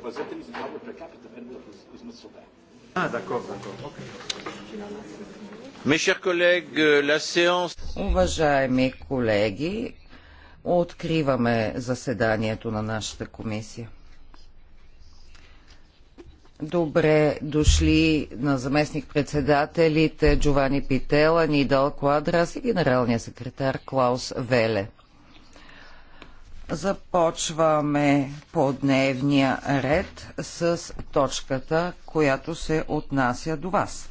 per Basetta di Zimbabwe per capita is not so bad. Ah, d'accord, d'accord. Mes chers collègues, la séance... Уважаеми колеги, откриваме заседанието на нашата комисия. Добре дошли на заместник-председателите Джовани Питела, Нидал Квадрас и генералния секретар Клаус Веле. Започваме по дневния ред с точката, която се отнася до вас.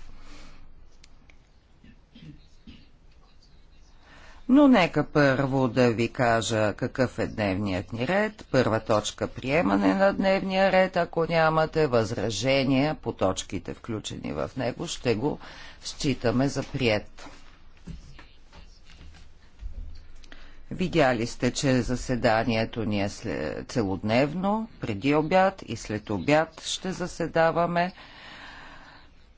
Но нека първо да ви кажа какъв е дневният ни ред. Първа точка – приемане на дневния ред. Ако нямате възражения по точките, включени в него, ще го считаме за прият. Видяли сте, че заседанието ни е целодневно, преди обяд и след обяд ще заседаваме.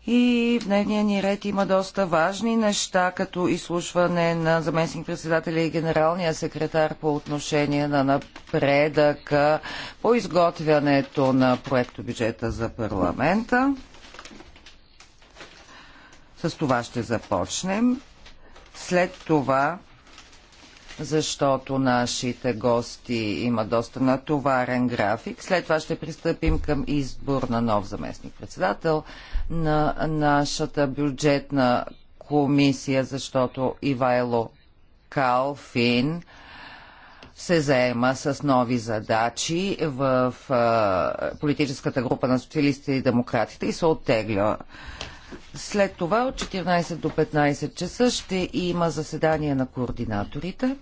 И в дневния ни ред има доста важни неща, като изслушване на заместник председателя и генералния секретар по отношение на напредъка по изготвянето на проекто бюджета за парламента. С това ще започнем. След това защото нашите гости има доста натоварен график. След това ще пристъпим към избор на нов заместник-председател на нашата бюджетна комисия, защото Ивайло Калфин се заема с нови задачи в политическата група на социалистите и демократите и се оттегля. След това от 14 до 15 часа ще има заседание на координаторите.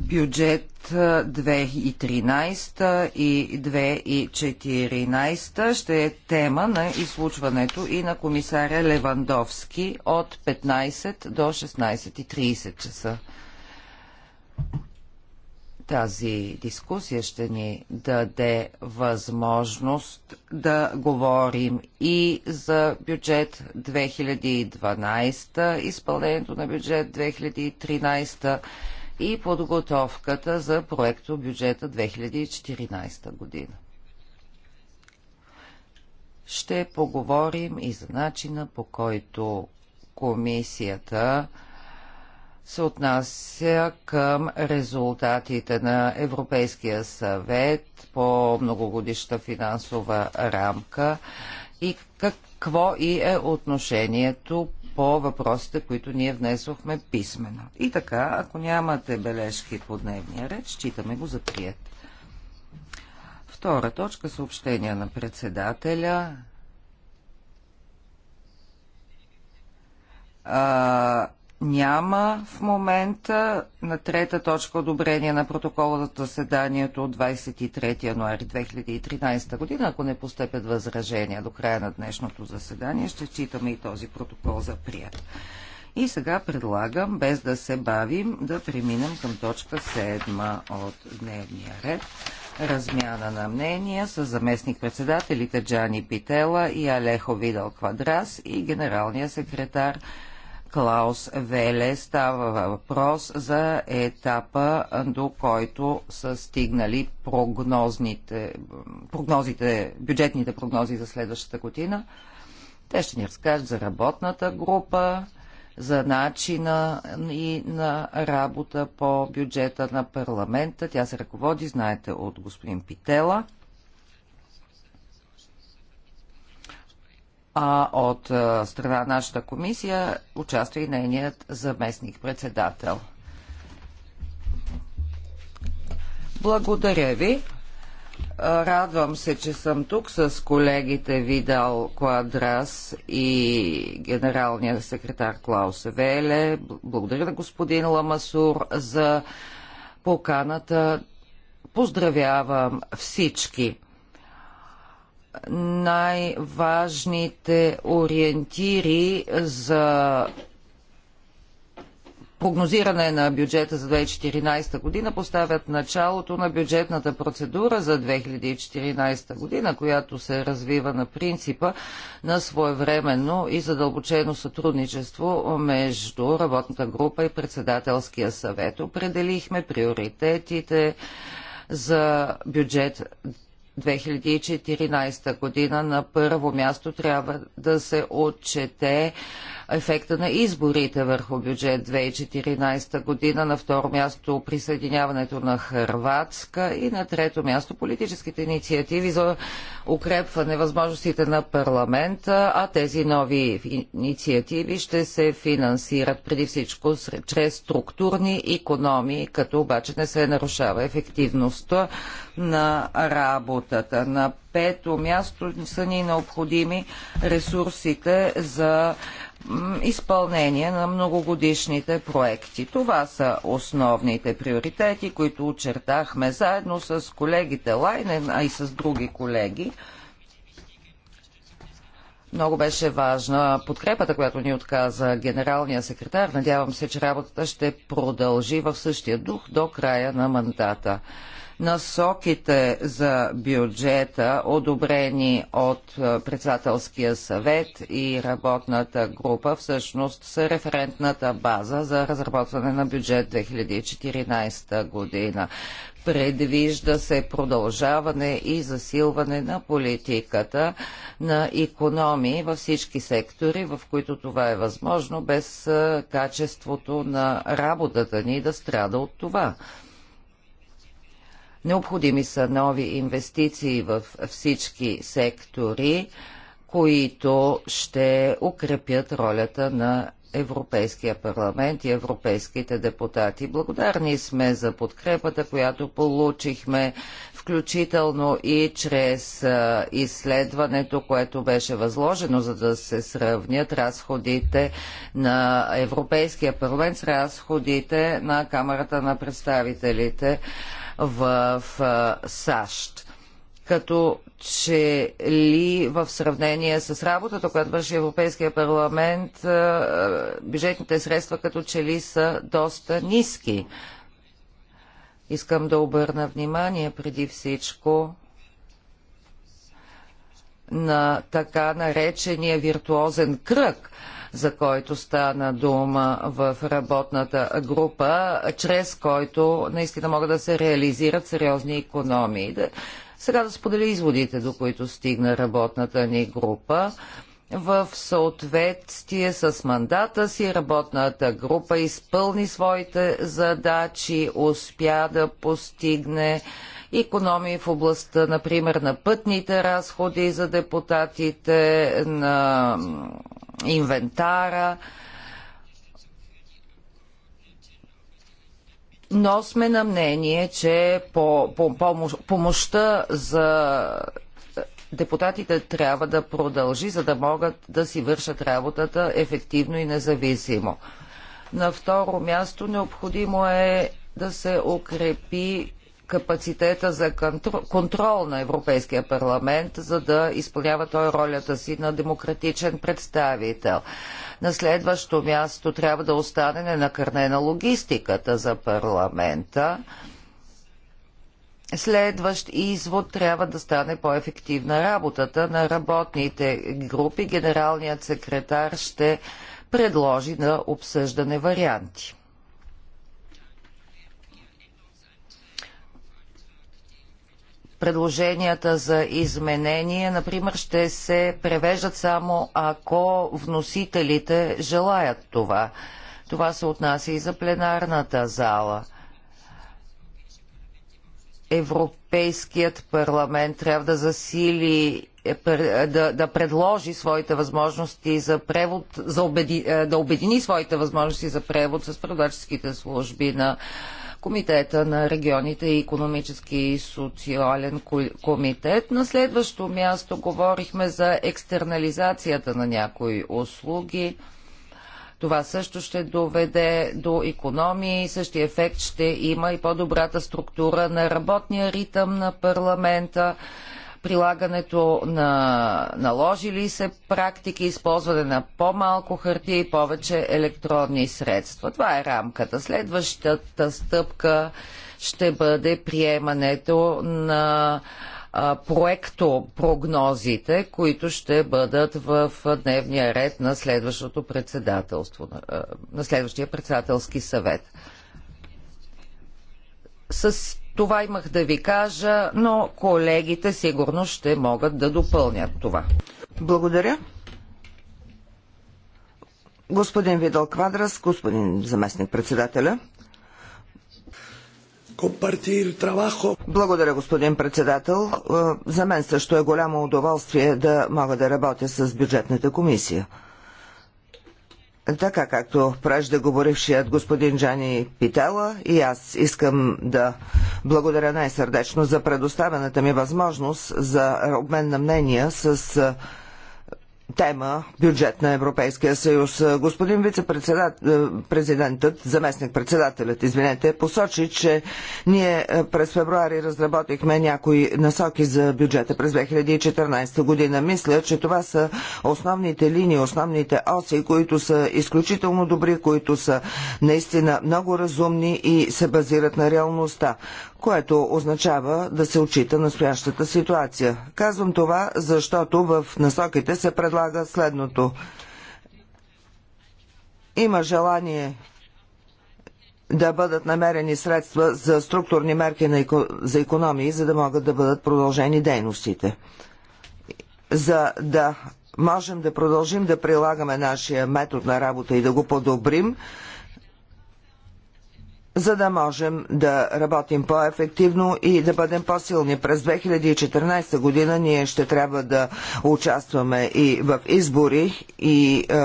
бюджет 2013 и 2014 ще е тема на изслучването и на комисаря Левандовски от 15 до 16.30 часа. Тази дискусия ще ни даде възможност да говорим и за бюджет 2012, изпълнението на бюджет 2013 и подготовката за проекто бюджета 2014 година. Ще поговорим и за начина по който комисията се отнася към резултатите на Европейския съвет по многогодишна финансова рамка и какво и е отношението по въпросите, които ние внесохме писменно. И така, ако нямате бележки по дневния ред, считаме го за прият. Втора точка съобщения на председателя. А, няма в момента. На трета точка одобрение на протокола за заседанието от 23 януари 2013 година. Ако не постъпят възражения до края на днешното заседание, ще читаме и този протокол за прият. И сега предлагам, без да се бавим, да преминем към точка 7 от дневния ред. Размяна на мнения с заместник-председателите Джани Питела и Алехо Видал Квадрас и генералния секретар Клаус Веле. Става въпрос за етапа, до който са стигнали прогнозните, прогнозите, бюджетните прогнози за следващата година. Те ще ни разкажат за работната група, за начина и на работа по бюджета на парламента. Тя се ръководи, знаете, от господин Питела – а от страна на нашата комисия участва и нейният заместник-председател. Благодаря ви. Радвам се, че съм тук с колегите Видал Квадрас и генералния секретар Клаус Веле. Благодаря на господин Ламасур за поканата. Поздравявам всички най-важните ориентири за прогнозиране на бюджета за 2014 година поставят началото на бюджетната процедура за 2014 година, която се развива на принципа на своевременно и задълбочено сътрудничество между работната група и председателския съвет. Определихме приоритетите за бюджет 2014 година на първо място трябва да се отчете ефекта на изборите върху бюджет 2014 година, на второ място присъединяването на Хрватска и на трето място политическите инициативи за укрепване възможностите на парламента, а тези нови инициативи ще се финансират преди всичко чрез структурни економии, като обаче не се нарушава ефективността на работата. На пето място са ни необходими ресурсите за изпълнение на многогодишните проекти. Това са основните приоритети, които очертахме заедно с колегите Лайнен, а и с други колеги. Много беше важна подкрепата, която ни отказа генералния секретар. Надявам се, че работата ще продължи в същия дух до края на мандата насоките за бюджета, одобрени от председателския съвет и работната група, всъщност са референтната база за разработване на бюджет 2014 година. Предвижда се продължаване и засилване на политиката на економии във всички сектори, в които това е възможно, без качеството на работата ни да страда от това. Необходими са нови инвестиции в всички сектори, които ще укрепят ролята на Европейския парламент и европейските депутати. Благодарни сме за подкрепата, която получихме, включително и чрез изследването, което беше възложено, за да се сравнят разходите на Европейския парламент с разходите на Камерата на представителите в САЩ като че ли в сравнение с работата, която върши Европейския парламент, бюджетните средства като че ли са доста ниски. Искам да обърна внимание преди всичко на така наречения виртуозен кръг – за който стана дума в работната група, чрез който наистина могат да се реализират сериозни економии. Сега да споделя изводите, до които стигна работната ни група. В съответствие с мандата си работната група изпълни своите задачи, успя да постигне економии в областта, например, на пътните разходи за депутатите, на инвентара. Но сме на мнение, че по, по, помощ, помощта за депутатите трябва да продължи, за да могат да си вършат работата ефективно и независимо. На второ място необходимо е да се укрепи капацитета за контрол на Европейския парламент, за да изпълнява той ролята си на демократичен представител. На следващо място трябва да остане ненакърнена логистиката за парламента. Следващ извод трябва да стане по-ефективна работата на работните групи. Генералният секретар ще предложи на обсъждане варианти. предложенията за изменение, например, ще се превеждат само ако вносителите желаят това. Това се отнася и за пленарната зала. Европейският парламент трябва да засили е, е, да, да предложи своите възможности за превод, за обеди, е, да обедини своите възможности за превод с преводаческите служби на Комитета на регионите и економически и социален комитет. На следващо място говорихме за екстернализацията на някои услуги. Това също ще доведе до економии, същия ефект ще има и по-добрата структура на работния ритъм на парламента прилагането на наложили се практики, използване на по-малко хартия и повече електронни средства. Това е рамката. Следващата стъпка ще бъде приемането на проекто прогнозите, които ще бъдат в дневния ред на следващото председателство, на следващия председателски съвет. С това имах да ви кажа, но колегите сигурно ще могат да допълнят това. Благодаря. Господин Видал Квадрас, господин заместник председателя. Благодаря, господин председател. Е, за мен също е голямо удоволствие да мога да работя с бюджетната комисия. Така както преждеговорившият господин Джани Питела и аз искам да благодаря най-сърдечно за предоставената ми възможност за обмен на мнения с тема бюджет на Европейския съюз. Господин вице-президентът, е, заместник-председателят, извинете, посочи, че ние е, през февруари разработихме някои насоки за бюджета през 2014 година. Мисля, че това са основните линии, основните оси, които са изключително добри, които са наистина много разумни и се базират на реалността което означава да се отчита настоящата ситуация. Казвам това, защото в насоките се предлага следното. Има желание да бъдат намерени средства за структурни мерки за економии, за да могат да бъдат продължени дейностите. За да можем да продължим да прилагаме нашия метод на работа и да го подобрим, за да можем да работим по-ефективно и да бъдем по-силни. През 2014 година ние ще трябва да участваме и в избори и е,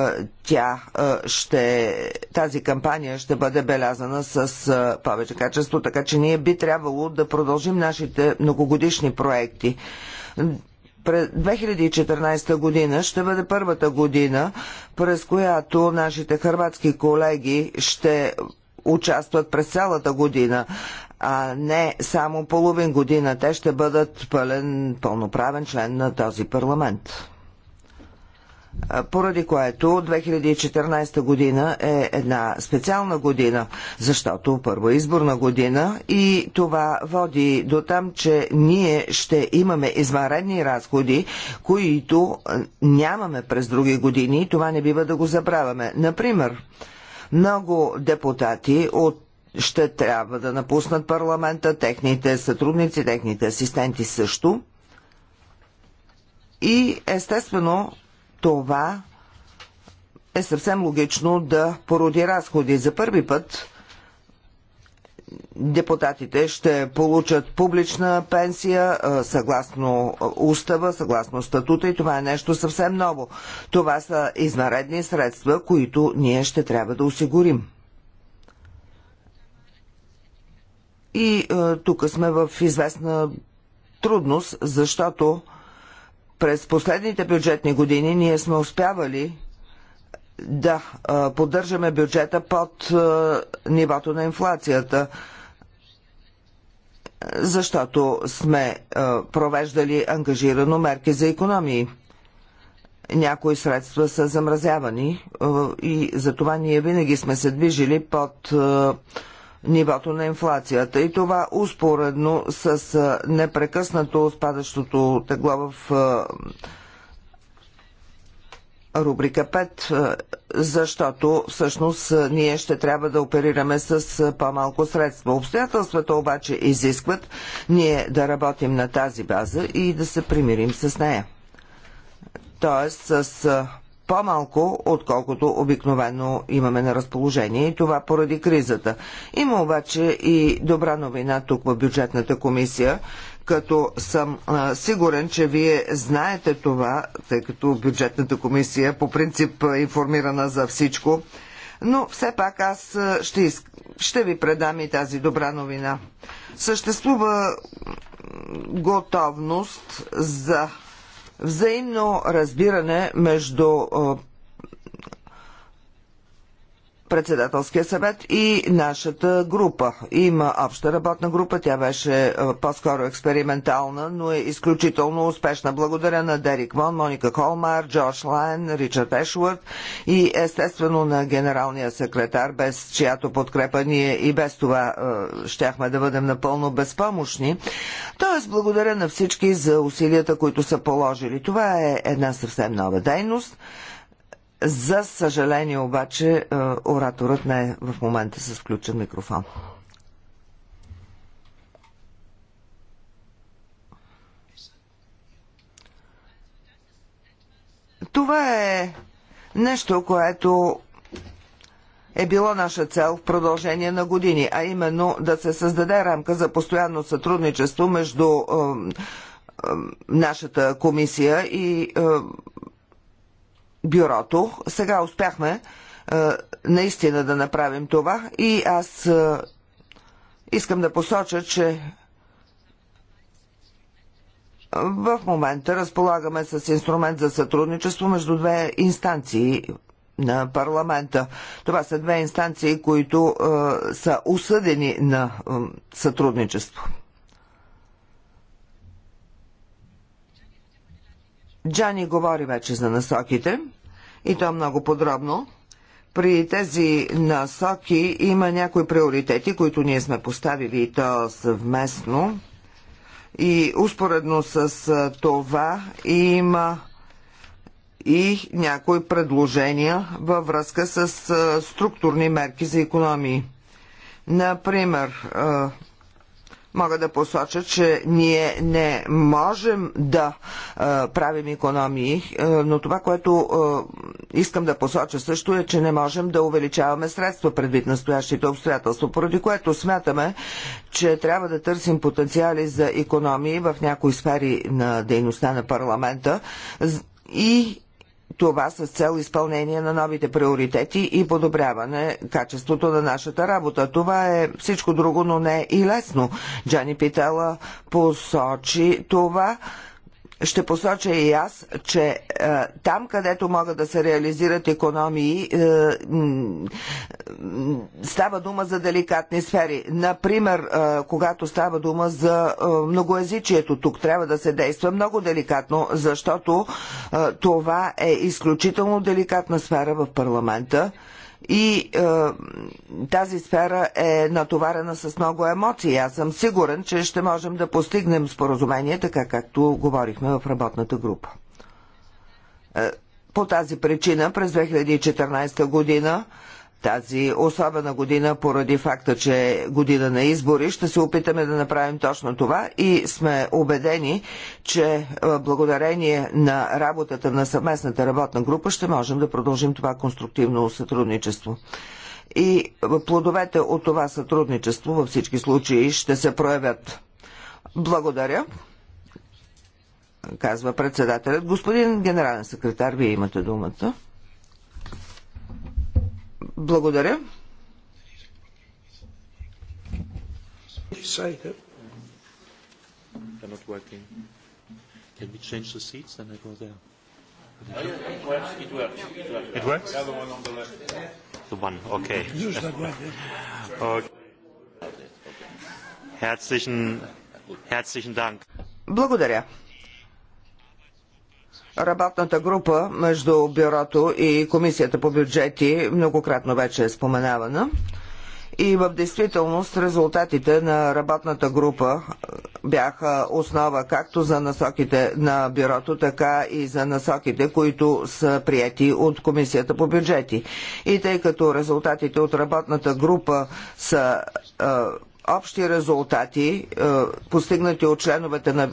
тя е, ще, тази кампания ще бъде белязана с е, повече качество, така че ние би трябвало да продължим нашите многогодишни проекти. През 2014 година ще бъде първата година, през която нашите хърватски колеги ще участват през цялата година, а не само половин година. Те ще бъдат пълен, пълноправен член на този парламент поради което 2014 година е една специална година, защото първо е изборна година и това води до там, че ние ще имаме извънредни разходи, които нямаме през други години и това не бива да го забравяме. Например, много депутати от ще трябва да напуснат парламента, техните сътрудници, техните асистенти също. И естествено това е съвсем логично да породи разходи. За първи път депутатите ще получат публична пенсия съгласно устава, съгласно статута и това е нещо съвсем ново. Това са изнаредни средства, които ние ще трябва да осигурим. И тук сме в известна трудност, защото през последните бюджетни години ние сме успявали да поддържаме бюджета под нивото на инфлацията, защото сме провеждали ангажирано мерки за економии. Някои средства са замразявани и за това ние винаги сме се движили под нивото на инфлацията. И това успоредно с непрекъснато спадащото тегло в рубрика 5, е, защото всъщност е, ние ще трябва да оперираме с е, по-малко средства. Обстоятелствата обаче изискват ние да работим на тази база и да се примирим с нея. Тоест с по-малко, отколкото обикновено имаме на разположение и това поради кризата. Има обаче и добра новина тук в бюджетната комисия като съм а, сигурен, че вие знаете това, тъй като бюджетната комисия по принцип е информирана за всичко, но все пак аз ще, ще ви предам и тази добра новина. Съществува готовност за взаимно разбиране между председателския съвет и нашата група. Има обща работна група, тя беше е, по-скоро експериментална, но е изключително успешна. Благодаря на Дерик Вон, Моника Холмар, Джордж Лайн, Ричард Ешвард и естествено на генералния секретар, без чиято подкрепа ние и без това е, щяхме да бъдем напълно безпомощни. Тоест, благодаря на всички за усилията, които са положили. Това е една съвсем нова дейност. За съжаление обаче е, ораторът не е в момента с включен микрофон. Това е нещо, което е било наша цел в продължение на години, а именно да се създаде рамка за постоянно сътрудничество между е, е, нашата комисия и е, бюрото. Сега успяхме е, наистина да направим това и аз е, искам да посоча, че в момента разполагаме с инструмент за сътрудничество между две инстанции на парламента. Това са две инстанции, които а, е, са осъдени на а, сътрудничество. Джани говори вече за насоките и то много подробно. При тези насоки има някои приоритети, които ние сме поставили и то съвместно. И успоредно с това има и някои предложения във връзка с структурни мерки за економии. Например, мога да посоча, че ние не можем да а, е, правим економии, а, е, но това, което а, е, искам да посоча също е, че не можем да увеличаваме средства предвид настоящите обстоятелства, поради което смятаме, че трябва да търсим потенциали за економии в някои сфери на дейността на парламента и това с цел изпълнение на новите приоритети и подобряване качеството на нашата работа. Това е всичко друго, но не е и лесно. Джани Питела посочи това ще посоча и аз, че е, там, където могат да се реализират економии, е, става дума за деликатни сфери. Например, е, когато става дума за е, многоязичието, тук трябва да се действа много деликатно, защото е, това е изключително деликатна сфера в парламента. И е, тази сфера е натоварена с много емоции. Аз съм сигурен, че ще можем да постигнем споразумение, така както говорихме в работната група. Е, по тази причина през 2014 година тази особена година, поради факта, че е година на избори, ще се опитаме да направим точно това и сме убедени, че е, благодарение на работата на съвместната работна група ще можем да продължим това конструктивно сътрудничество и е, плодовете от това сътрудничество във всички случаи ще се проявят. Благодаря, казва председателят. Господин генерален секретар, вие имате думата. Благодаря. Can we change the seats? Then I go there. It works. It works. It works. It works? The other one on the left. The one. Okay. Use that one. okay. Herzlichen, herzlichen Dank. Благодаря. Работната група между бюрото и комисията по бюджети многократно вече е споменавана. И в действителност резултатите на работната група е, бяха основа както за насоките на бюрото, така и за насоките, които са прияти от Комисията по бюджети. И тъй като резултатите от работната група са е, общи резултати, е, постигнати от членовете на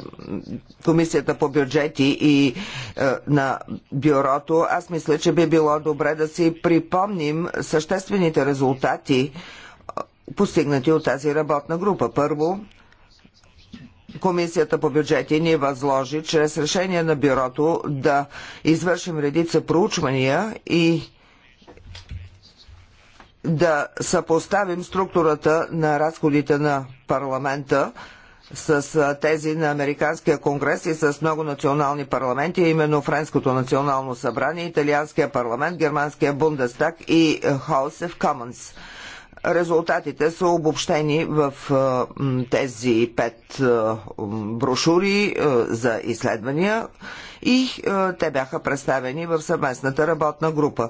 Комисията по бюджети и е, на бюрото, аз мисля, че би било добре да си припомним съществените резултати, е, постигнати от тази работна група. Първо, Комисията по бюджети ни възложи чрез решение на бюрото да извършим редица проучвания и да съпоставим структурата на разходите на парламента с тези на Американския конгрес и с много национални парламенти, именно Френското национално събрание, Италианския парламент, Германския Бундестаг и House of Commons. Резултатите са обобщени в тези пет брошури за изследвания и те бяха представени в съвместната работна група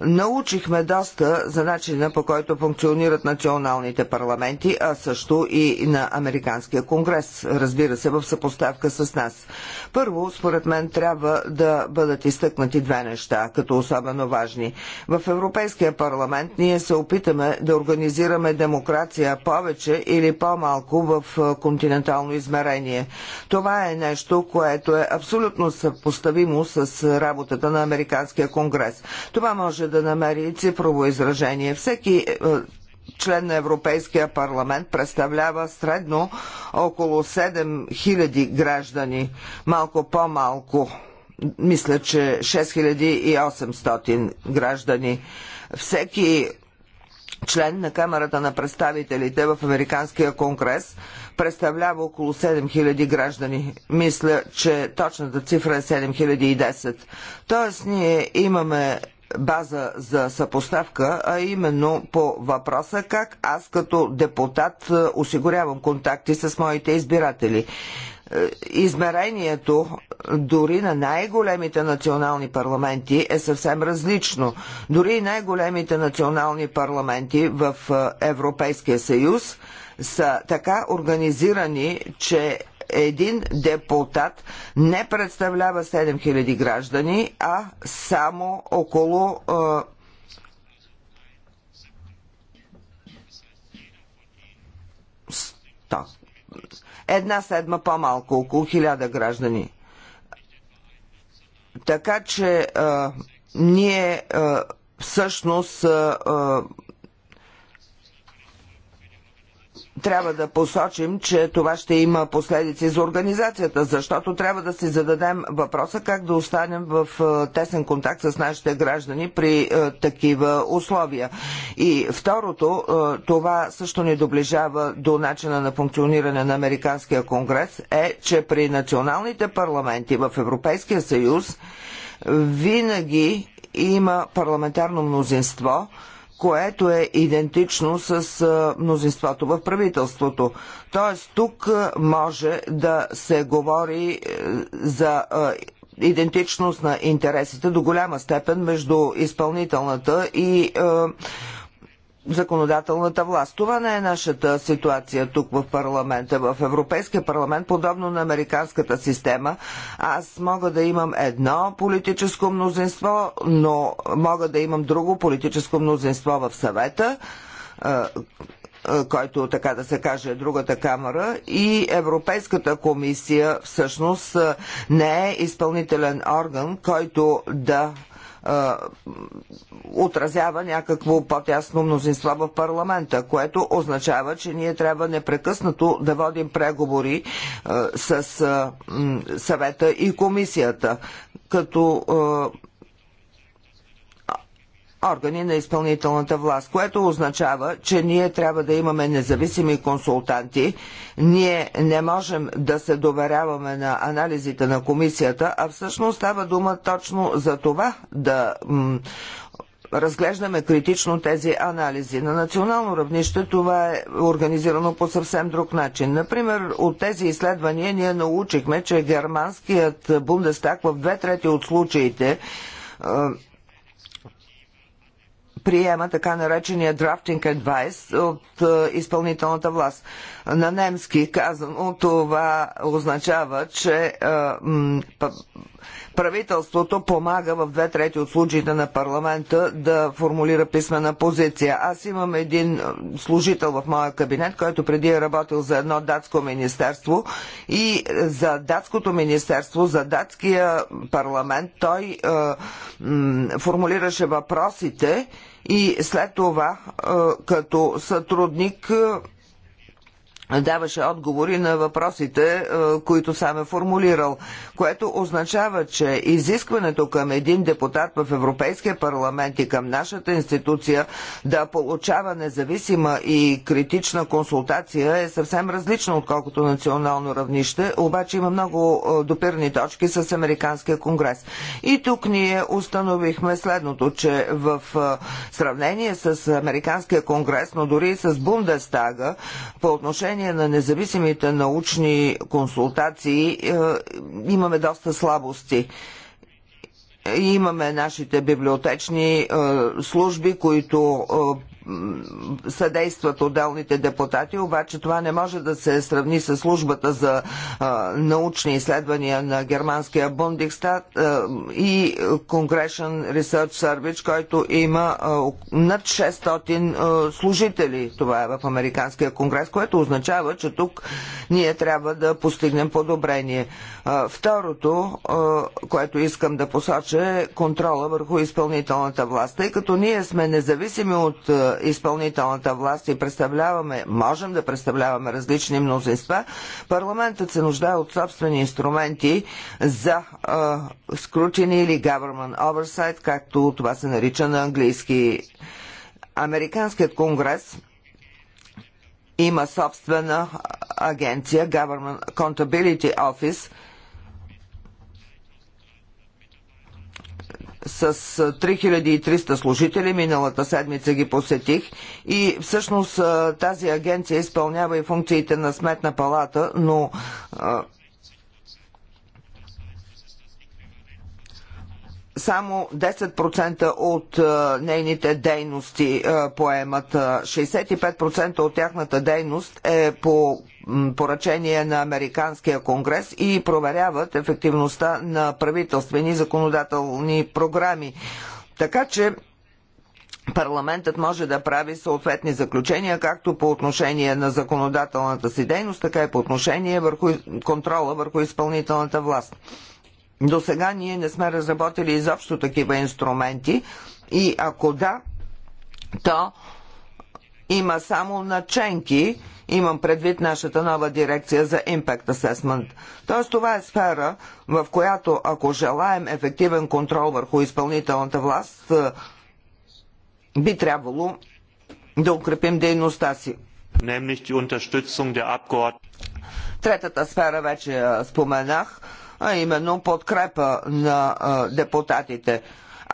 научихме доста за начина по който функционират националните парламенти, а също и на Американския конгрес, разбира се, в съпоставка с нас. Първо, според мен, трябва да бъдат изтъкнати две неща, като особено важни. В Европейския парламент ние се опитаме да организираме демокрация повече или по-малко в континентално измерение. Това е нещо, което е абсолютно съпоставимо с работата на Американския конгрес. Това може може да намери цифрово изражение. Всеки е, член на Европейския парламент представлява средно около 7000 граждани, малко по-малко. Мисля, че 6800 граждани. Всеки член на Камерата на представителите в Американския конгрес представлява около 7000 граждани. Мисля, че точната цифра е 7010. Тоест ние имаме база за съпоставка, а именно по въпроса как аз като депутат е, осигурявам контакти с моите избиратели. Е, измерението дори на най-големите национални парламенти е съвсем различно. Дори и най-големите национални парламенти в е, Европейския съюз са така организирани, че един депутат не представлява 7000 граждани, а само около а, една седма по-малко, около 1000 граждани. Така че а, ние а, всъщност а, а, трябва да посочим, че това ще има последици за организацията, защото трябва да си зададем въпроса как да останем в е, тесен контакт с нашите граждани при е, такива условия. И второто, е, това също ни доближава до начина на функциониране на Американския конгрес, е, че при националните парламенти в Европейския съюз винаги има парламентарно мнозинство, което е идентично с мнозинството в правителството. Тоест тук може да се говори е, за идентичност на интересите до голяма степен между изпълнителната и законодателната власт. Това не е нашата ситуация тук в парламента. В Европейския парламент, подобно на американската система, аз мога да имам едно политическо мнозинство, но мога да имам друго политическо мнозинство в съвета, който, така да се каже, е другата камера и Европейската комисия всъщност не е изпълнителен орган, който да отразява някакво по-тясно мнозинство в парламента, което означава, че ние трябва непрекъснато да водим преговори с съвета и комисията. Като органи на изпълнителната власт, което означава, че ние трябва да имаме независими консултанти. Ние не можем да се доверяваме на анализите на комисията, а всъщност става дума точно за това да разглеждаме критично тези анализи. На национално равнище това е организирано по съвсем друг начин. Например, от тези изследвания ние научихме, че германският Бундестаг в две трети от случаите приема така наречения Drafting Advice от е, изпълнителната власт. На немски казано това означава, че е, правителството помага в две трети от случаите на парламента да формулира писмена позиция. Аз имам един служител в моя кабинет, който преди е работил за едно датско министерство и за датското министерство, за датския парламент той е, формулираше въпросите и след това е, като сътрудник е, даваше отговори на въпросите, е, които сам е формулирал, което означава, че изискването към един депутат в Европейския парламент и към нашата институция да получава независима и критична консултация е съвсем различно, отколкото национално равнище, обаче има много е, допирни точки с Американския конгрес. И тук ние установихме следното, че в е, сравнение с Американския конгрес, но дори и с Бундестага, по отношение отношение на независимите научни консултации е, имаме доста слабости. Имаме нашите библиотечни е, служби, които е, съдействат отделните депутати, обаче това не може да се сравни с службата за а, научни изследвания на германския Бундикстат и Congression Research Service, който има а, над 600 а, служители. Това е в Американския конгрес, което означава, че тук ние трябва да постигнем подобрение. второто, което искам да посоча е контрола върху изпълнителната власт, тъй като ние сме независими от изпълнителната власт и представляваме, можем да представляваме различни мнозинства, парламентът се нуждае от собствени инструменти за скрутини или government oversight, както това се нарича на английски. Американският конгрес има собствена агенция Government Accountability Office – с 3300 служители. Миналата седмица ги посетих и всъщност тази агенция изпълнява и функциите на Сметна палата, но само 10% от а, е, нейните дейности а, е, поемат. 65% е, от тяхната дейност е по поръчение на Американския конгрес и проверяват ефективността на правителствени законодателни програми. Така че Парламентът може да прави съответни заключения както по отношение на законодателната си дейност, така и по отношение върху контрола върху изпълнителната власт. До сега ние не сме разработили изобщо такива инструменти и ако да, то има само наченки, имам предвид нашата нова дирекция за Impact Assessment. Тоест това е сфера, в която ако желаем ефективен контрол върху изпълнителната власт, е, би трябвало да укрепим дейността си. Третата сфера вече е, споменах а именно подкрепа на депутатите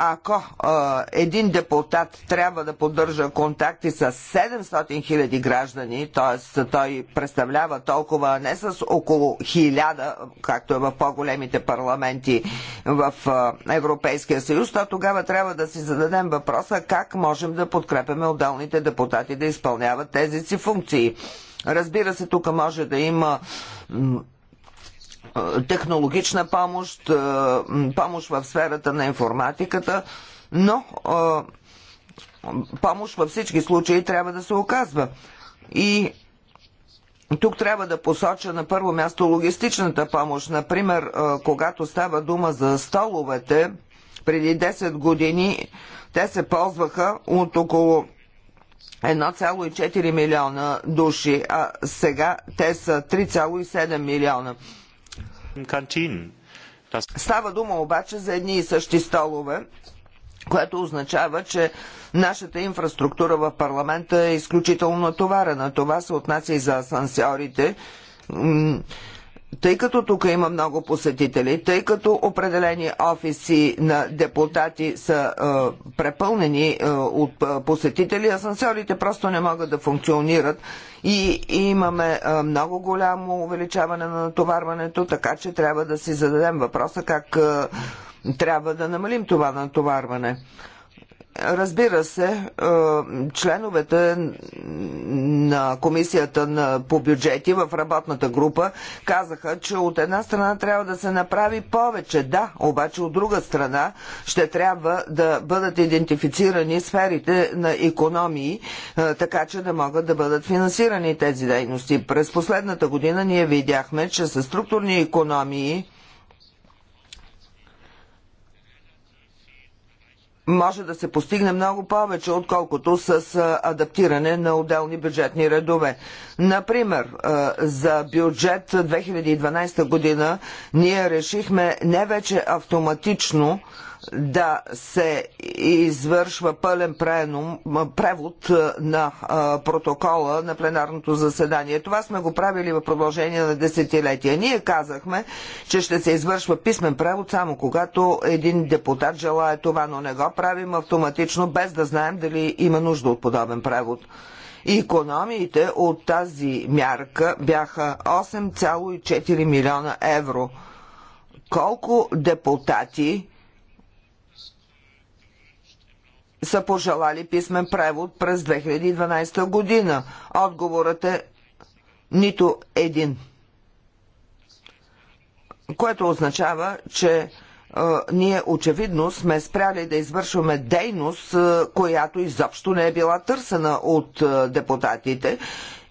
ако а, един депутат трябва да поддържа контакти с 700 хиляди граждани, т.е. той представлява толкова, не с около 1000, както е в по-големите парламенти в а, Европейския съюз, то тогава трябва да си зададем въпроса как можем да подкрепяме отделните депутати да изпълняват тези си функции. Разбира се, тук може да има технологична помощ, е, помощ в сферата на информатиката, но е, помощ във всички случаи трябва да се оказва. И тук трябва да посоча на първо място логистичната помощ. Например, е, когато става дума за столовете, преди 10 години те се ползваха от около 1,4 милиона души, а сега те са 3,7 милиона. Става дума обаче за едни и същи столове, което означава, че нашата инфраструктура в парламента е изключително натоварена. Това се отнася и за асансьорите тъй като тук има много посетители, тъй като определени офиси на депутати са а, е, препълнени а, е, от а, е, посетители, асансьорите просто не могат да функционират и, и имаме а, много голямо увеличаване на натоварването, така че трябва да си зададем въпроса как а, трябва да намалим това натоварване. Разбира се, е, членовете на комисията по бюджети в работната група казаха, че от една страна трябва да се направи повече. Да, обаче от друга страна ще трябва да бъдат идентифицирани сферите на економии, е, така че да могат да бъдат финансирани тези дейности. През последната година ние видяхме, че със структурни економии може да се постигне много повече, отколкото с адаптиране на отделни бюджетни редове. Например, за бюджет 2012 година ние решихме не вече автоматично да се извършва пълен пренум, превод на протокола на пленарното заседание. Това сме го правили в продължение на десетилетия. Ние казахме, че ще се извършва писмен превод само когато един депутат желая това, но не го правим автоматично, без да знаем дали има нужда от подобен превод. И економиите от тази мярка бяха 8,4 милиона евро. Колко депутати са пожелали писмен превод през 2012 година? Отговорът е нито един. Което означава, че е, ние очевидно сме спряли да извършваме дейност, е, която изобщо не е била търсена от е, депутатите.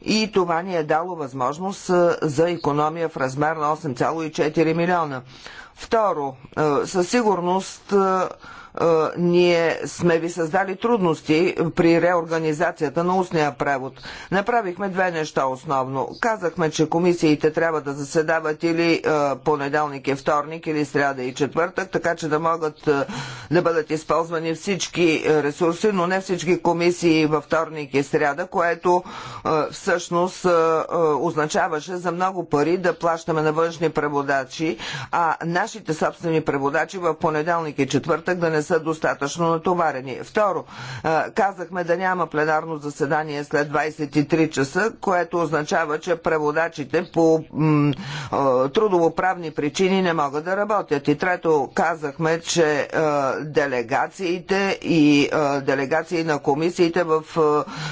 И това ни е дало възможност за економия в размер на 8,4 милиона. Второ, със сигурност е, ние сме ви създали трудности при реорганизацията на устния превод. Направихме две неща основно. Казахме, че комисиите трябва да заседават или е, понеделник и вторник, или сряда и четвъртък, така че да могат е, да бъдат използвани всички ресурси, но не всички комисии във вторник и сряда, което всъщност означаваше за много пари да плащаме на външни преводачи, а нашите собствени преводачи в понеделник и четвъртък да не са достатъчно натоварени. Второ, казахме да няма пленарно заседание след 23 часа, което означава, че преводачите по трудовоправни причини не могат да работят. И трето, казахме, че делегациите и делегации на комисиите в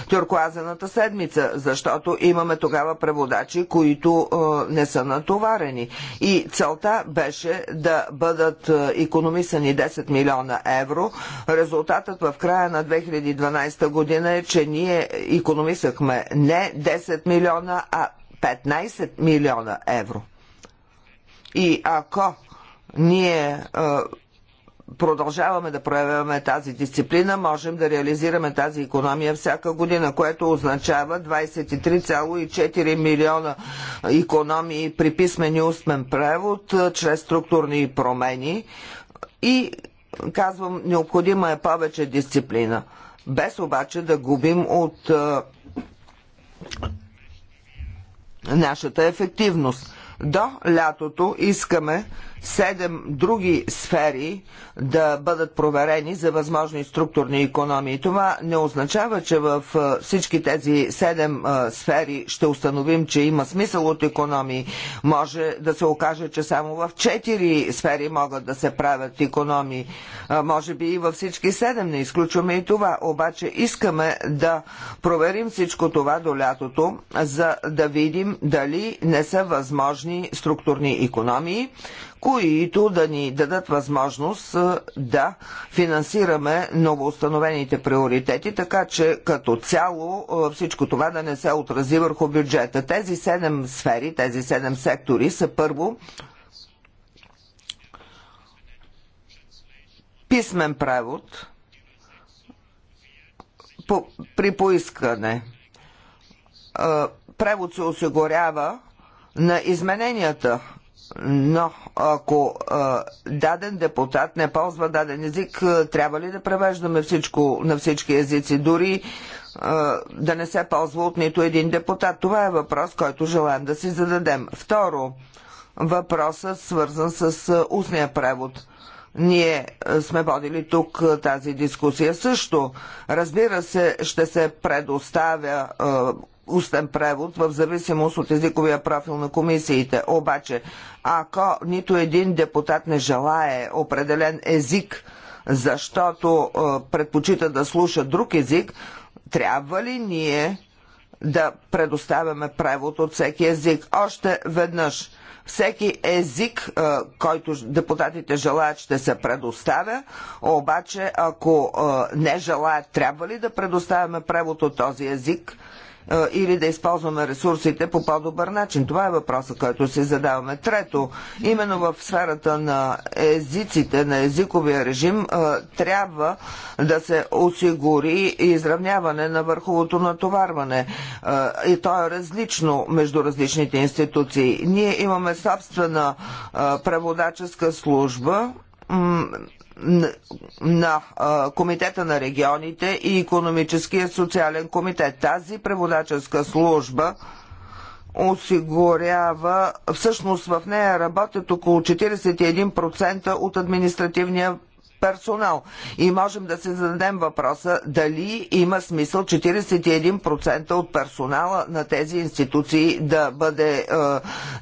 тюркоазената седмица, защото имаме тогава преводачи, които не са натоварени. И целта беше да бъдат економисани 10 милиона евро. Резултатът в края на 2012 година е, че ние економисахме не 10 милиона, а 15 милиона евро. И ако ние продължаваме да проявяваме тази дисциплина, можем да реализираме тази економия всяка година, което означава 23,4 милиона економии при писмен и устмен превод чрез структурни промени и казвам, необходима е повече дисциплина, без обаче да губим от е, нашата ефективност. До лятото искаме седем други сфери да бъдат проверени за възможни структурни економии. Това не означава, че в всички тези седем сфери ще установим, че има смисъл от економии. Може да се окаже, че само в четири сфери могат да се правят економии. Може би и във всички седем, не изключваме и това. Обаче искаме да проверим всичко това до лятото, за да видим дали не са възможни структурни економии които да ни дадат възможност да финансираме новоустановените приоритети, така че като цяло всичко това да не се отрази върху бюджета. Тези седем сфери, тези седем сектори са първо писмен превод по, при поискане. Превод се осигурява на измененията но ако а, даден депутат не ползва даден език, трябва ли да превеждаме всичко на всички езици, дори а, да не се ползва от нито един депутат? Това е въпрос, който желаем да си зададем. Второ, въпросът свързан с устния превод. Ние сме водили тук тази дискусия също. Разбира се, ще се предоставя устен превод в зависимост от езиковия профил на комисиите. Обаче, ако нито един депутат не желае определен език, защото предпочита да слуша друг език, трябва ли ние да предоставяме превод от всеки език? Още веднъж всеки език, който депутатите желаят, ще се предоставя, обаче ако не желаят, трябва ли да предоставяме превод от този език? Е, или да използваме ресурсите по по-добър начин. Това е въпросът, който си задаваме. Трето, именно в сферата на езиците, на езиковия режим, е, трябва да се осигури изравняване на върховото натоварване. Е, и то е различно между различните институции. Ние имаме собствена преводаческа служба, на Комитета на регионите и Економическия социален комитет. Тази преводаческа служба осигурява, всъщност в нея работят около 41% от административния персонал. И можем да се зададем въпроса дали има смисъл 41% от персонала на тези институции да бъде е,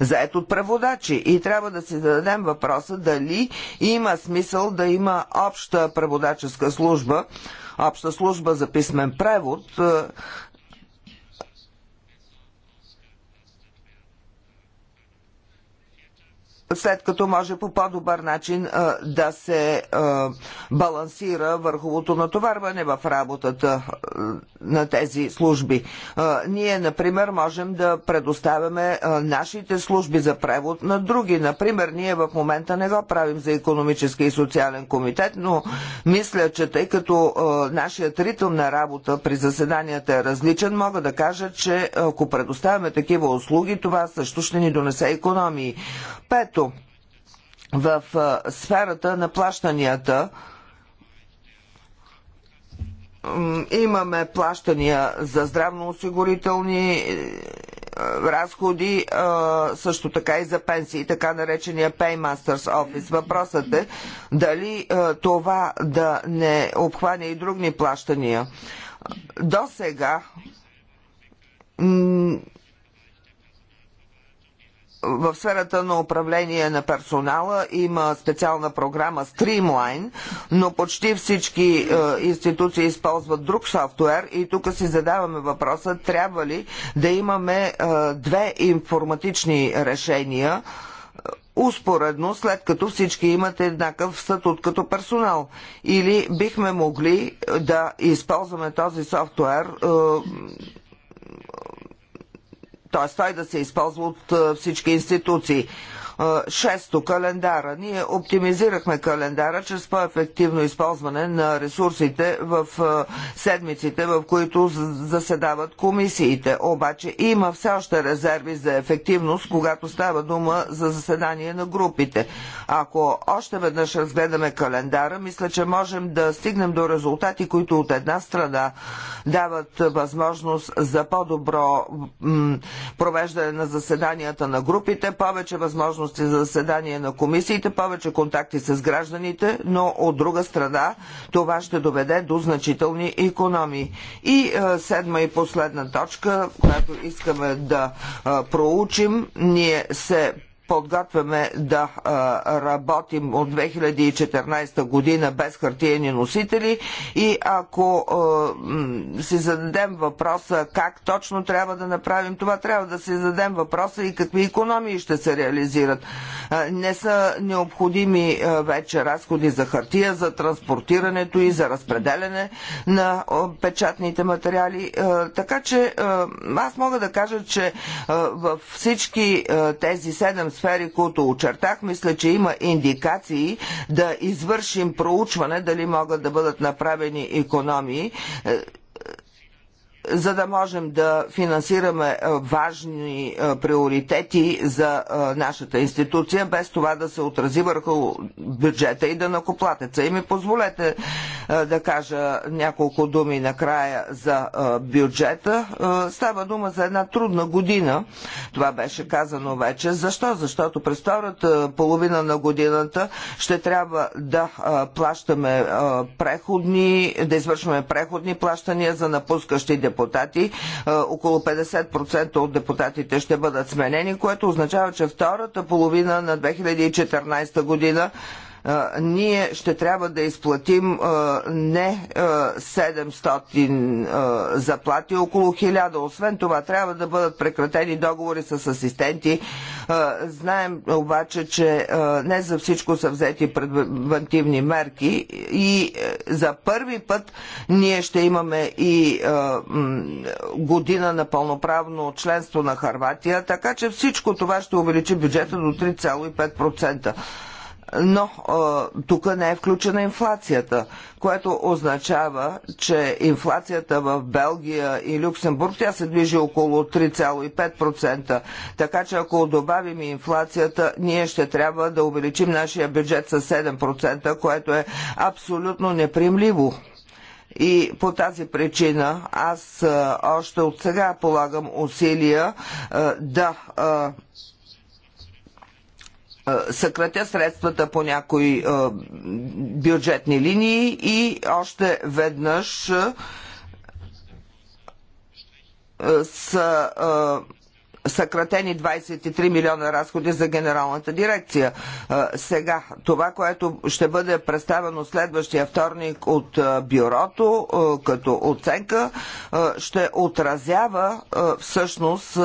заед от преводачи. И трябва да си зададем въпроса дали има смисъл да има обща преводаческа служба, обща служба за писмен превод. Е, след като може по по-добър начин да се балансира върховото натоварване в работата на тези служби. Ние, например, можем да предоставяме нашите служби за превод на други. Например, ние в момента не го правим за економически и социален комитет, но мисля, че тъй като нашият ритъм на работа при заседанията е различен, мога да кажа, че ако предоставяме такива услуги, това също ще ни донесе економии. Пет както в сферата на плащанията имаме плащания за здравноосигурителни е, разходи, също така и за пенсии, така наречения Paymasters Office. Въпросът е дали това да не обхване и други плащания. До сега в сферата на управление на персонала има специална програма Streamline, но почти всички е, институции използват друг софтуер и тук си задаваме въпроса, трябва ли да имаме е, две информатични решения, е, успоредно, след като всички имат еднакъв статут като персонал. Или бихме могли е, да използваме този софтуер е, т.е. той да се използва от всички институции. Шесто, календара. Ние оптимизирахме календара чрез по-ефективно използване на ресурсите в седмиците, в които заседават комисиите. Обаче има все още резерви за ефективност, когато става дума за заседание на групите. Ако още веднъж разгледаме календара, мисля, че можем да стигнем до резултати, които от една страна дават възможност за по-добро провеждане на заседанията на групите, повече възможност възможности е за заседания на комисиите, повече контакти с гражданите, но от друга страна това ще доведе до значителни економии. И е, седма и последна точка, която искаме да е, проучим, ние се подготвяме да работим от 2014 година без хартиени носители и ако си зададем въпроса как точно трябва да направим това, трябва да си зададем въпроса и какви економии ще се реализират. Не са необходими вече разходи за хартия, за транспортирането и за разпределене на печатните материали. Така че аз мога да кажа, че във всички тези 7 сфери, които очертах, мисля, че има индикации да извършим проучване дали могат да бъдат направени економии. Е, за да можем да финансираме важни приоритети за нашата институция, без това да се отрази върху бюджета и да накоплатеца. И ми позволете да кажа няколко думи накрая за бюджета. Става дума за една трудна година. Това беше казано вече. Защо? Защото през втората половина на годината ще трябва да плащаме преходни, да извършваме преходни плащания за напускащите депутати. Е, около 50% от депутатите ще бъдат сменени, което означава, че втората половина на 2014 година ние ще трябва да изплатим не 700 заплати, около 1000. Освен това, трябва да бъдат прекратени договори с асистенти. Знаем обаче, че не за всичко са взети превентивни мерки и за първи път ние ще имаме и година на пълноправно членство на Харватия, така че всичко това ще увеличи бюджета до 3,5% но тук не е включена инфлацията, което означава, че инфлацията в Белгия и Люксембург, тя се движи около 3,5%. Така че ако добавим инфлацията, ние ще трябва да увеличим нашия бюджет с 7%, което е абсолютно неприемливо. И по тази причина аз още от сега полагам усилия да съкратя средствата по някои бюджетни линии и още веднъж са съкратени 23 милиона разходи за генералната дирекция. Сега, това, което ще бъде представено следващия вторник от бюрото като оценка, ще отразява всъщност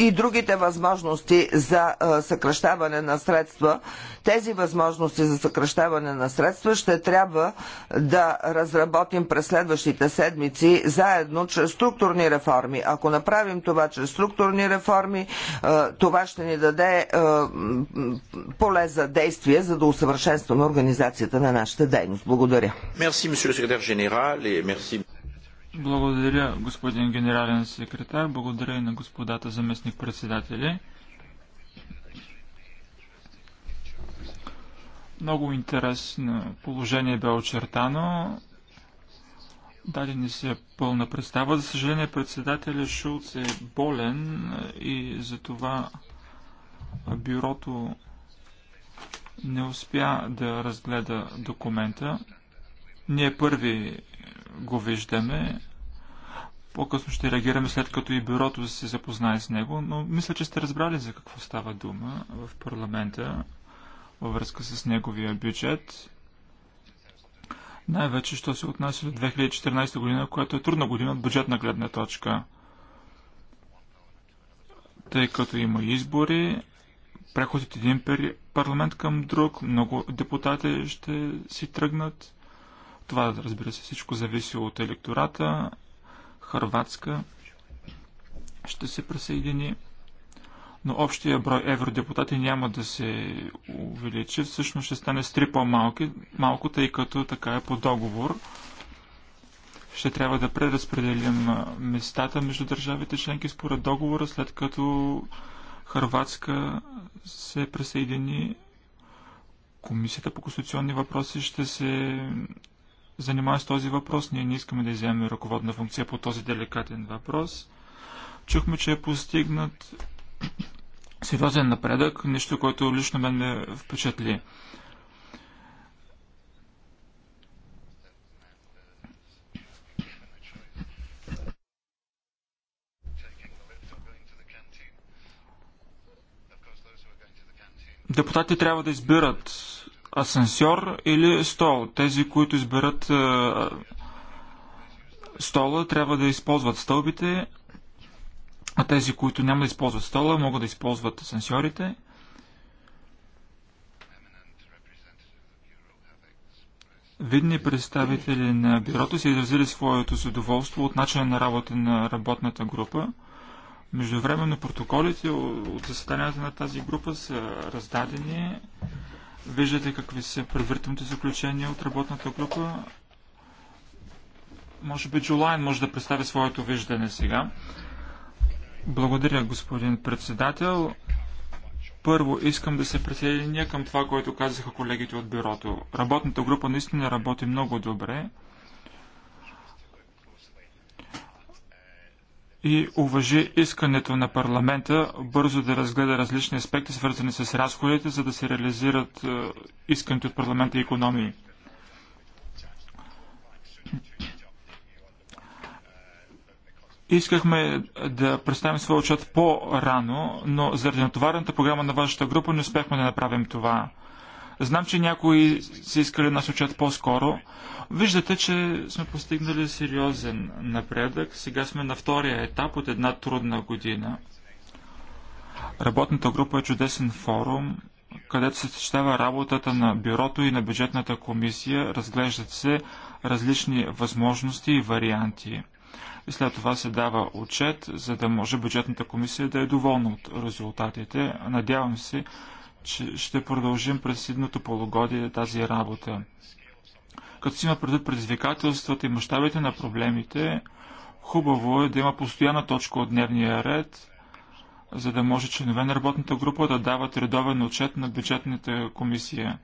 и другите възможности за съкръщаване на средства, тези възможности за съкръщаване на средства ще трябва да разработим през следващите седмици заедно чрез структурни реформи. Ако направим това чрез структурни реформи, това ще ни даде поле за действие, за да усъвършенстваме организацията на нашата дейност. Благодаря. Благодаря, господин генерален секретар. Благодаря и на господата заместник-председатели. Много интересно положение бе очертано. Дали ни се пълна представа. За съжаление, председателя Шулц е болен и затова бюрото не успя да разгледа документа. Ние първи го виждаме. По-късно ще реагираме след като и бюрото се запознае с него, но мисля, че сте разбрали за какво става дума в парламента във връзка с неговия бюджет. Най-вече, що се отнася до 2014 година, която е трудна година от бюджетна гледна точка. Тъй като има избори, преход от един парламент към друг, много депутати ще си тръгнат. Това, разбира се, всичко зависи от електората. Харватска ще се присъедини, но общия брой евродепутати няма да се увеличи. Всъщност ще стане с три по-малко, тъй като така е по договор. Ще трябва да преразпределим местата между държавите членки според договора, след като Харватска се присъедини Комисията по конституционни въпроси ще се занимава с този въпрос. Ние не искаме да вземем ръководна функция по този деликатен въпрос. Чухме, че е постигнат сериозен напредък, нещо, което лично мен ме впечатли. Депутатите трябва да избират асансьор или стол. Тези, които изберат е, стола, трябва да използват стълбите, а тези, които няма да използват стола, могат да използват асансьорите. Видни представители на бюрото са изразили своето задоволство от начина на работа на работната група. Междувременно протоколите от заседанията на тази група са раздадени Виждате какви са предварителните заключения от работната група. Може би Джулайн може да представи своето виждане сега. Благодаря, господин председател. Първо искам да се присъединя към това, което казаха колегите от бюрото. Работната група наистина работи много добре. и уважи искането на парламента бързо да разгледа различни аспекти, свързани с разходите, за да се реализират е, искането от парламента и економии. Искахме да представим своя отчет по-рано, но заради натоварената програма на вашата група не успяхме да направим това. Знам, че някои са искали да нас учат по-скоро. Виждате, че сме постигнали сериозен напредък. Сега сме на втория етап от една трудна година. Работната група е чудесен форум, където се съчетава работата на бюрото и на бюджетната комисия. Разглеждат се различни възможности и варианти. И след това се дава отчет, за да може бюджетната комисия да е доволна от резултатите. Надявам се, че ще продължим през следното полугодие тази работа. Като си има предвид предизвикателствата и мащабите на проблемите, хубаво е да има постоянна точка от дневния ред, за да може членове на работната група да дават редовен отчет на бюджетната комисия.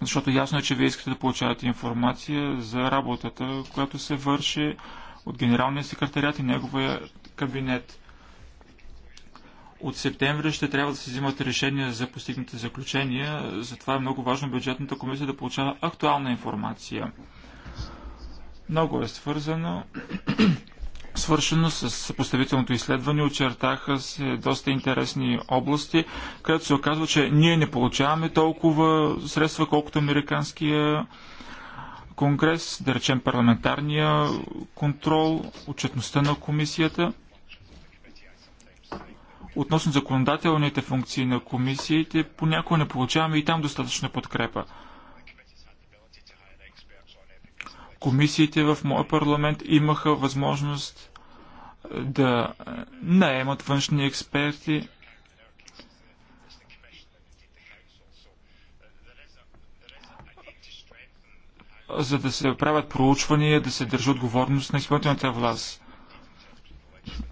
Защото ясно е, че вие искате да получавате информация за работата, която се върши от генералния секретарят и неговия кабинет. От септември ще трябва да се взимат решения за постигнати заключения, затова е много важно бюджетната комисия да получава актуална информация. Много е свързано. Свършено с съпоставителното изследване очертаха се доста интересни области, където се оказва, че ние не получаваме толкова средства, колкото американския конгрес, да речем парламентарния контрол, отчетността на комисията – Относно законодателните функции на комисиите, понякога не получаваме и там достатъчна подкрепа. Комисиите в моя парламент имаха възможност е, да е, наемат външни експерти, за да се правят проучвания, да се държи отговорност на изпълнителната власт.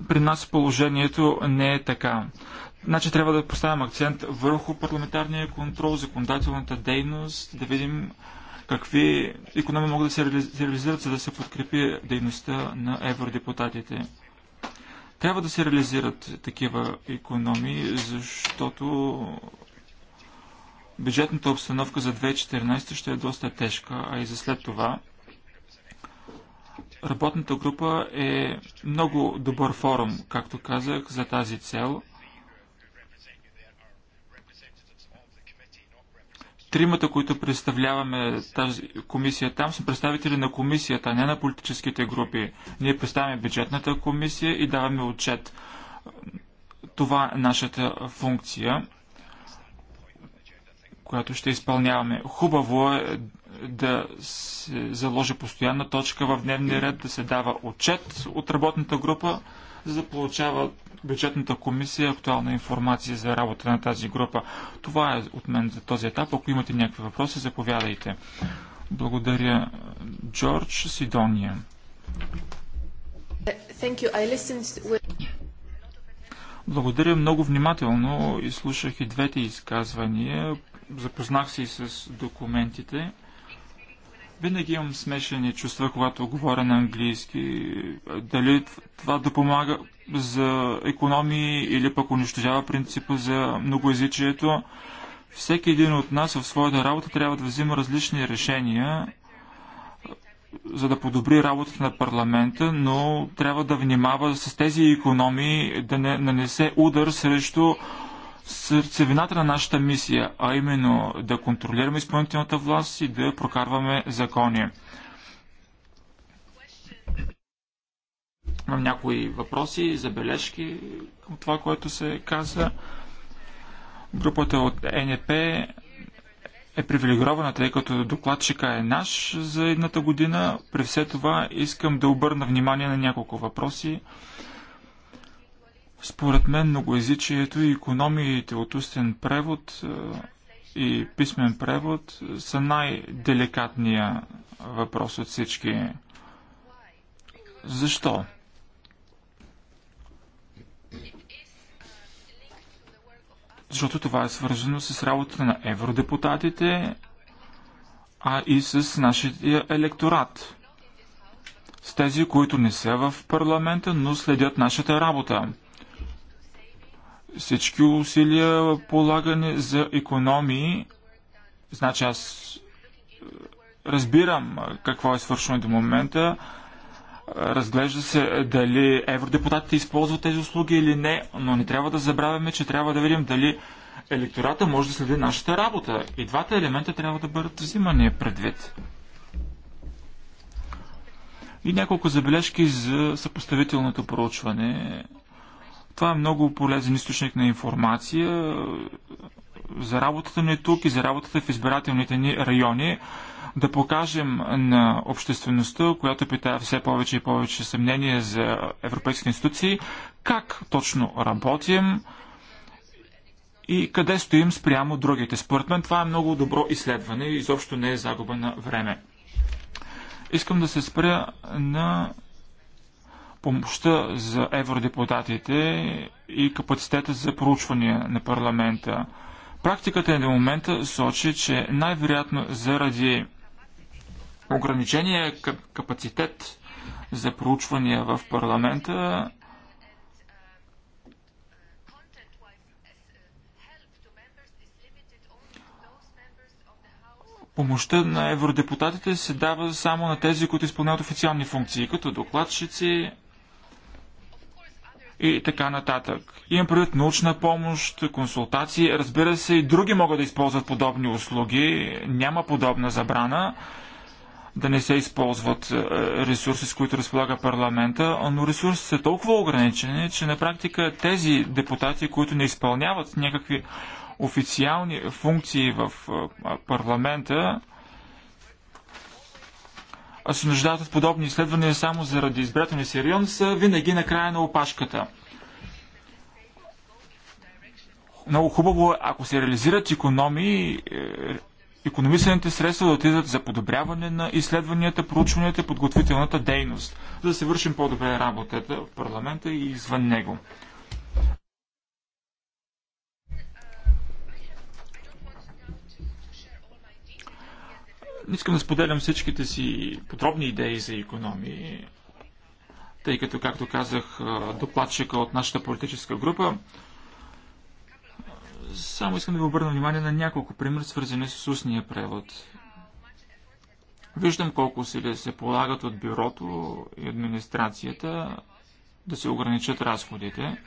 При нас положението не е така. Значи трябва да поставим акцент върху парламентарния контрол, законодателната дейност, да видим какви економи могат да се реализират, за да се подкрепи дейността на евродепутатите. Трябва да се реализират такива економии, защото бюджетната обстановка за 2014 ще е доста тежка, а и за след това – Работната група е много добър форум, както казах, за тази цел. Тримата, които представляваме тази комисия там, са представители на комисията, а не на политическите групи. Ние представяме бюджетната комисия и даваме отчет. Това е нашата функция, която ще изпълняваме. Хубаво е да се заложи постоянна точка в дневния ред, да се дава отчет от работната група, за да получава бюджетната комисия актуална информация за работа на тази група. Това е от мен за този етап. Ако имате някакви въпроси, заповядайте. Благодаря, Джордж Сидония. Благодаря много внимателно и слушах и двете изказвания. Запознах се и с документите. Винаги имам смешени чувства, когато говоря на английски. Дали това да помага за економии или пък унищожава принципа за многоязичието. Всеки един от нас в своята работа трябва да взима различни решения, за да подобри работата на парламента, но трябва да внимава с тези економии да не нанесе удар срещу сърцевината на нашата мисия, а именно да контролираме изпълнителната власт и да прокарваме закони. Имам някои въпроси, забележки от това, което се каза. Групата от НП е привилегирована, тъй като докладчика е наш за едната година. При все това искам да обърна внимание на няколко въпроси. Според мен многоязичието и економиите от устен превод е, и писмен превод са най-деликатния въпрос от всички. Защо? Защото това е свързано с работата на евродепутатите, а и с нашия електорат. С тези, които не са в парламента, но следят нашата работа всички усилия полагане за економии. Значи аз е, разбирам е, какво е свършено до момента. Е, разглежда се дали евродепутатите използват тези услуги или не, но не трябва да забравяме, че трябва да видим дали електората може да следи нашата работа. И двата елемента трябва да бъдат взимани предвид. И няколко забележки за съпоставителното проучване това е много полезен източник на информация е, за работата ни тук и за работата в избирателните ни райони. Да покажем на обществеността, която питая все повече и повече съмнение за европейските институции, как точно работим и къде стоим спрямо другите. Според мен това е много добро изследване и изобщо не е загуба на време. Искам да се спря на помощта за евродепутатите и капацитета за проучвания на парламента. Практиката на е момента сочи, че най-вероятно заради ограничения капацитет за проучвания в парламента Помощта на евродепутатите се дава само на тези, които изпълняват официални функции, като докладчици, и така нататък. Имам предвид научна помощ, консултации. Разбира се, и други могат да използват подобни услуги. Няма подобна забрана да не се използват е, ресурси, с които разполага парламента, но ресурсите са толкова ограничени, че на практика тези депутати, които не изпълняват някакви официални функции в е, парламента, се нуждаят от подобни изследвания само заради избирателния си район, са винаги на края на опашката. Много хубаво, е, ако се реализират економии, економисаните средства да отидат за подобряване на изследванията, проучванията и подготвителната дейност, за да се вършим по-добре работата в парламента и извън него. Искам да споделям всичките си подробни идеи за економии, тъй като, както казах, докладчика от нашата политическа група. Само искам да ви обърна внимание на няколко примера, свързани с устния превод. Виждам колко усилия се полагат от бюрото и администрацията да се ограничат разходите.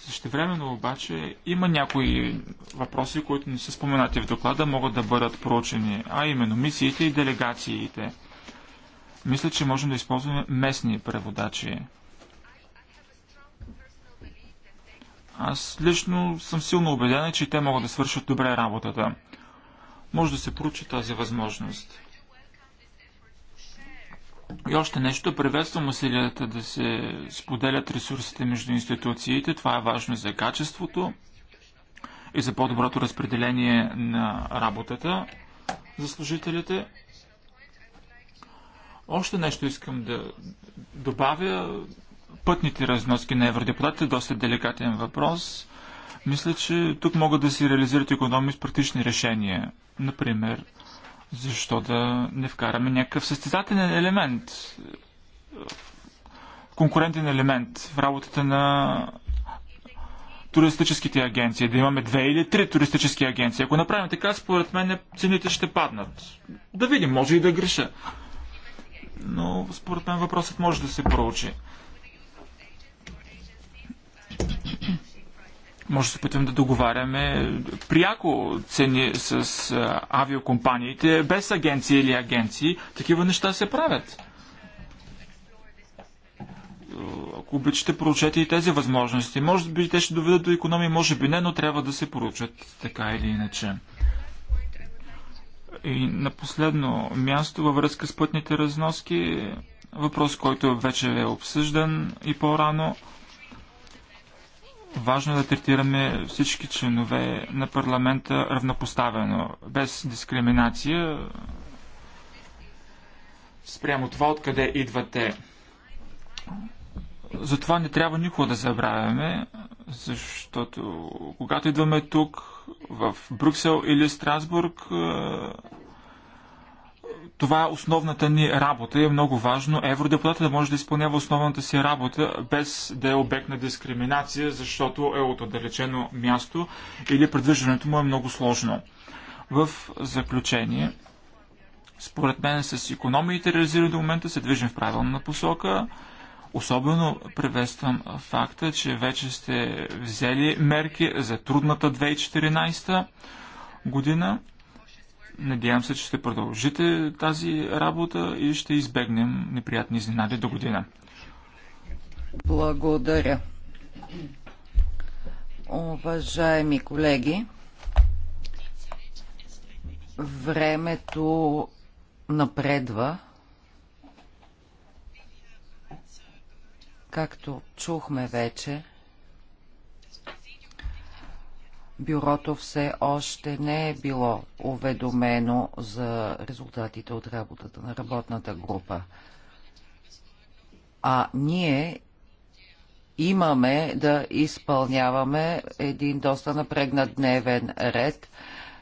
Същевременно обаче има някои въпроси, които не са споменати в доклада, могат да бъдат проучени, а именно мисиите и делегациите. Мисля, че можем да използваме местни преводачи. Аз лично съм силно убеден, че те могат да свършат добре работата. Може да се проучи тази възможност. И още нещо, приветствам усилията да се споделят ресурсите между институциите. Това е важно за качеството и за по-доброто разпределение на работата за служителите. Още нещо искам да добавя. Пътните разноски на евродепутатите е доста деликатен въпрос. Мисля, че тук могат да се реализират економи с практични решения. Например, защо да не вкараме някакъв състезателен елемент, конкурентен елемент в работата на туристическите агенции, да имаме две или три туристически агенции. Ако направим така, според мен цените ще паднат. Да видим, може и да греша. Но според мен въпросът може да се проучи. може да се опитвам да договаряме пряко цени с авиокомпаниите, без агенции или агенции. Такива неща се правят. Ако обичате, проучете и тези възможности. Може би те ще доведат до економии, може би не, но трябва да се проучат така или иначе. И на последно място във връзка с пътните разноски, въпрос, който вече е обсъждан и по-рано – Важно е да третираме всички членове на парламента равнопоставено, без дискриминация спрямо това откъде идвате. Затова не трябва никога да забравяме, защото когато идваме тук, в Брюксел или Страсбург, това е основната ни работа и е много важно евродепутата да може да изпълнява основната си работа без да е обект на дискриминация, защото е от отдалечено място или предвиждането му е много сложно. В заключение, според мен с економиите реализирани до момента се движим в правилна посока. Особено приветствам факта, че вече сте взели мерки за трудната 2014 година. Надявам се, че ще продължите тази работа и ще избегнем неприятни изненади до година. Благодаря. Уважаеми колеги, времето напредва. Както чухме вече, Бюрото все още не е било уведомено за резултатите от работата на работната група. А ние имаме да изпълняваме един доста напрегнат дневен ред.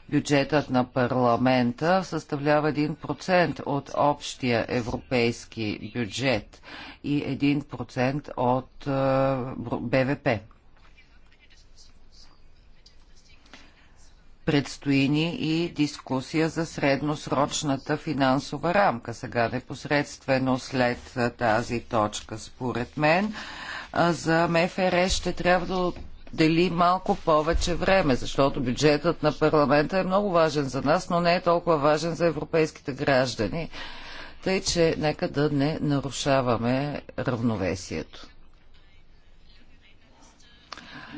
Бюджетът на парламента съставлява 1% от общия европейски бюджет и 1% от е, БВП. Предстои ни и дискусия за средносрочната финансова рамка, сега непосредствено след тази точка, според мен. За МФР ще трябва да дели малко повече време, защото бюджетът на парламента е много важен за нас, но не е толкова важен за европейските граждани. Тъй, че нека да не нарушаваме равновесието.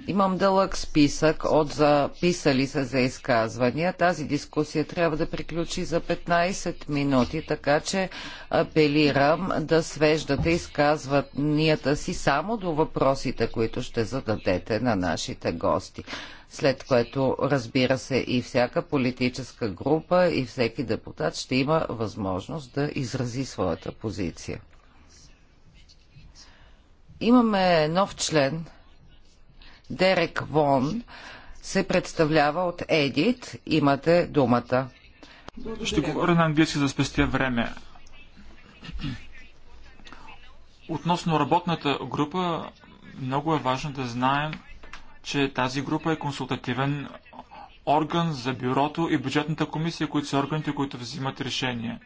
Имам дълъг списък от записали се за изказвания. Тази дискусия трябва да приключи за 15 минути, така че апелирам да свеждате изказванията си само до въпросите, които ще зададете на нашите гости. След което, разбира се, и всяка политическа група и всеки депутат ще има възможност да изрази своята позиция. Имаме нов член – Дерек Вон се представлява от Едит. Имате думата. Благодаря. Ще говоря на английски, за спестия време. Относно работната група, много е важно да знаем, че тази група е консултативен орган за бюрото и бюджетната комисия, които са органите, които взимат решения.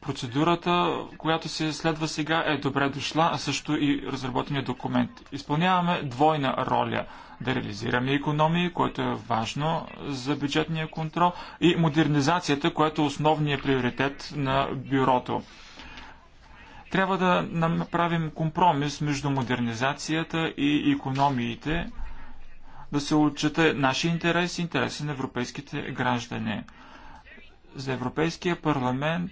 Процедурата, която се следва сега, е добре дошла, а също и разработения документ. Изпълняваме двойна роля да реализираме економии, което е важно за бюджетния контрол, и модернизацията, което е основният приоритет на бюрото. Трябва да направим компромис между модернизацията и економиите, да се отчете нашия интереси и интереси на европейските граждани. За Европейския парламент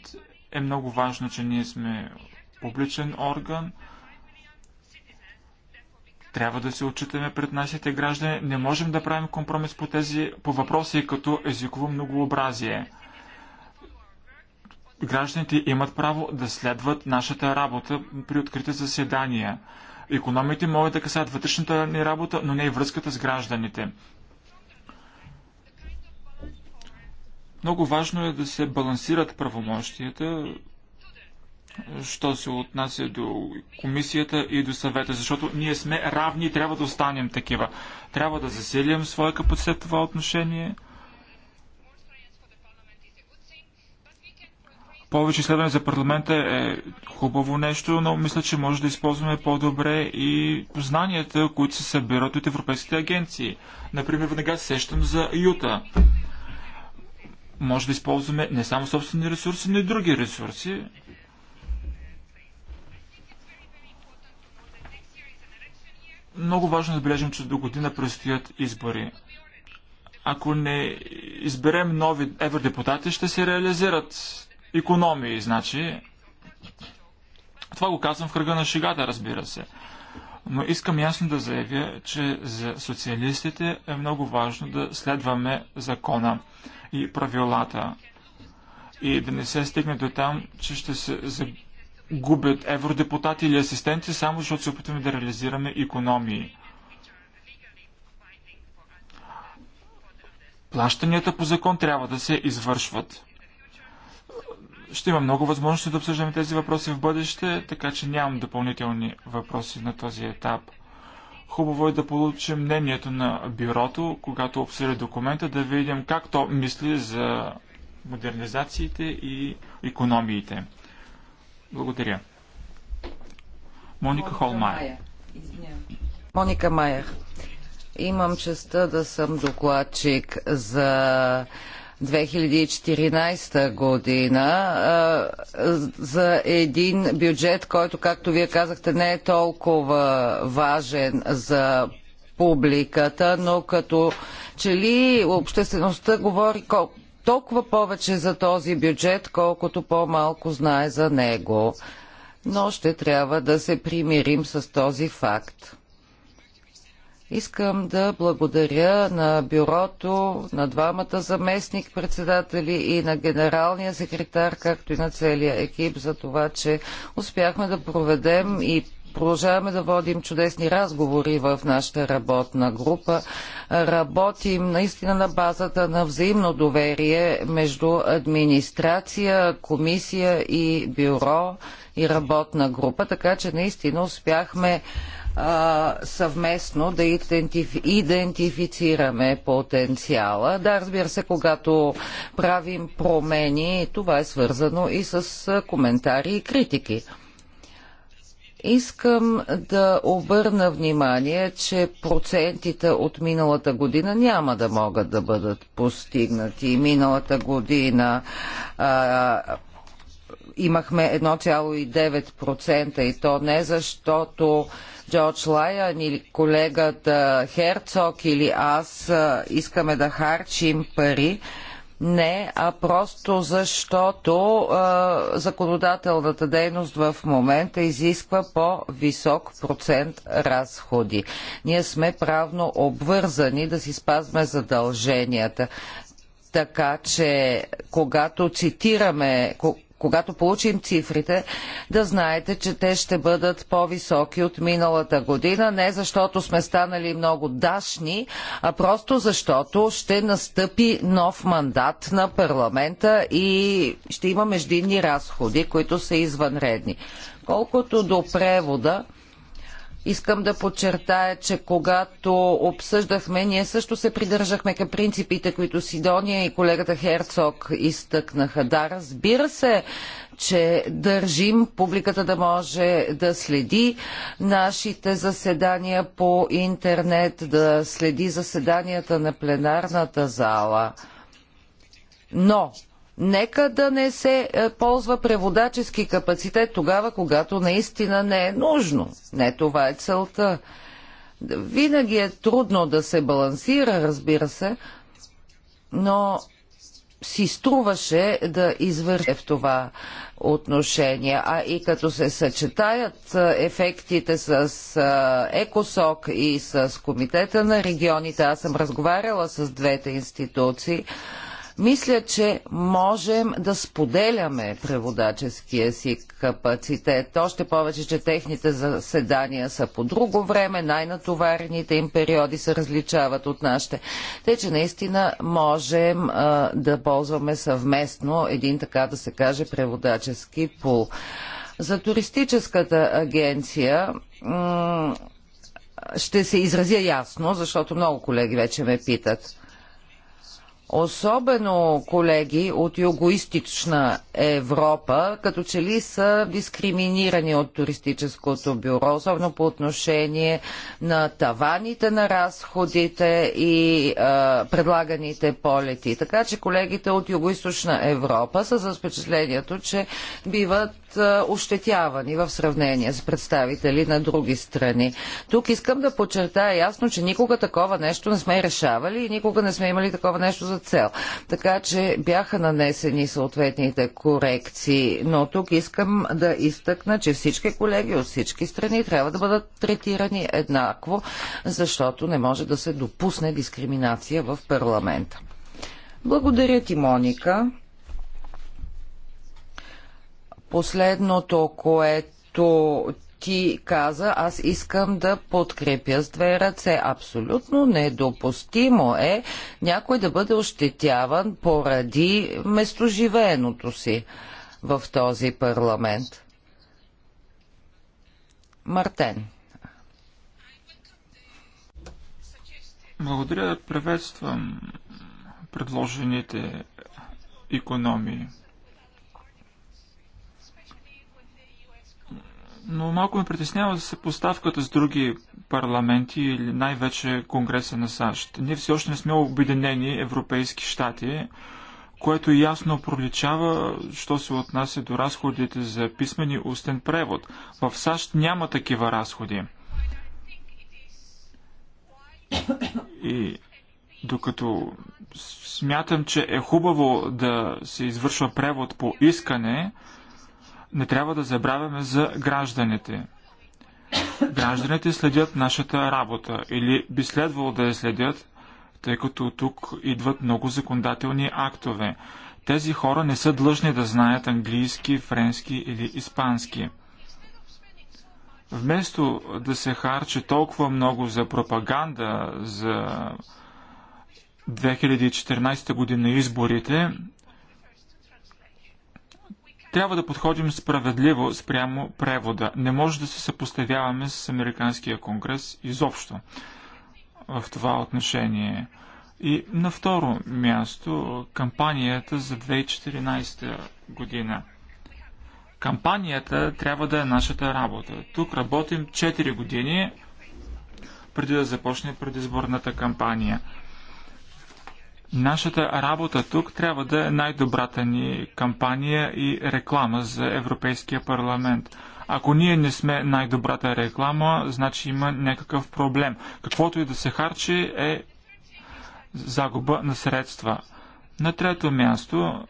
е много важно, че ние сме публичен орган. Трябва да се отчитаме пред нашите граждани. Не можем да правим компромис по, тези, по въпроси като езиково многообразие. Гражданите имат право да следват нашата работа при открите заседания. Економите могат да касат вътрешната ни работа, но не и връзката с гражданите. Много важно е да се балансират правомощията, що се отнася до комисията и до съвета, защото ние сме равни и трябва да останем такива. Трябва да засилим своя капацитет в това отношение. Повече изследване за парламента е хубаво нещо, но мисля, че може да използваме по-добре и знанията, които се събират от европейските агенции. Например, веднага сещам за Юта. Може да използваме не само собствени ресурси, но и други ресурси. Много важно е да забележим, че до година предстоят избори. Ако не изберем нови евродепутати, ще се реализират економии, значи. Това го казвам в кръга на шегата, разбира се. Но искам ясно да заявя, че за социалистите е много важно да следваме закона и правилата. И да не се стигне до там, че ще се загубят евродепутати или асистенти, само защото се опитваме да реализираме економии. Плащанията по закон трябва да се извършват. Ще има много възможности да обсъждаме тези въпроси в бъдеще, така че нямам допълнителни въпроси на този етап – Хубаво е да получим мнението на бюрото, когато обсъди документа, да видим как то мисли за модернизациите и економиите. Благодаря. Моника, Моника Холмайер. Моника Майер. Имам честа да съм докладчик за 2014 година за един бюджет, който, както вие казахте, не е толкова важен за публиката, но като че ли обществеността говори толкова повече за този бюджет, колкото по-малко знае за него. Но ще трябва да се примирим с този факт. Искам да благодаря на бюрото, на двамата заместник председатели и на генералния секретар, както и на целия екип за това, че успяхме да проведем и продължаваме да водим чудесни разговори в нашата работна група. Работим наистина на базата на взаимно доверие между администрация, комисия и бюро и работна група, така че наистина успяхме а, съвместно да идентиф, идентифицираме потенциала. Да, разбира се, когато правим промени, това е свързано и с коментари и критики. Искам да обърна внимание, че процентите от миналата година няма да могат да бъдат постигнати. Миналата година а, имахме 1,9% и то не защото Джордж Лайан или колегата Херцог или аз искаме да харчим пари. Не, а просто защото а, законодателната дейност в момента изисква по-висок процент разходи. Ние сме правно обвързани да си спазваме задълженията. Така че, когато цитираме когато получим цифрите, да знаете, че те ще бъдат по-високи от миналата година, не защото сме станали много дашни, а просто защото ще настъпи нов мандат на парламента и ще има междинни разходи, които са извънредни. Колкото до превода, Искам да подчертая, че когато обсъждахме, ние също се придържахме към принципите, които Сидония и колегата Херцог изтъкнаха. Да, разбира се, че държим публиката да може да следи нашите заседания по интернет, да следи заседанията на пленарната зала. Но Нека да не се е, ползва преводачески капацитет тогава, когато наистина не е нужно. Не това е целта. Винаги е трудно да се балансира, разбира се, но си струваше да извърши в това отношение. А и като се съчетаят е, ефектите с е, ЕКОСОК и с Комитета на регионите, аз съм разговаряла с двете институции, мисля, че можем да споделяме преводаческия си капацитет. Още повече, че техните заседания са по друго време, най-натоварените им периоди се различават от нашите. Те, че наистина можем а, да ползваме съвместно един, така да се каже, преводачески пул. За туристическата агенция ще се изразя ясно, защото много колеги вече ме питат. Особено колеги от югоистична Европа, като че ли са дискриминирани от туристическото бюро, особено по отношение на таваните на разходите и а, предлаганите полети. Така че колегите от югоисточна Европа са за впечатлението, че биват ощетявани в сравнение с представители на други страни. Тук искам да подчертая ясно, че никога такова нещо не сме решавали и никога не сме имали такова нещо за цел. Така че бяха нанесени съответните корекции, но тук искам да изтъкна, че всички колеги от всички страни трябва да бъдат третирани еднакво, защото не може да се допусне дискриминация в парламента. Благодаря ти, Моника последното, което ти каза, аз искам да подкрепя с две ръце. Абсолютно недопустимо е някой да бъде ощетяван поради местоживееното си в този парламент. Мартен. Благодаря, приветствам предложените економии. но малко ме притеснява се, поставката с други парламенти или най-вече Конгреса на САЩ. Ние все още не сме обединени европейски щати, което ясно проличава, що се отнася до разходите за писмен и устен превод. В САЩ няма такива разходи. И докато смятам, че е хубаво да се извършва превод по искане, не трябва да забравяме за гражданите. Гражданите следят нашата работа или би следвало да я следят, тъй като тук идват много законодателни актове. Тези хора не са длъжни да знаят английски, френски или испански. Вместо да се харчи толкова много за пропаганда за 2014 година изборите, трябва да подходим справедливо спрямо превода. Не може да се съпоставяваме с Американския конгрес изобщо в това отношение. И на второ място кампанията за 2014 година. Кампанията трябва да е нашата работа. Тук работим 4 години преди да започне предизборната кампания. Нашата работа тук трябва да е най-добрата ни кампания и реклама за Европейския парламент. Ако ние не сме най-добрата реклама, значи има някакъв проблем. Каквото и да се харчи е загуба на средства. На трето място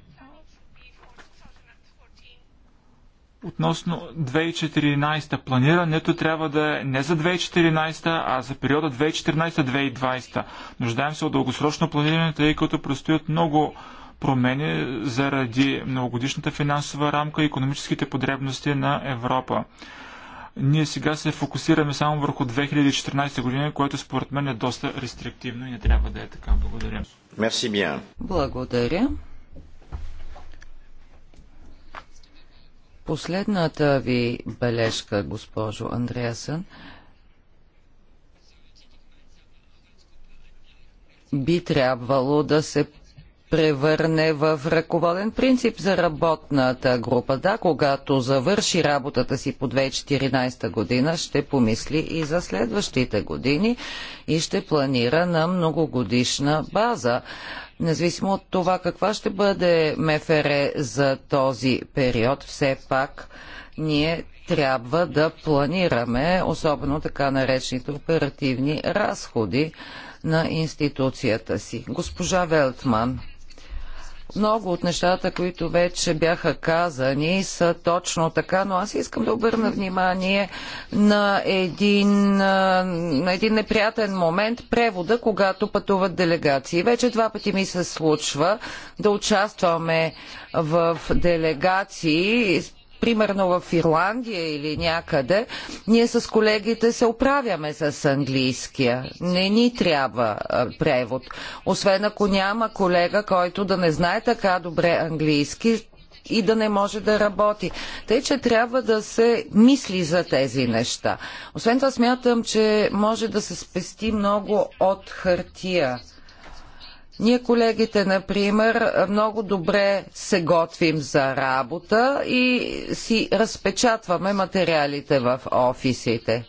Относно 2014 планирането трябва да е не за 2014, а за периода 2014-2020. Нуждаем се от дългосрочно планиране, тъй като предстоят много промени заради многогодишната финансова рамка и економическите потребности на Европа. Ние сега се фокусираме само върху 2014 година, което според мен е доста рестриктивно и не трябва да е така. Благодаря. Благодаря. последната ви бележка, госпожо Андреасън, би трябвало да се превърне в ръководен принцип за работната група. Да, когато завърши работата си по 2014 година, ще помисли и за следващите години и ще планира на многогодишна база. Независимо от това каква ще бъде МФР за този период, все пак ние трябва да планираме, особено така наречените оперативни разходи на институцията си. Госпожа Велтман. Много от нещата, които вече бяха казани, са точно така, но аз искам да обърна внимание на един, на един неприятен момент превода, когато пътуват делегации. Вече два пъти ми се случва да участваме в делегации, примерно в Ирландия или някъде, ние с колегите се оправяме с английския. Не ни трябва превод. Освен ако няма колега, който да не знае така добре английски, и да не може да работи. Тъй, че трябва да се мисли за тези неща. Освен това смятам, че може да се спести много от хартия. Ние колегите, например, много добре се готвим за работа и си разпечатваме материалите в офисите.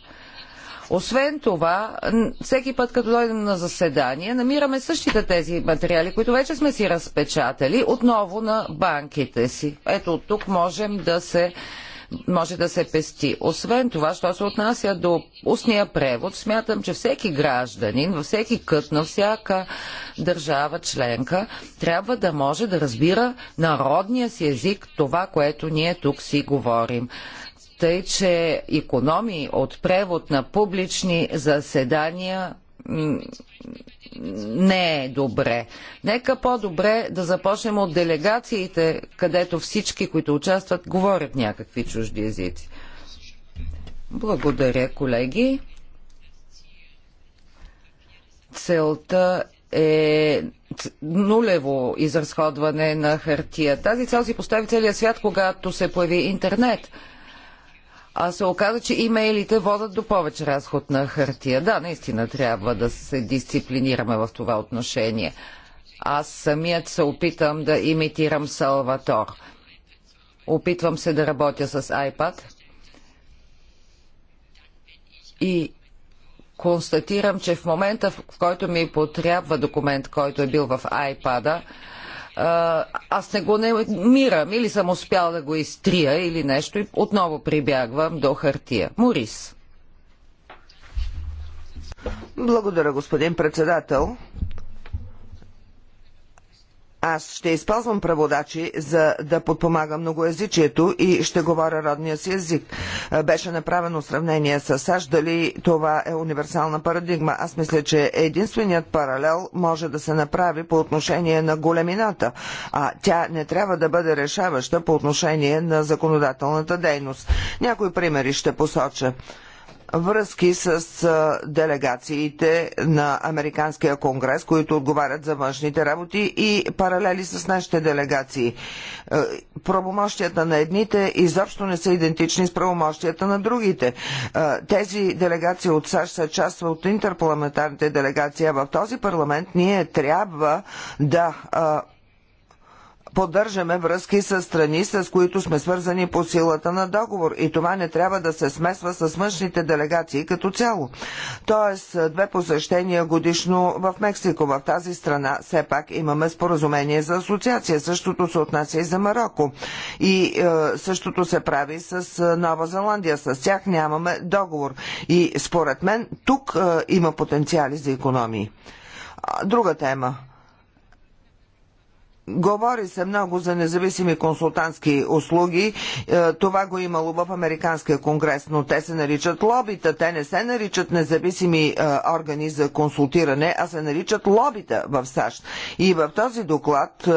Освен това, всеки път, като дойдем на заседание, намираме същите тези материали, които вече сме си разпечатали, отново на банките си. Ето от тук можем да се може да се пести. Освен това, що се отнася до устния превод, смятам, че всеки гражданин, във всеки кът на всяка държава членка трябва да може да разбира народния си език това, което ние тук си говорим тъй че економии от превод на публични заседания не е добре. Нека по-добре да започнем от делегациите, където всички, които участват, говорят някакви чужди езици. Благодаря, колеги. Целта е нулево изразходване на хартия. Тази цел си постави целия свят, когато се появи интернет – а се оказа, че имейлите водат до повече разход на хартия. Да, наистина трябва да се дисциплинираме в това отношение. Аз самият се опитам да имитирам Салватор. Опитвам се да работя с iPad и констатирам, че в момента, в който ми потрябва документ, който е бил в iPad-а, аз не го не мирам или съм успял да го изтрия или нещо и отново прибягвам до хартия. Морис. Благодаря, господин председател. Аз ще използвам праводачи, за да подпомага многоязичието и ще говоря родния си език. Е, беше направено сравнение с САЩ, дали това е универсална парадигма. Аз мисля, че единственият паралел може да се направи по отношение на големината, а тя не трябва да бъде решаваща по отношение на законодателната дейност. Някои примери ще посоча връзки с делегациите на Американския конгрес, които отговарят за външните работи и паралели с нашите делегации. Правомощията на едните изобщо не са идентични с правомощията на другите. Тези делегации от САЩ са част от интерпарламентарните делегации, а в този парламент ние трябва да поддържаме връзки с страни, с които сме свързани по силата на договор. И това не трябва да се смесва с външните делегации като цяло. Тоест, е, две посещения годишно в Мексико. В тази страна все пак имаме споразумение за асоциация. Същото се отнася и за Марокко. И е, същото се прави с е, Нова Зеландия. С тях нямаме договор. И според мен тук е, има потенциали за економии. Друга тема Говори се много за независими консултантски услуги. Е, това го е имало в Американския конгрес, но те се наричат лобита. Те не се наричат независими е, органи за консултиране, а се наричат лобита в САЩ. И в този доклад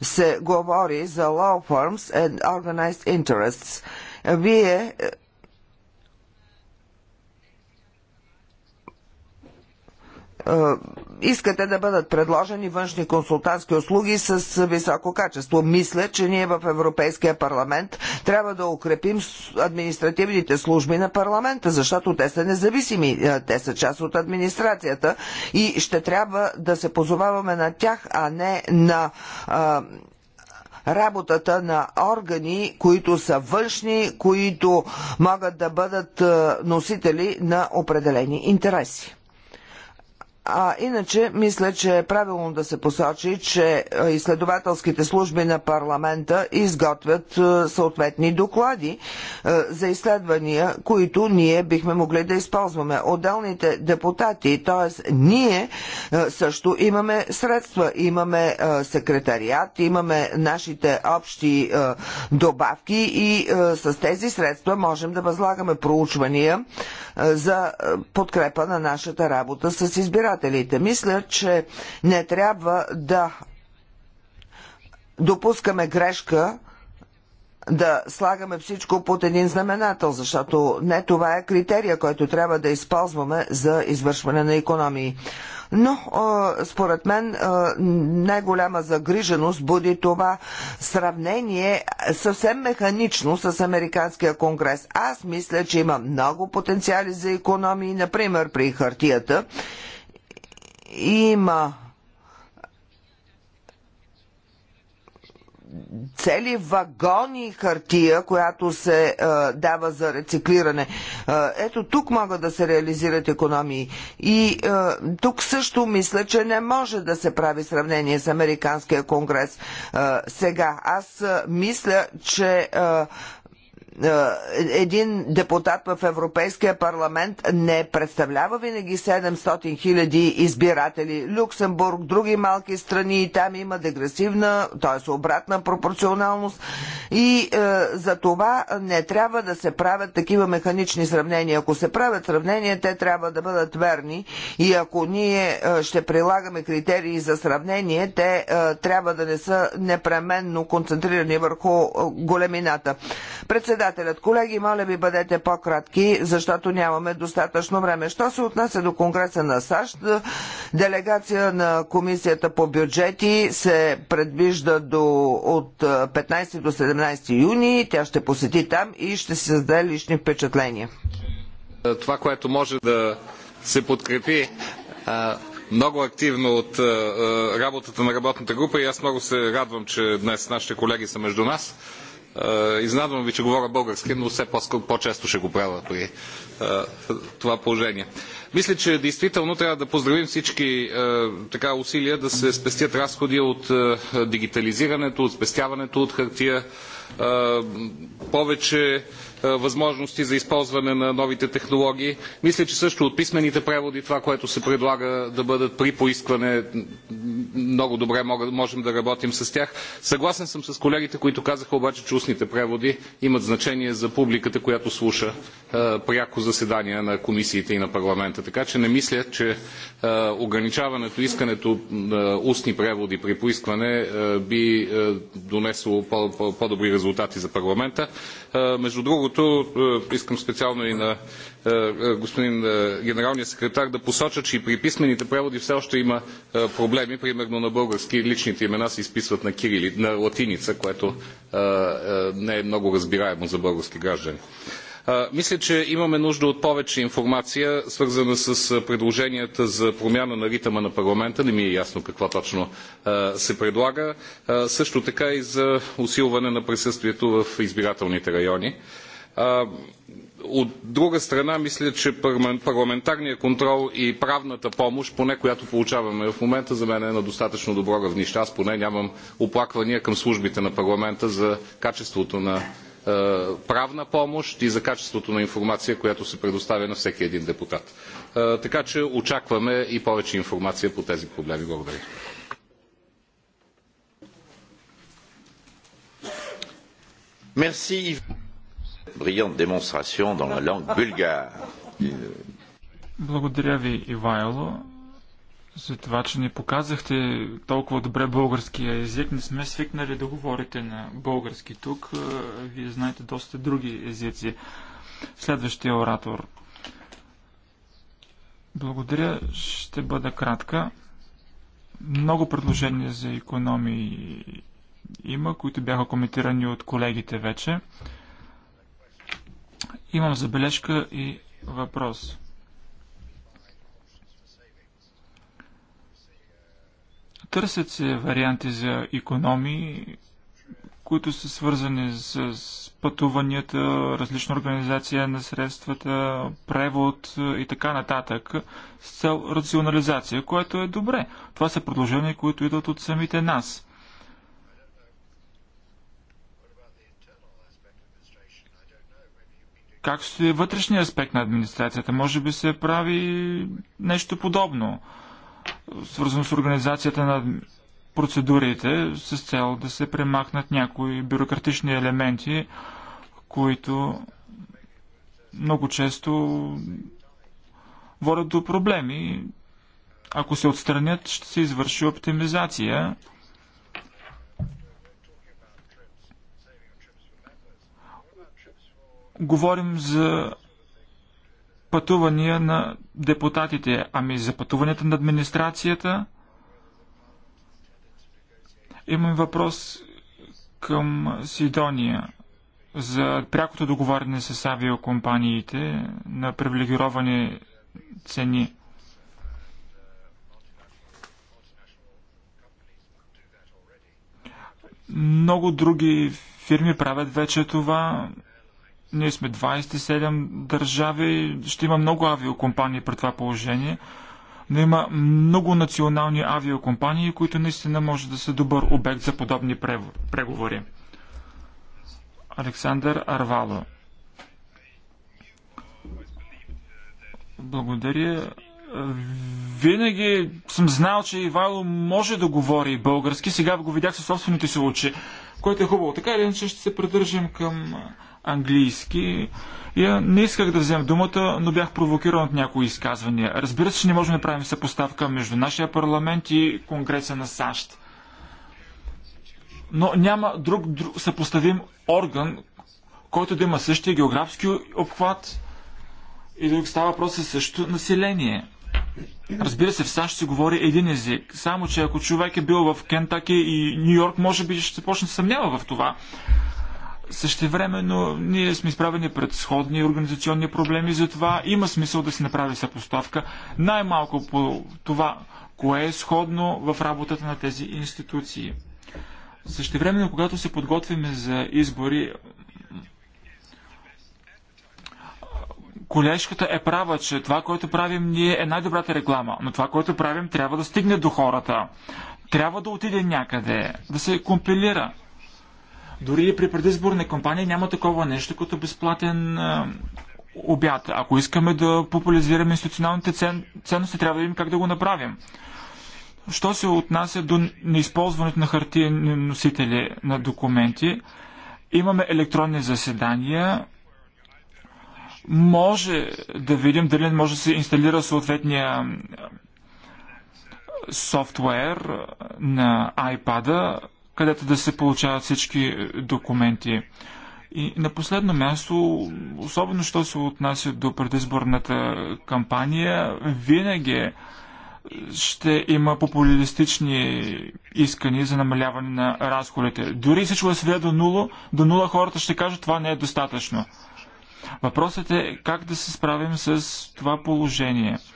се говори за law firms and organized interests. Вие Е, искате да бъдат предложени външни консултантски услуги с високо качество. Мисля, че ние в Европейския парламент трябва да укрепим административните служби на парламента, защото те са независими, е, те са част от администрацията и ще трябва да се позоваваме на тях, а не на работата на органи, които са външни, които могат да бъдат е, носители на определени интереси. А иначе, мисля, че е правилно да се посочи, че изследователските служби на парламента изготвят съответни доклади за изследвания, които ние бихме могли да използваме. Отделните депутати, т.е. ние също имаме средства, имаме секретариат, имаме нашите общи добавки и с тези средства можем да възлагаме проучвания за подкрепа на нашата работа с избирателите избирателите. Мисля, че не трябва да допускаме грешка да слагаме всичко под един знаменател, защото не това е критерия, който трябва да използваме за извършване на економии. Но, според мен, най-голяма загриженост буди това сравнение съвсем механично с Американския конгрес. Аз мисля, че има много потенциали за економии, например, при хартията има цели вагони хартия, която се е, дава за рециклиране. е, ето тук могат да се реализират економии. И е, тук също мисля, че не може да се прави сравнение с Американския конгрес. е, сега, аз е, мисля, че Е, е, един депутат в Европейския парламент не представлява винаги 700 хиляди избиратели. Люксембург, други малки страни там има дегресивна, т.е. обратна пропорционалност и е, за това не трябва да се правят такива механични сравнения. Ако се правят сравнения, те трябва да бъдат верни и ако ние е, ще прилагаме критерии за сравнение, те е, трябва да не са непременно концентрирани върху е, големината. Председател Председателят, колеги, моля ви бъдете по-кратки, защото нямаме достатъчно време. Що се отнася до Конгреса на САЩ, делегация на Комисията по бюджети се предвижда до, от 15 до 17 юни. Тя ще посети там и ще се създаде лични впечатления. Това, което може да се подкрепи много активно от работата на работната група и аз много се радвам, че днес нашите колеги са между нас. Е, изнадвам ви, че говоря български, но все по-често ще го правя при е, това положение. Мисля, че действително трябва да поздравим всички е, така, усилия да се спестят разходи от дигитализирането, от спестяването от хартия, повече възможности за използване на новите технологии. Мисля, че също от писмените преводи това, което се предлага да бъдат при поискване, много добре можем да работим с тях. Съгласен съм с колегите, които казаха обаче, че устните преводи имат значение за публиката, която слуша пряко заседания на комисиите и на парламента. Така че не мисля, че ограничаването, искането на устни преводи при поискване би донесло по-добри резултати за парламента. Между другото, Другото, е, искам специално и на е, е, господин генералния секретар да посоча, че и при писмените преводи все още има проблеми. Примерно на български личните имена се изписват на, кирили, на латиница, което не е много разбираемо за български граждани. Мисля, че имаме нужда от повече информация, свързана с предложенията за промяна на ритъма на парламента. Не ми е ясно какво точно се предлага. Също така и за усилване на присъствието в избирателните райони. От друга страна, мисля, че парламентарният контрол и правната помощ, поне която получаваме в момента, за мен е на достатъчно добро равнище. Аз поне нямам оплаквания към службите на парламента за качеството на правна помощ и за качеството на информация, която се предоставя на всеки един депутат. Така че очакваме и повече информация по тези проблеми. Благодаря. Brillante démonstration dans la langue bulgare. Благодаря ви, Ивайло, за това, че ни показахте толкова добре българския език. Не сме свикнали да говорите на български тук. Е, Вие знаете доста други езици. Следващия оратор. Благодаря. Ще бъда кратка. Много предложения за економии има, които бяха коментирани от колегите вече. Имам забележка и въпрос. Търсят се варианти за економии, които са свързани с пътуванията, различна организация на средствата, превод и така нататък, с цел рационализация, което е добре. Това са предложения, които идват от самите нас. как ще вътрешния аспект на администрацията? Може би се прави нещо подобно, свързано с организацията на процедурите, с цел да се премахнат някои бюрократични елементи, които много често водят до проблеми. Ако се отстранят, ще се извърши оптимизация Говорим за пътувания на депутатите, ами за пътуванията на администрацията. Имам въпрос към Сидония за прякото договаряне с авиокомпаниите на привилегировани цени. Много други фирми правят вече това. Ние сме 27 държави, ще има много авиокомпании при това положение, но има много национални авиокомпании, които наистина може да са добър обект за подобни преговори. Александър Арвало. Благодаря. Винаги съм знал, че Ивайло може да говори български. Сега го видях със собствените си очи, което е хубаво. Така или иначе ще се придържим към английски. Я не исках да взема думата, но бях провокиран от някои изказвания. Разбира се, че не можем да правим съпоставка между нашия парламент и Конгреса на САЩ. Но няма друг, друг съпоставим орган, който да има същия географски обхват и друг става въпрос със същото население. Разбира се, в САЩ се говори един език, само че ако човек е бил в Кентаки и Нью Йорк, може би ще се почне да съмнява в това. Същевременно ние сме изправени пред сходни организационни проблеми, затова има смисъл да се направи съпоставка най-малко по това, кое е сходно в работата на тези институции. Същевременно, когато се подготвяме за избори, колежката е права, че това, което правим ние е най-добрата реклама, но това, което правим трябва да стигне до хората. Трябва да отиде някъде, да се компилира. Дори и при предизборни кампании няма такова нещо като безплатен обяд. Ако искаме да популяризираме институционалните цен... ценности, трябва да видим как да го направим. Що се отнася до неизползването на хартиени носители на документи, имаме електронни заседания, може да видим дали може да се инсталира съответния софтуер на ipad където да се получават всички е, документи. И на последно място, особено що се отнася до предизборната кампания, винаги е, ще има популистични искания за намаляване на разходите. Дори всичко да се до нула, до нула хората ще кажат, това не е достатъчно. Въпросът е как да се справим с това положение –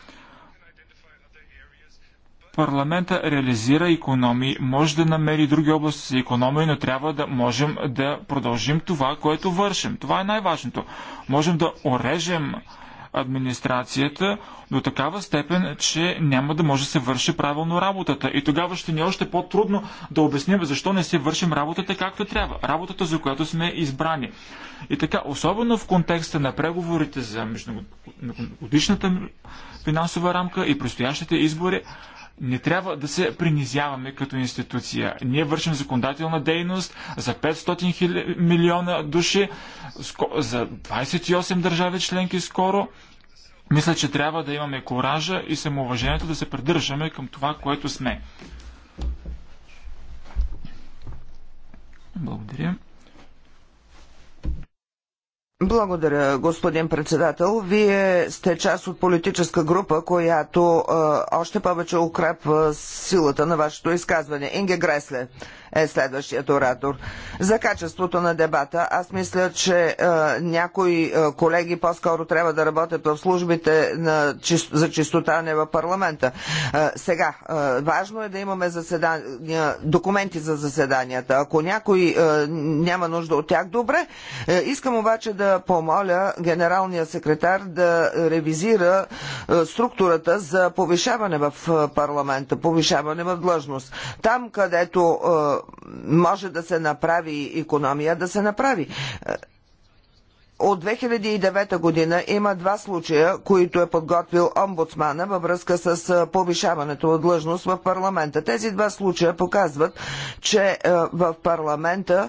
Парламента реализира економии, може да намери други области за економии, но трябва да можем да продължим това, което вършим. Това е най-важното. Можем да орежем администрацията до такава степен, че няма да може да се върши правилно работата. И тогава ще ни е още по-трудно да обясним защо не се вършим работата както трябва. Работата, за която сме избрани. И така, особено в контекста на преговорите за междугодишната финансова рамка и предстоящите избори, не трябва да се принизяваме като институция. Ние вършим законодателна дейност за 500 хили... милиона души, за 28 държави членки скоро. Мисля, че трябва да имаме коража и самоуважението да се придържаме към това, което сме. Благодаря. Благодаря, господин председател. Вие сте част от политическа група, която е, още повече укрепва силата на вашето изказване. Инге Гресле е следващият оратор. За качеството на дебата, аз мисля, че е, някои е, колеги по-скоро трябва да работят в службите на, за чистота, не в парламента. Е, сега, е, важно е да имаме заседания, документи за заседанията. Ако някой е, няма нужда от тях, добре. Е, искам обаче да помоля генералния секретар да ревизира е, структурата за повишаване в е, парламента, повишаване в длъжност. Там, където е, може да се направи економия, да се направи. От 2009 година има два случая, които е подготвил омбудсмана във връзка с повишаването от длъжност в парламента. Тези два случая показват, че в парламента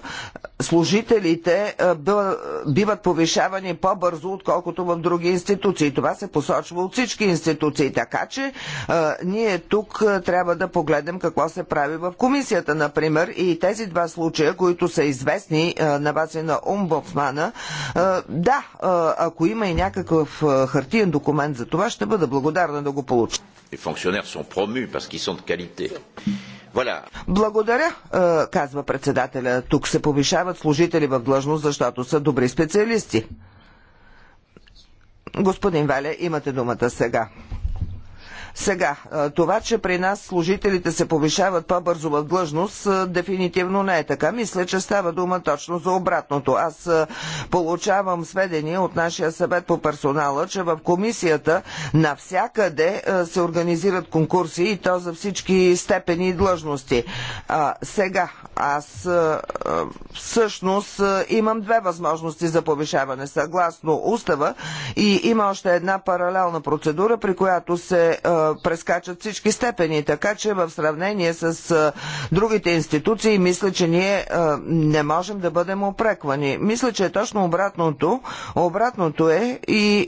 служителите биват повишавани по-бързо, отколкото в други институции. Това се посочва от всички институции. Така че ние тук трябва да погледнем какво се прави в комисията, например. И тези два случая, които са известни на вас и на омбудсмана, да, ако има и някакъв хартиен документ за това, ще бъда благодарна да го получа. Благодаря, казва председателя. Тук се повишават служители в длъжност, защото са добри специалисти. Господин Валя, имате думата сега. Сега, това, че при нас служителите се повишават по-бързо в длъжност, дефинитивно не е така. Мисля, че става дума точно за обратното. Аз получавам сведения от нашия съвет по персонала, че в комисията навсякъде се организират конкурси и то за всички степени и длъжности. сега, аз всъщност имам две възможности за повишаване. Съгласно устава и има още една паралелна процедура, при която се прескачат всички степени. Така че в сравнение с другите институции, мисля, че ние не можем да бъдем опреквани. Мисля, че е точно обратното. Обратното е и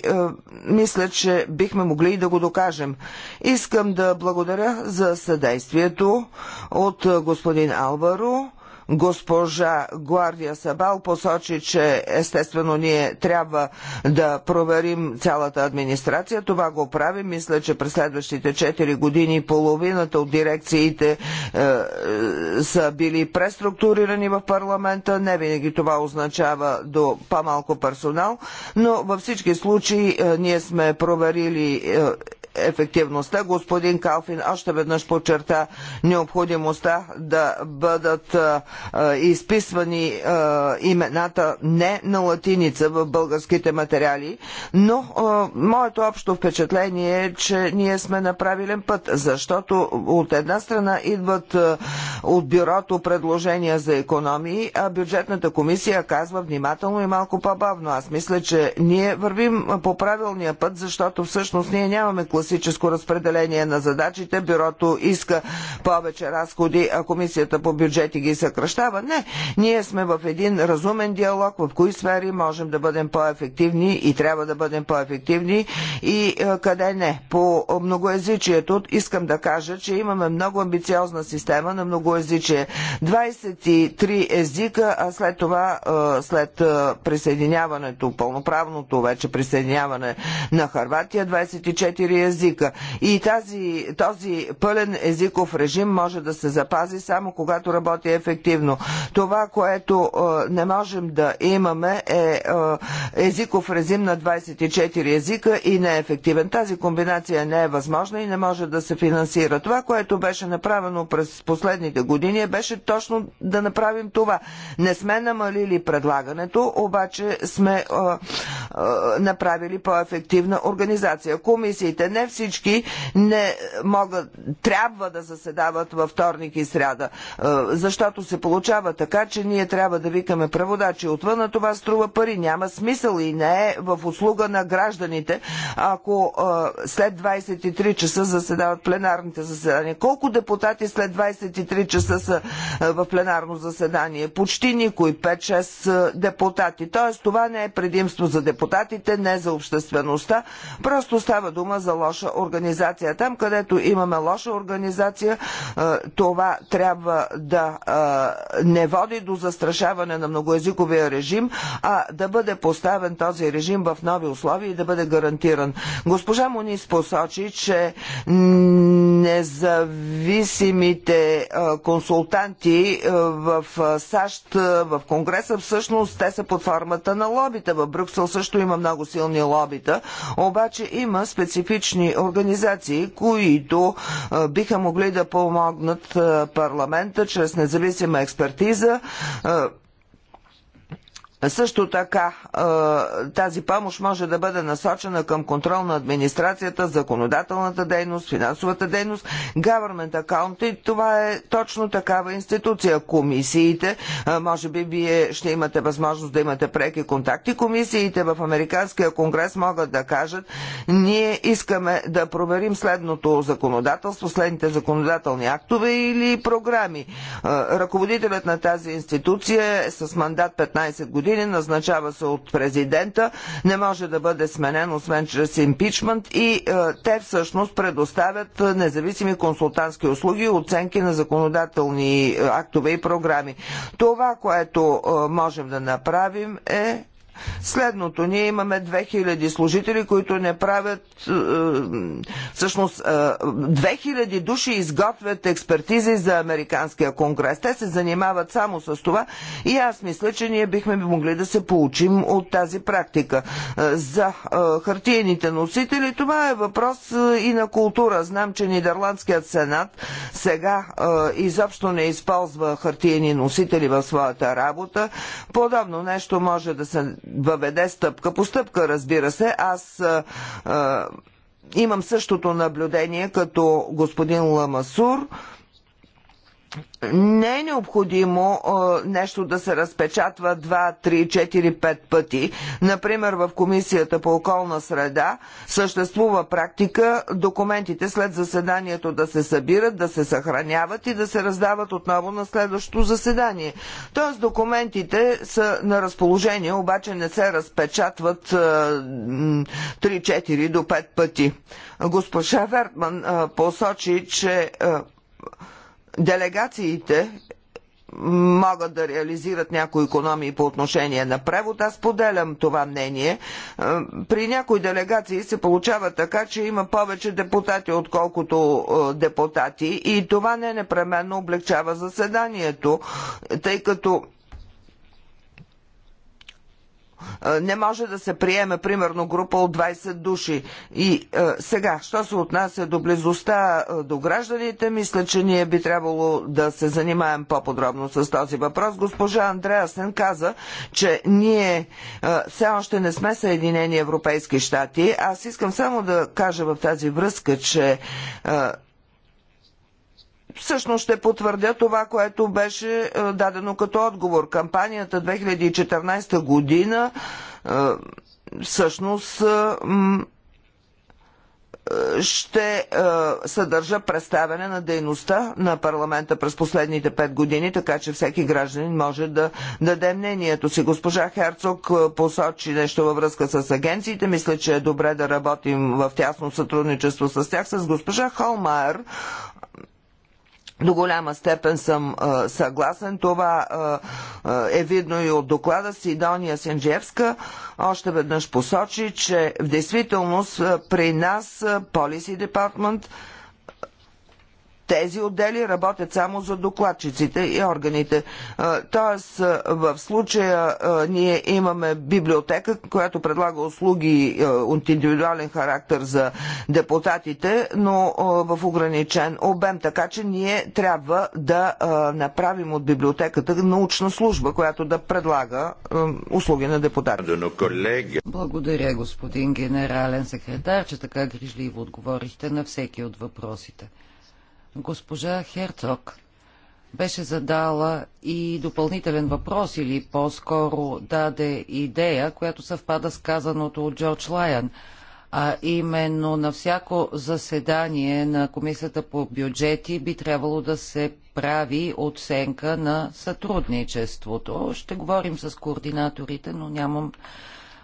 мисля, че бихме могли и да го докажем. Искам да благодаря за съдействието от господин Алваро. Госпожа Гуардия Сабал посочи, че естествено ние трябва да проверим цялата администрация. Това го прави. Мисля, че през следващите 4 години половината от дирекциите е, е, са били преструктурирани в парламента. Не винаги това означава до по-малко персонал, но във всички случаи е, ние сме проверили е, ефективността. Господин Калфин още веднъж подчерта необходимостта да бъдат изписвани имената не на латиница в българските материали, но моето общо впечатление е, че ние сме на правилен път, защото от една страна идват от бюрото предложения за економии, а бюджетната комисия казва внимателно и малко по-бавно. Аз мисля, че ние вървим по правилния път, защото всъщност ние нямаме класификация статистическо разпределение на задачите, бюрото иска повече разходи, а комисията по бюджети ги съкръщава. Не, ние сме в един разумен диалог, в кои сфери можем да бъдем по-ефективни и трябва да бъдем по-ефективни и е, къде не. По многоязичието искам да кажа, че имаме много амбициозна система на многоязичие. 23 езика, а след това, е, след е, присъединяването, пълноправното вече присъединяване на Харватия, 24 езика. И тази, този пълен езиков режим може да се запази само когато работи ефективно. Това, което е, не можем да имаме е, е езиков режим на 24 езика и не е ефективен. Тази комбинация не е възможна и не може да се финансира. Това, което беше направено през последните години, беше точно да направим това. Не сме намалили предлагането, обаче сме а, е, а, направили по-ефективна организация. Комисиите не не всички не могат, трябва да заседават във вторник и сряда. Е, защото се получава така, че ние трябва да викаме преводачи отвън, а това струва пари. Няма смисъл и не е в услуга на гражданите, ако е, след 23 часа заседават пленарните заседания. Колко депутати след 23 часа са е, в пленарно заседание? Почти никой, 5-6 депутати. Тоест това не е предимство за депутатите, не за обществеността. Просто става дума за лош лоша организация. Там, където имаме лоша организация, е, това трябва да е, не води до застрашаване на многоязиковия режим, а да бъде поставен този режим в нови условия и да бъде гарантиран. Госпожа Монис посочи, че независимите е, консултанти в САЩ, в Конгреса, всъщност те са под формата на лобита. В Брюксел също има много силни лобита, обаче има специфични различни организации, които биха могли да помогнат парламента чрез независима експертиза също така тази помощ може да бъде насочена към контрол на администрацията, законодателната дейност, финансовата дейност, government account и това е точно такава институция. Комисиите, може би вие ще имате възможност да имате преки контакти, комисиите в Американския конгрес могат да кажат, ние искаме да проверим следното законодателство, следните законодателни актове или програми. Ръководителят на тази институция е с мандат 15 години години, назначава се от президента, не може да бъде сменен, освен чрез импичмент и е, те всъщност предоставят е, независими консултантски услуги и оценки на законодателни е, актове и програми. Това, което можем да направим е следното. Ние имаме 2000 служители, които не правят... Е, всъщност, 2000 е, души изготвят експертизи за Американския конгрес. Те се занимават само с това и аз мисля, че ние бихме могли да се получим от тази практика. Е, за хартиените носители това е въпрос и на култура. Знам, че Нидерландският сенат сега изобщо не използва хартиени носители в своята работа. Подобно нещо може да се въведе стъпка по стъпка, разбира се. Аз а, а, имам същото наблюдение като господин Ламасур. А, не е необходимо а, нещо да се разпечатва 2, 3, 4, 5 пъти. Например, в Комисията по околна среда съществува практика документите след заседанието да се събират, да се съхраняват и да се раздават отново на следващото заседание. Тоест документите са на разположение, обаче не се разпечатват а, 3, 4 до 5 пъти. Госпожа Вертман а, посочи, че делегациите могат да реализират някои економии по отношение на превод. Аз поделям това мнение. Е, при някои делегации се получава така, че има повече депутати, отколкото е, депутати и това не непременно облегчава заседанието, тъй като не може да се приеме, примерно, група от 20 души. И сега, що се отнася до близостта до гражданите, мисля, че ние би трябвало да се занимаем по-подробно с този въпрос. Госпожа Андреасен каза, че ние все още не сме Съединени Европейски щати. Аз искам само да кажа в тази връзка, че всъщност ще потвърдя това, което беше е, дадено като отговор. Кампанията 2014 година е, всъщност е, ще съдържа представяне на дейността на парламента през последните пет години, така че всеки гражданин може да даде мнението си. Госпожа Херцог посочи нещо във връзка с агенциите. Мисля, че е добре да работим в тясно сътрудничество с тях. С госпожа Холмайер до голяма степен съм а, съгласен. Това а, е видно и от доклада Сидония Сенджевска. Още веднъж посочи, че в действителност при нас Policy Department тези отдели работят само за докладчиците и органите. Тоест, в случая ние имаме библиотека, която предлага услуги от индивидуален характер за депутатите, но в ограничен обем. Така че ние трябва да направим от библиотеката научна служба, която да предлага услуги на депутатите. Благодаря, господин генерален секретар, че така грижливо отговорихте на всеки от въпросите. Госпожа Херцог беше задала и допълнителен въпрос или по-скоро даде идея, която съвпада с казаното от Джордж Лайан. а именно на всяко заседание на Комисията по бюджети би трябвало да се прави оценка на сътрудничеството. Ще говорим с координаторите, но нямам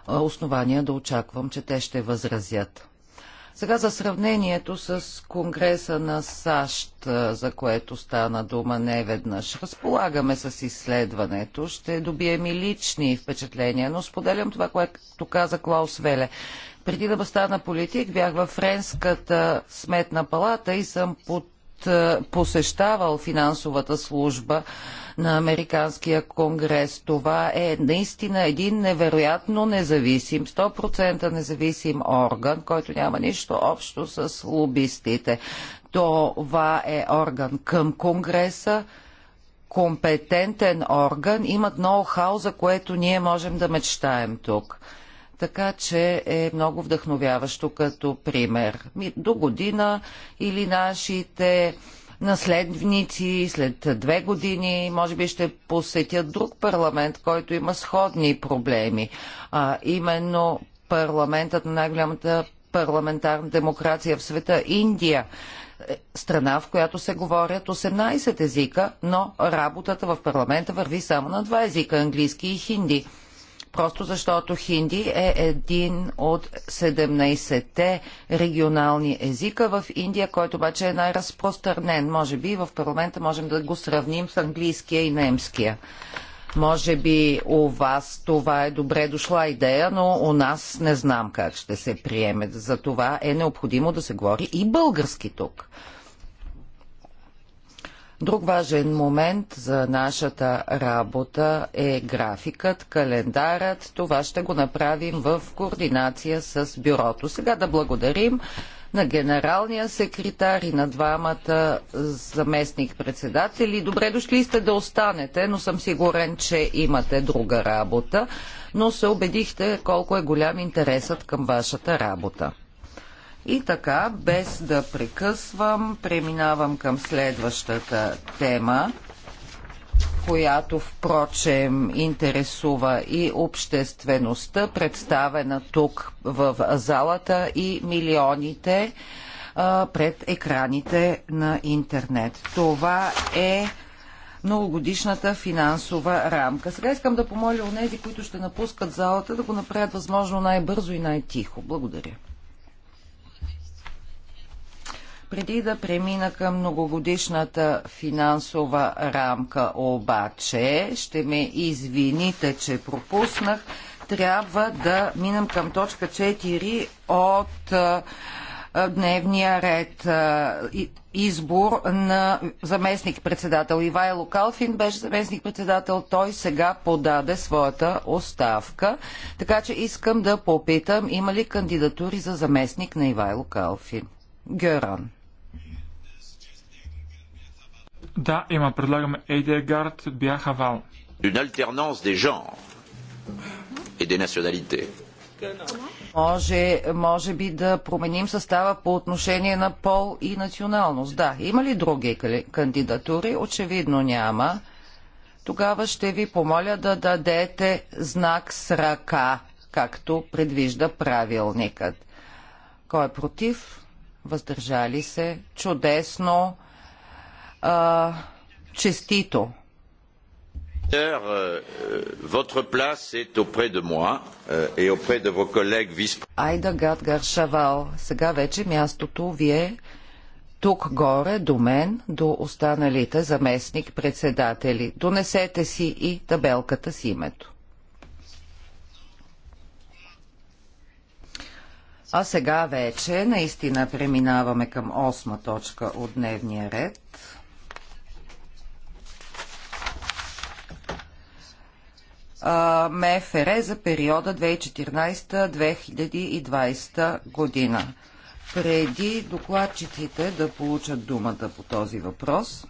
основания да очаквам, че те ще възразят. Сега за сравнението с Конгреса на САЩ, за което стана дума неведнъж. Разполагаме с изследването, ще добием и лични впечатления, но споделям това, което каза Клаус Веле. Преди да стана политик, бях във Френската сметна палата и съм под, посещавал финансовата служба на Американския конгрес. Това е наистина един невероятно независим, 100% независим орган, който няма нищо общо с лобистите. Това е орган към Конгреса, компетентен орган, имат ноу-хау, за което ние можем да мечтаем тук. Така че е много вдъхновяващо като пример. До година или нашите наследници след две години, може би ще посетят друг парламент, който има сходни проблеми. А, именно парламентът на най-голямата парламентарна демокрация в света Индия е, страна, в която се говорят 18 езика, но работата в парламента върви само на два езика английски и хинди просто защото хинди е един от 17-те регионални езика в Индия, който обаче е най-разпространен. Може би в парламента можем да го сравним с английския и немския. Може би у вас това е добре дошла идея, но у нас не знам как ще се приеме. За това е необходимо да се говори и български тук. Друг важен момент за нашата работа е графикът, календарът. Това ще го направим в координация с бюрото. Сега да благодарим на генералния секретар и на двамата заместник-председатели. Добре дошли сте да останете, но съм сигурен, че имате друга работа, но се убедихте колко е голям интересът към вашата работа. И така, без да прекъсвам, преминавам към следващата тема, която, впрочем, интересува и обществеността, представена тук в залата и милионите а, пред екраните на интернет. Това е многогодишната финансова рамка. Сега искам да помоля у нези, които ще напускат залата, да го направят възможно най-бързо и най-тихо. Благодаря. Преди да премина към многогодишната финансова рамка, обаче, ще ме извините, че пропуснах, трябва да минам към точка 4 от дневния ред. Избор на заместник-председател Ивайло Калфин беше заместник-председател. Той сега подаде своята оставка. Така че искам да попитам, има ли кандидатури за заместник на Ивайло Калфин? Геран. Да, има. Предлагаме Едегард Бяхавал. Une alternance des genres et des nationalités. Може, може би да променим състава по отношение на пол и националност. Да, има ли други кандидатури? Очевидно няма. Тогава ще ви помоля да дадете знак с ръка, както предвижда правилникът. Кой е против? Въздържали се? Чудесно! а, честито. Euh, euh, Айда Гад Гаршавал, сега вече мястото ви е тук горе, до мен, до останалите заместник-председатели. Донесете си и табелката с името. А сега вече наистина преминаваме към осма точка от дневния ред. МФР за периода 2014-2020 година. Преди докладчиците да получат думата по този въпрос,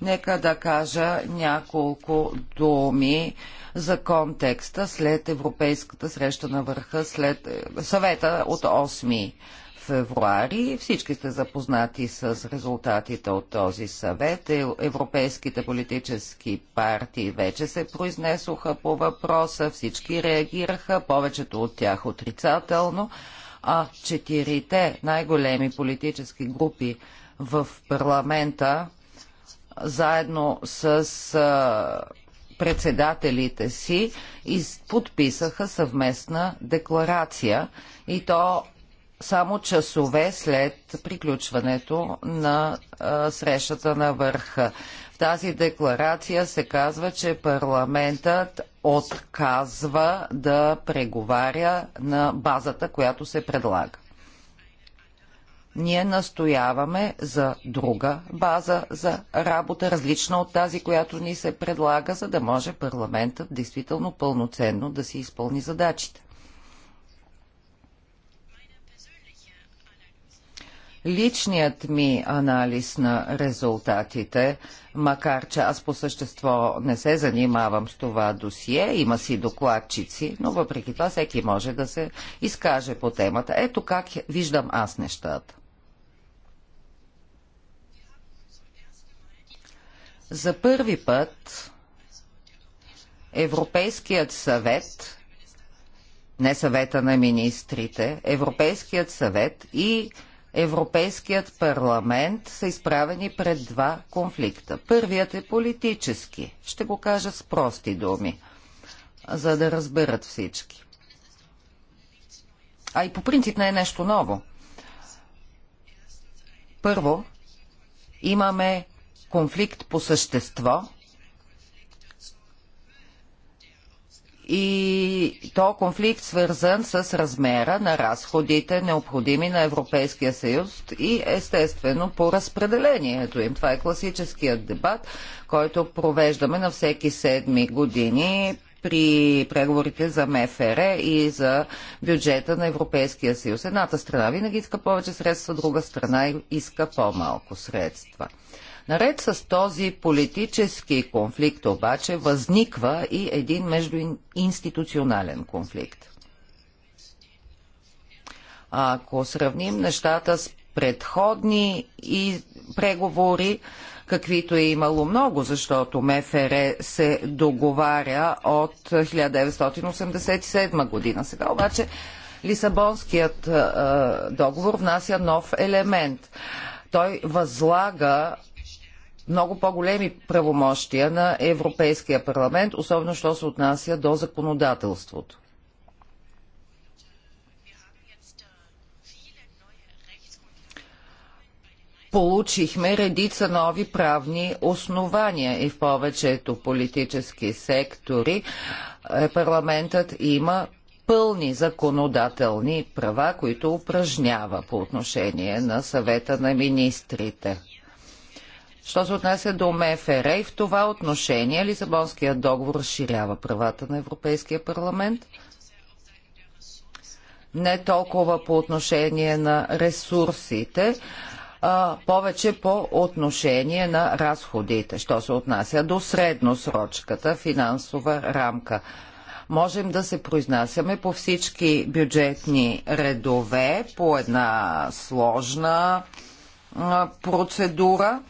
нека да кажа няколко думи за контекста след Европейската среща на върха, след е, съвета от 8 февруари. Всички сте запознати с резултатите от този съвет. Е, европейските политически партии вече се произнесоха по въпроса, всички реагираха, повечето от тях отрицателно, а четирите най-големи политически групи в парламента заедно с председателите си подписаха съвместна декларация и то само часове след приключването на а, срещата на върха. В тази декларация се казва, че парламентът отказва да преговаря на базата, която се предлага. Ние настояваме за друга база за работа, различна от тази, която ни се предлага, за да може парламентът действително пълноценно да си изпълни задачите. Личният ми анализ на резултатите, макар че аз по същество не се занимавам с това досие, има си докладчици, но въпреки това всеки може да се изкаже по темата. Ето как виждам аз нещата. За първи път Европейският съвет, не съвета на министрите, Европейският съвет и Европейският парламент са изправени пред два конфликта. Първият е политически. Ще го кажа с прости думи, за да разберат всички. А и по принцип не е нещо ново. Първо, имаме конфликт по същество – и то конфликт свързан с размера на разходите, необходими на Европейския съюз и естествено по разпределението им. Това е класическият дебат, който провеждаме на всеки седми години при преговорите за МФР и за бюджета на Европейския съюз. Едната страна винаги иска повече средства, друга страна иска по-малко средства. Наред с този политически конфликт обаче възниква и един междуинституционален конфликт. Ако сравним нещата с предходни и преговори, каквито е имало много, защото МФР се договаря от 1987 година. Сега обаче Лисабонският договор внася нов елемент. Той възлага много по-големи правомощия на Европейския парламент, особено що се отнася до законодателството. Получихме редица нови правни основания и в повечето политически сектори е, парламентът има пълни законодателни права, които упражнява по отношение на съвета на министрите. Що се отнася до МФР и в това отношение Лисабонският договор разширява правата на Европейския парламент не толкова по отношение на ресурсите, а повече по отношение на разходите, що се отнася до средносрочката финансова рамка. Можем да се произнасяме по всички бюджетни редове, по една сложна процедура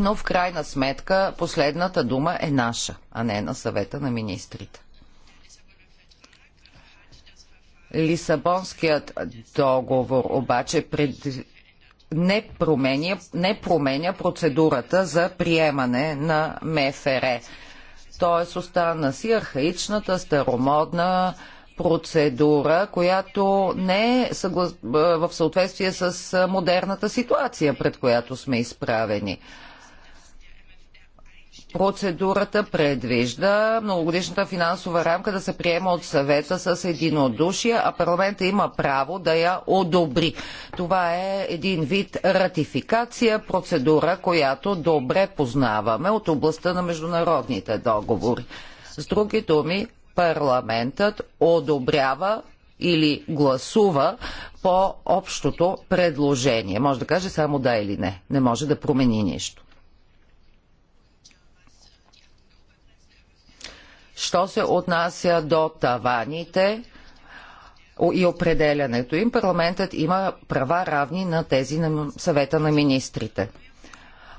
но в крайна сметка последната дума е наша, а не на съвета на министрите. Лисабонският договор обаче пред... не, променя, не променя процедурата за приемане на МФР. Тоест остана си архаичната, старомодна процедура, която не е съглас... в съответствие с модерната ситуация, пред която сме изправени. Процедурата предвижда многогодишната финансова рамка да се приема от съвета с единодушие, а парламента има право да я одобри. Това е един вид ратификация, процедура, която добре познаваме от областта на международните договори. С други думи, парламентът одобрява или гласува по общото предложение. Може да каже само да или не. Не може да промени нищо. Що се отнася до таваните и определянето им, парламентът има права равни на тези на съвета на министрите.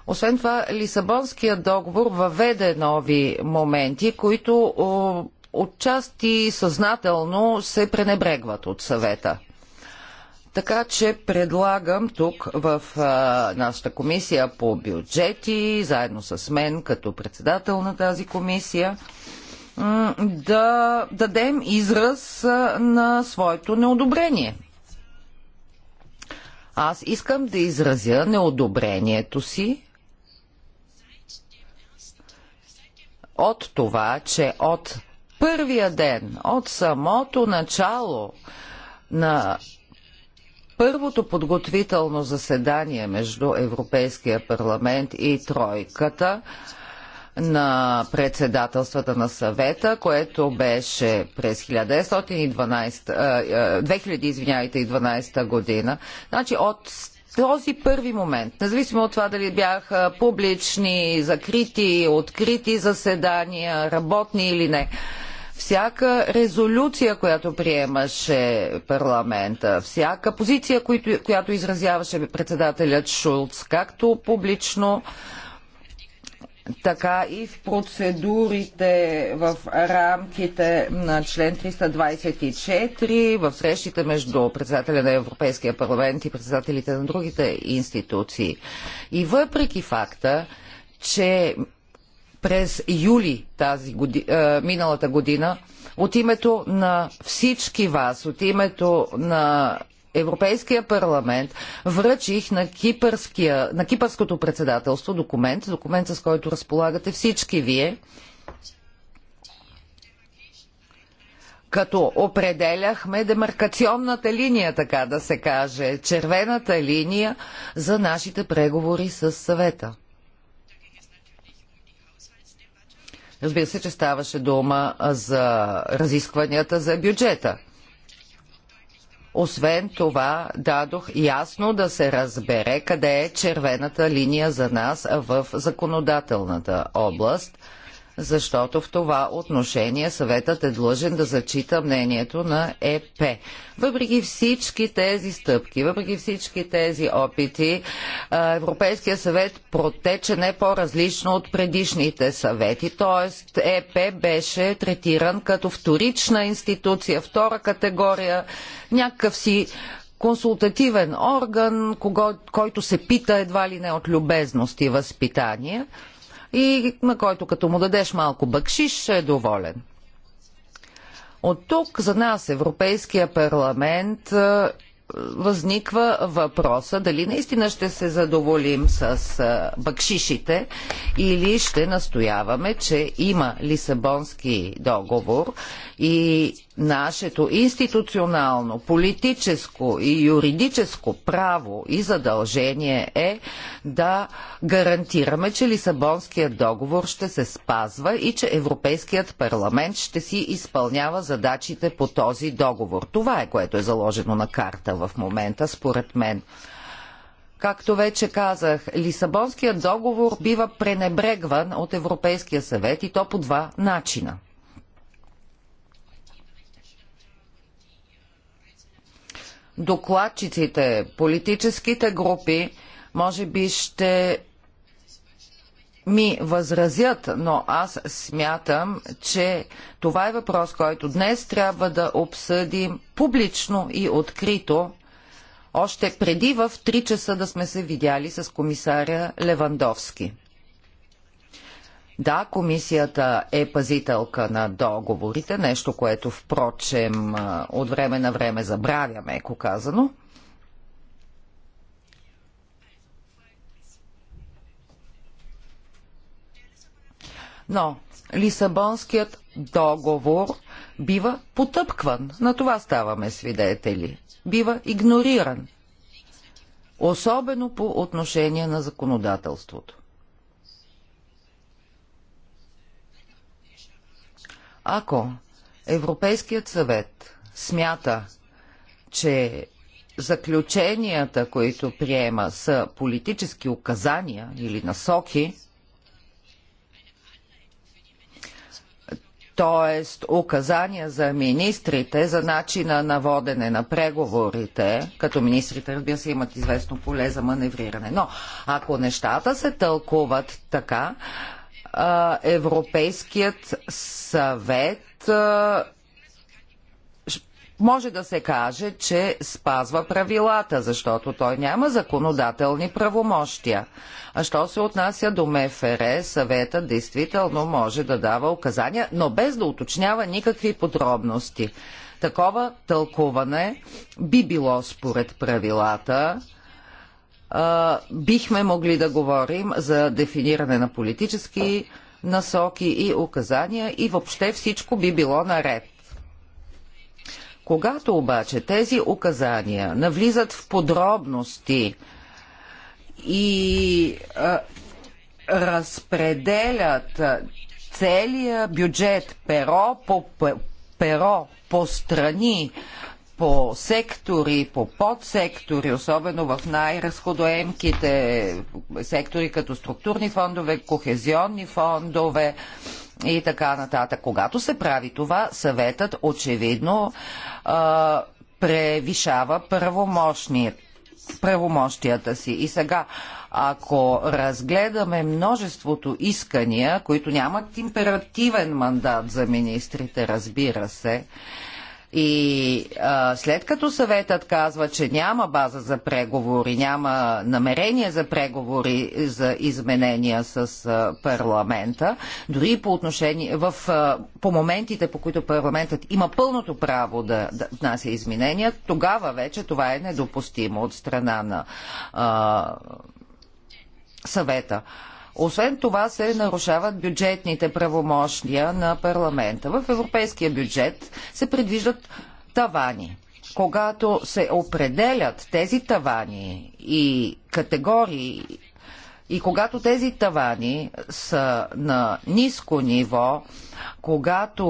Освен това, Лисабонския договор въведе нови моменти, които отчасти съзнателно се пренебрегват от съвета. Така че предлагам тук в а, нашата комисия по бюджети, заедно с мен като председател на тази комисия, да дадем израз на своето неодобрение. Аз искам да изразя неодобрението си от това, че от първия ден, от самото начало на първото подготвително заседание между Европейския парламент и тройката, на председателствата на съвета, което беше през 1912, 2012 година. Значи от този първи момент, независимо от това дали бяха публични, закрити, открити заседания, работни или не, всяка резолюция, която приемаше парламента, всяка позиция, която изразяваше председателят Шулц, както публично, така и в процедурите в рамките на член 324, в срещите между председателя на Европейския парламент и председателите на другите институции. И въпреки факта, че през юли тази годи, е, миналата година от името на всички вас, от името на Европейския парламент връчих на, на кипърското председателство документ, документ с който разполагате всички вие, като определяхме демаркационната линия, така да се каже, червената линия за нашите преговори с съвета. Разбира се, че ставаше дума за разискванията за бюджета. Освен това, дадох ясно да се разбере къде е червената линия за нас в законодателната област – защото в това отношение съветът е длъжен да зачита мнението на ЕП. Въпреки всички тези стъпки, въпреки всички тези опити, Европейския съвет протече не по-различно от предишните съвети, т.е. ЕП беше третиран като вторична институция, втора категория, някакъв си консултативен орган, кого, който се пита едва ли не от любезност и възпитание – и на който като му дадеш малко бъкшиш, ще е доволен. От тук за нас, Европейския парламент, е, възниква въпроса дали наистина ще се задоволим с е, бакшишите или ще настояваме, че има Лисабонски договор и нашето институционално, политическо и юридическо право и задължение е да гарантираме, че Лисабонският договор ще се спазва и че Европейският парламент ще си изпълнява задачите по този договор. Това е което е заложено на карта в момента, според мен. Както вече казах, Лисабонският договор бива пренебрегван от Европейския съвет и то по два начина. докладчиците, политическите групи, може би ще ми възразят, но аз смятам, че това е въпрос, който днес трябва да обсъдим публично и открито, още преди в 3 часа да сме се видяли с комисаря Левандовски. Да, комисията е пазителка на договорите, нещо, което впрочем от време на време забравяме, еко казано. Но Лисабонският договор бива потъпкван. На това ставаме свидетели. Бива игнориран. Особено по отношение на законодателството. Ако Европейският съвет смята, че заключенията, които приема, са политически указания или насоки, т.е. указания за министрите за начина на водене на преговорите, като министрите, разбира се, имат известно поле за маневриране. Но ако нещата се тълкуват така, Европейският съвет може да се каже, че спазва правилата, защото той няма законодателни правомощия. А що се отнася до МФР, съвета действително може да дава указания, но без да уточнява никакви подробности. Такова тълкуване би било според правилата бихме могли да говорим за дефиниране на политически насоки и указания и въобще всичко би било наред. Когато обаче тези указания навлизат в подробности и а, разпределят целия бюджет перо по перо по страни, по сектори, по подсектори, особено в най-разходоемките сектори, като структурни фондове, кохезионни фондове и така нататък. Когато се прави това, съветът очевидно а, превишава правомощният правомощията си. И сега, ако разгледаме множеството искания, които нямат императивен мандат за министрите, разбира се, и а, след като съветът казва, че няма база за преговори, няма намерение за преговори за изменения с а, парламента, дори по отношение в, а, по моментите, по които парламентът има пълното право да, да внася изменения, тогава вече това е недопустимо от страна на а, съвета. А, освен това се нарушават бюджетните правомощния на парламента. В европейския бюджет се предвиждат тавани. Когато се определят тези тавани и категории и когато тези тавани са на ниско ниво, когато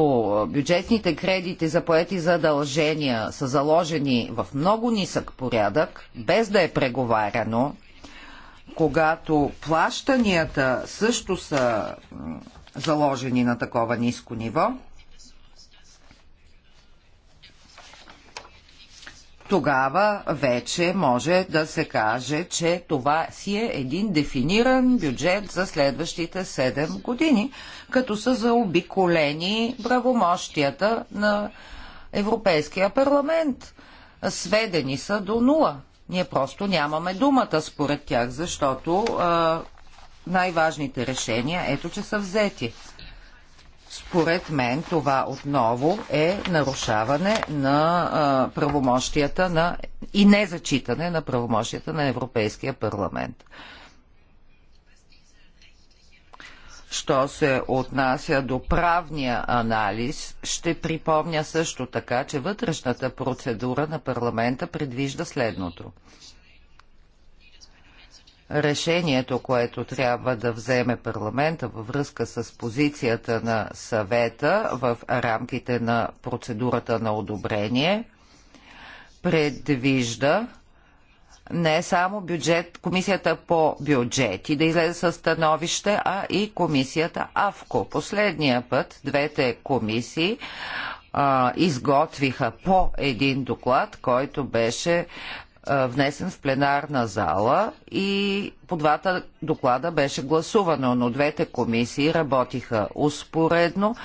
бюджетните кредити за поети задължения са заложени в много нисък порядък, без да е преговаряно, когато плащанията също са заложени на такова ниско ниво, тогава вече може да се каже, че това си е един дефиниран бюджет за следващите 7 години, като са заобиколени правомощията на Европейския парламент. Сведени са до нула. Ние просто нямаме думата според тях, защото най-важните решения ето, че са взети. Според мен това отново е нарушаване на а, правомощията на и незачитане на правомощията на Европейския парламент. Що се отнася до правния анализ, ще припомня също така, че вътрешната процедура на парламента предвижда следното. Решението, което трябва да вземе парламента във връзка с позицията на съвета в рамките на процедурата на одобрение, предвижда не е само бюджет, комисията по бюджети да излезе със становище, а и комисията АВКО. Последния път двете комисии а, изготвиха по един доклад, който беше а, внесен в пленарна зала и по двата доклада беше гласувано, но двете комисии работиха успоредно.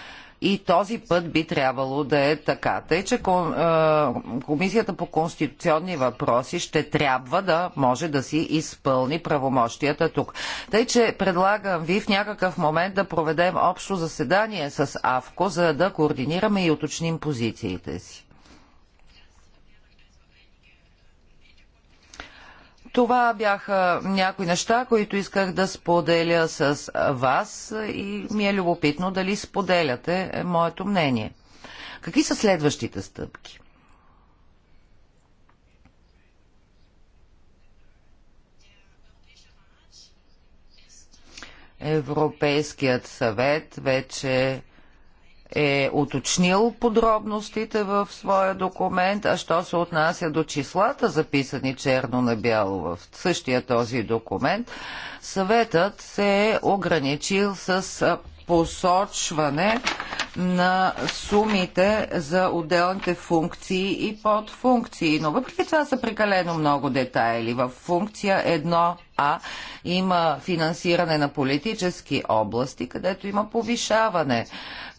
И този път би трябвало да е така. Тъй, че е, Комисията по конституционни въпроси ще трябва да може да си изпълни правомощията тук. Тъй, че предлагам ви в някакъв момент да проведем общо заседание с АВКО, за да координираме и уточним позициите си. Това бяха някои неща, които исках да споделя с вас и ми е любопитно дали споделяте моето мнение. Какви са следващите стъпки? Европейският съвет вече е уточнил подробностите в своя документ, а що се отнася до числата, записани черно на бяло в същия този документ, съветът се е ограничил с посочване на сумите за отделните функции и подфункции. Но въпреки това са прекалено много детайли. В функция а има финансиране на политически области, където има повишаване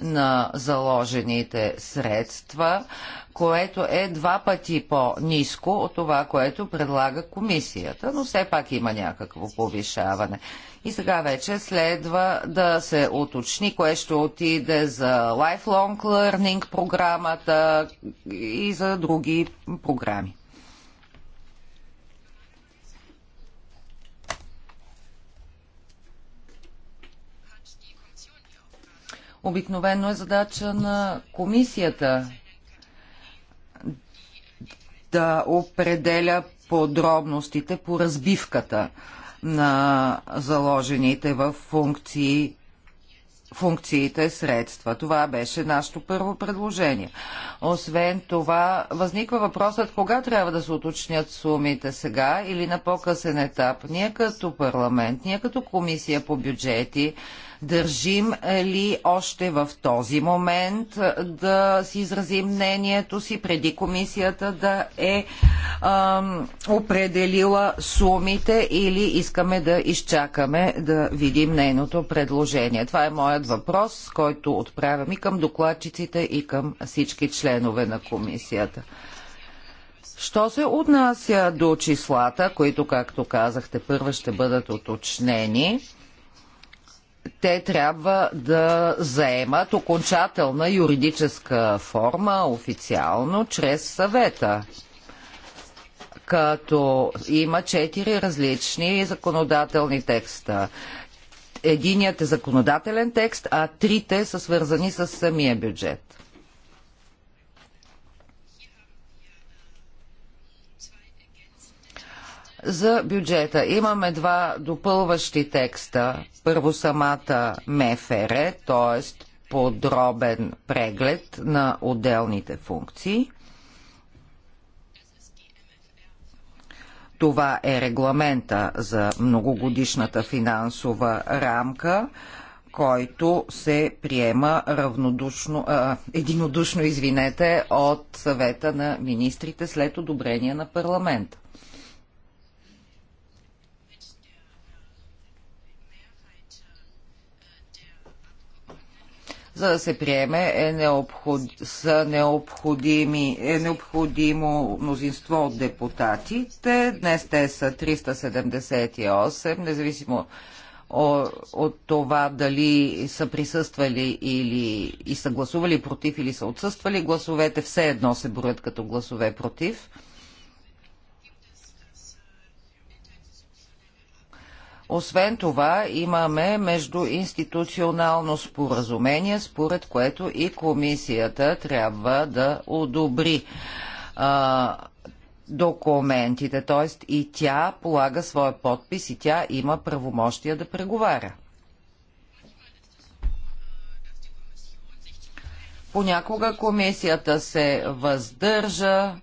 на заложените средства, което е два пъти по-низко от това, което предлага комисията, но все пак има някакво повишаване. И сега вече следва да се уточни кое ще отиде за Lifelong Learning програмата и за други програми. обикновено е задача на комисията да определя подробностите по разбивката на заложените в функции функциите, средства. Това беше нашето първо предложение. Освен това, възниква въпросът кога трябва да се уточнят сумите сега или на по-късен етап. Ние като парламент, ние като комисия по бюджети Държим ли още в този момент да си изразим мнението си преди комисията да е ам, определила сумите или искаме да изчакаме да видим нейното предложение? Това е моят въпрос, който отправям и към докладчиците и към всички членове на комисията. Що се отнася до числата, които, както казахте, първа ще бъдат уточнени, те трябва да заемат окончателна юридическа форма официално чрез съвета като има четири различни законодателни текста. Единият е законодателен текст, а трите са свързани с самия бюджет. за бюджета. Имаме два допълващи текста. Първо самата МФР, т.е. подробен преглед на отделните функции. Това е регламента за многогодишната финансова рамка, който се приема равнодушно, а, единодушно извинете, от съвета на министрите след одобрение на парламента. за да се приеме е, необход... са необходими... е необходимо мнозинство от депутатите. Днес те са 378, независимо от това дали са присъствали или и са гласували против или са отсъствали, гласовете все едно се броят като гласове против. Освен това, имаме междуинституционално споразумение, според което и комисията трябва да одобри а, документите, т.е. и тя полага своя подпис и тя има правомощия да преговаря. Понякога комисията се въздържа,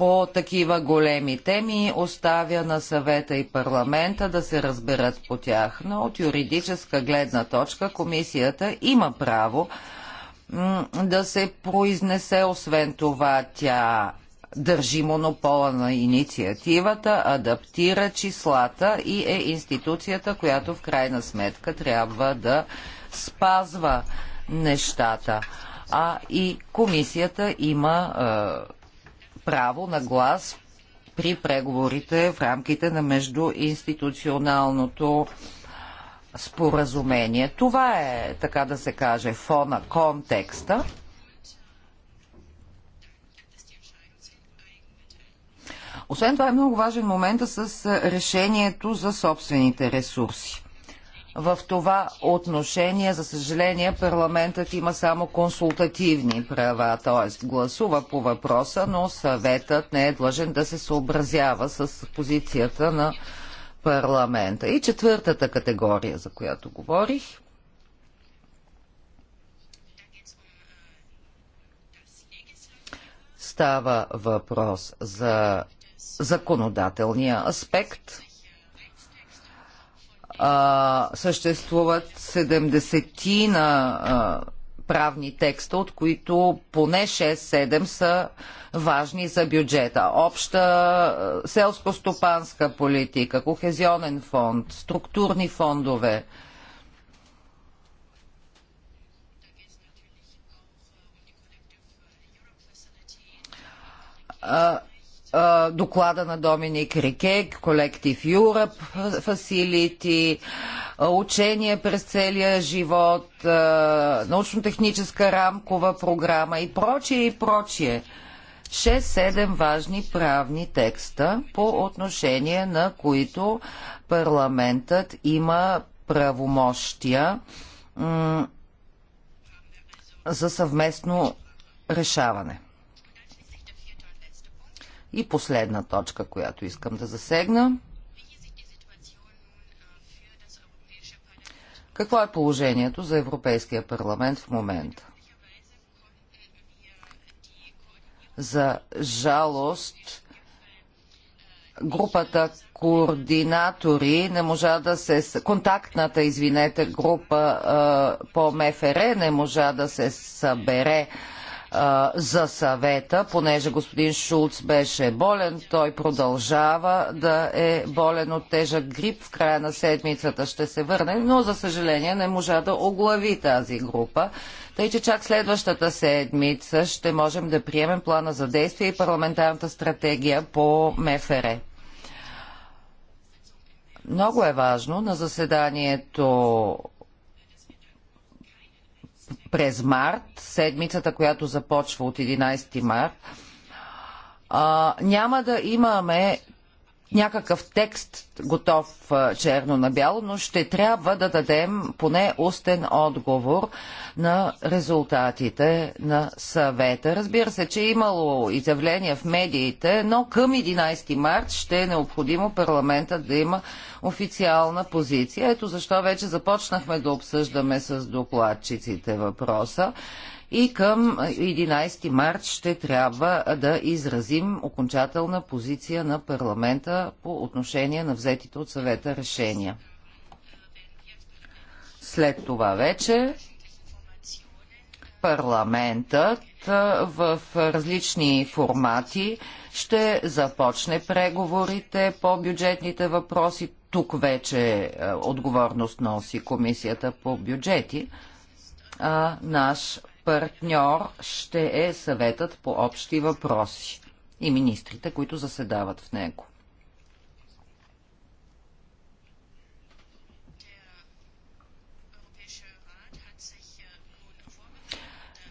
по такива големи теми оставя на съвета и парламента да се разберат по тях. Но от юридическа гледна точка комисията има право да се произнесе. Освен това, тя държи монопола на инициативата, адаптира числата и е институцията, която в крайна сметка трябва да спазва нещата. А и комисията има е, право на глас при преговорите в рамките на междуинституционалното споразумение. Това е, така да се каже, фона, контекста. Освен това е много важен момент с решението за собствените ресурси. В това отношение, за съжаление, парламентът има само консултативни права, т.е. гласува по въпроса, но съветът не е длъжен да се съобразява с позицията на парламента. И четвъртата категория, за която говорих, става въпрос за законодателния аспект – а, съществуват 70 на а, правни текста, от които поне 6-7 са важни за бюджета. Обща селско-стопанска политика, кохезионен фонд, структурни фондове. А, доклада на Доминик Рике, Collective Europe Facility, учение през целия живот, научно-техническа рамкова програма и прочие и прочие. 6-7 важни правни текста, по отношение на които парламентът има правомощия за съвместно решаване. И последна точка, която искам да засегна. Какво е положението за Европейския парламент в момента? За жалост, групата координатори не можа да се... Контактната, извинете, група по МФР не можа да се събере за съвета, понеже господин Шулц беше болен, той продължава да е болен от тежък грип. В края на седмицата ще се върне, но за съжаление не можа да оглави тази група. Тъй, че чак следващата седмица ще можем да приемем плана за действие и парламентарната стратегия по МФР. Много е важно на заседанието през март, седмицата, която започва от 11 март, а, няма да имаме някакъв текст готов черно на бяло, но ще трябва да дадем поне устен отговор на резултатите на съвета. Разбира се, че е имало изявления в медиите, но към 11 март ще е необходимо парламента да има официална позиция. Ето защо вече започнахме да обсъждаме с докладчиците въпроса и към 11 март ще трябва да изразим окончателна позиция на парламента по отношение на взетите от съвета решения. След това вече парламентът в различни формати ще започне преговорите по бюджетните въпроси. Тук вече отговорност носи Комисията по бюджети. А наш партньор ще е съветът по общи въпроси и министрите, които заседават в него.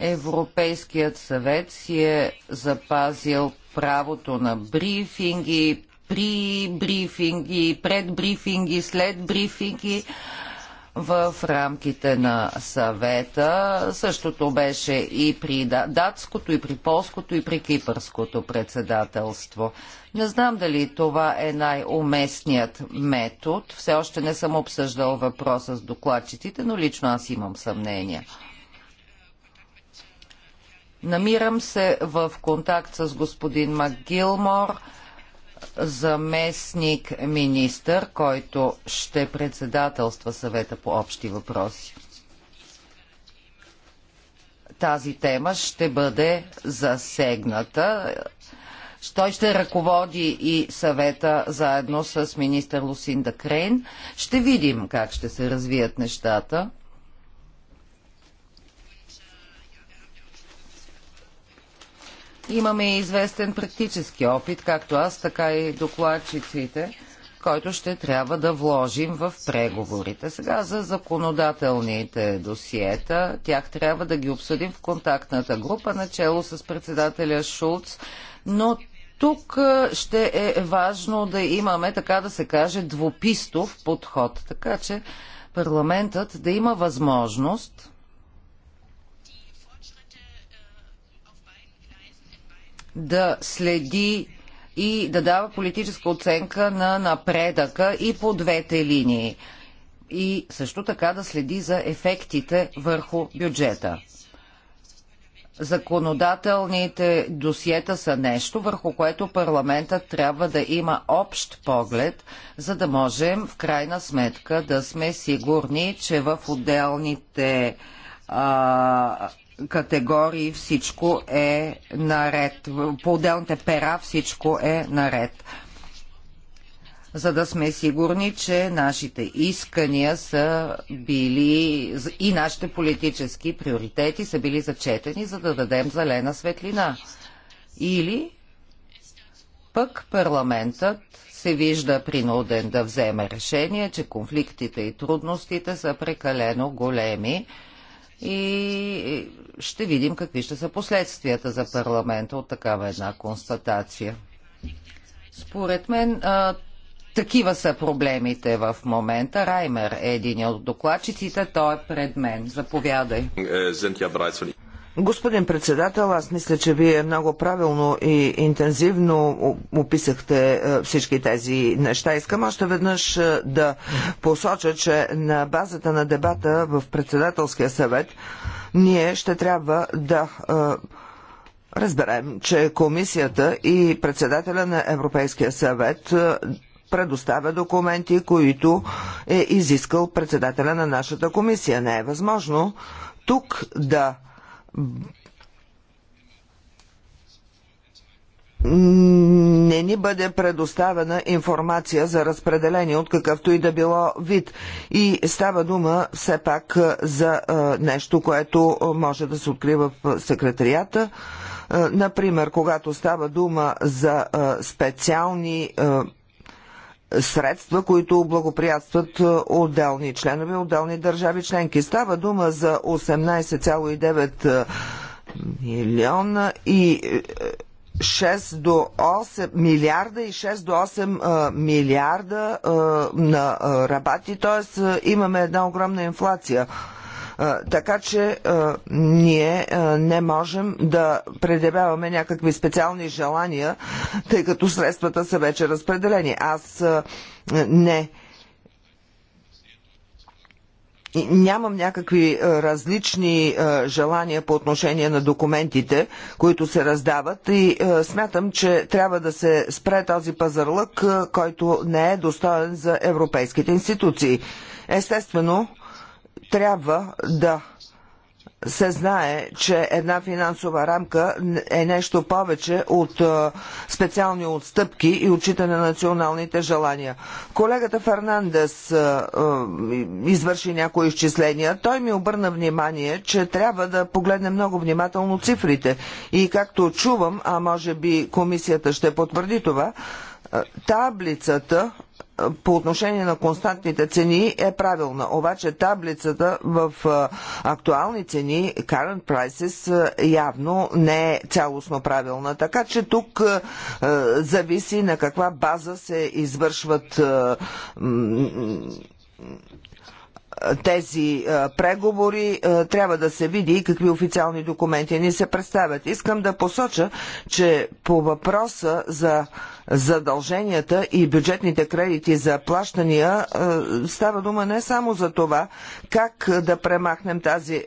Европейският съвет си е запазил правото на брифинги, при брифинги, пред брифинги, след брифинги в рамките на съвета. Същото беше и при датското, и при полското, и при кипърското председателство. Не знам дали това е най-уместният метод. Все още не съм обсъждал въпроса с докладчиците, но лично аз имам съмнение. Намирам се в контакт с господин Макгилмор. Гилмор заместник министър, който ще председателства съвета по общи въпроси. Тази тема ще бъде засегната. Той ще ръководи и съвета заедно с министър Лусинда Крейн. Ще видим как ще се развият нещата. Имаме известен практически опит, както аз, така и докладчиците, който ще трябва да вложим в преговорите. Сега за законодателните досиета, тях трябва да ги обсъдим в контактната група, начало с председателя Шулц, но тук ще е важно да имаме, така да се каже, двупистов подход, така че парламентът да има възможност да следи и да дава политическа оценка на напредъка и по двете линии. И също така да следи за ефектите върху бюджета. Законодателните досиета са нещо, върху което парламентът трябва да има общ поглед, за да можем в крайна сметка да сме сигурни, че в отделните а, категории всичко е наред. По отделните пера всичко е наред. За да сме сигурни, че нашите искания са били и нашите политически приоритети са били зачетени, за да дадем зелена светлина. Или пък парламентът се вижда принуден да вземе решение, че конфликтите и трудностите са прекалено големи и ще видим какви ще са последствията за парламента от такава една констатация. Според мен а, такива са проблемите в момента. Раймер е един от докладчиците, той е пред мен. Заповядай. Е, Господин председател, аз мисля, че вие много правилно и интензивно описахте е, всички тези неща. Искам още веднъж е, да посоча, че на базата на дебата в председателския съвет ние ще трябва да е, разберем, че комисията и председателя на Европейския съвет предоставя документи, които е изискал председателя на нашата комисия. Не е възможно тук да не ни бъде предоставена информация за разпределение от какъвто и да било вид. И става дума все пак за нещо, което може да се открива в секретарията. Например, когато става дума за специални средства, които благоприятстват е, отделни членове, отделни държави членки. Става дума за 18,9 е, милиона и 6 е, до 8 милиарда и 6 до 8 милиарда на рабати, т.е. имаме една огромна инфлация. Така че ние не можем да предявяваме някакви специални желания, тъй като средствата са вече разпределени. Аз не нямам някакви различни желания по отношение на документите, които се раздават и смятам, че трябва да се спре този пазарлък, който не е достоен за европейските институции. Естествено, трябва да се знае, че една финансова рамка е нещо повече от е, специални отстъпки и отчитане на националните желания. Колегата Фернандес е, е, извърши някои изчисления. Той ми обърна внимание, че трябва да погледне много внимателно цифрите. И както чувам, а може би комисията ще потвърди това, таблицата по отношение на константните цени е правилна. Обаче таблицата в актуални цени, current prices, явно не е цялостно правилна. Така че тук зависи на каква база се извършват тези преговори, трябва да се види и какви официални документи ни се представят. Искам да посоча, че по въпроса за задълженията и бюджетните кредити за плащания, е, става дума не само за това как да премахнем тази е,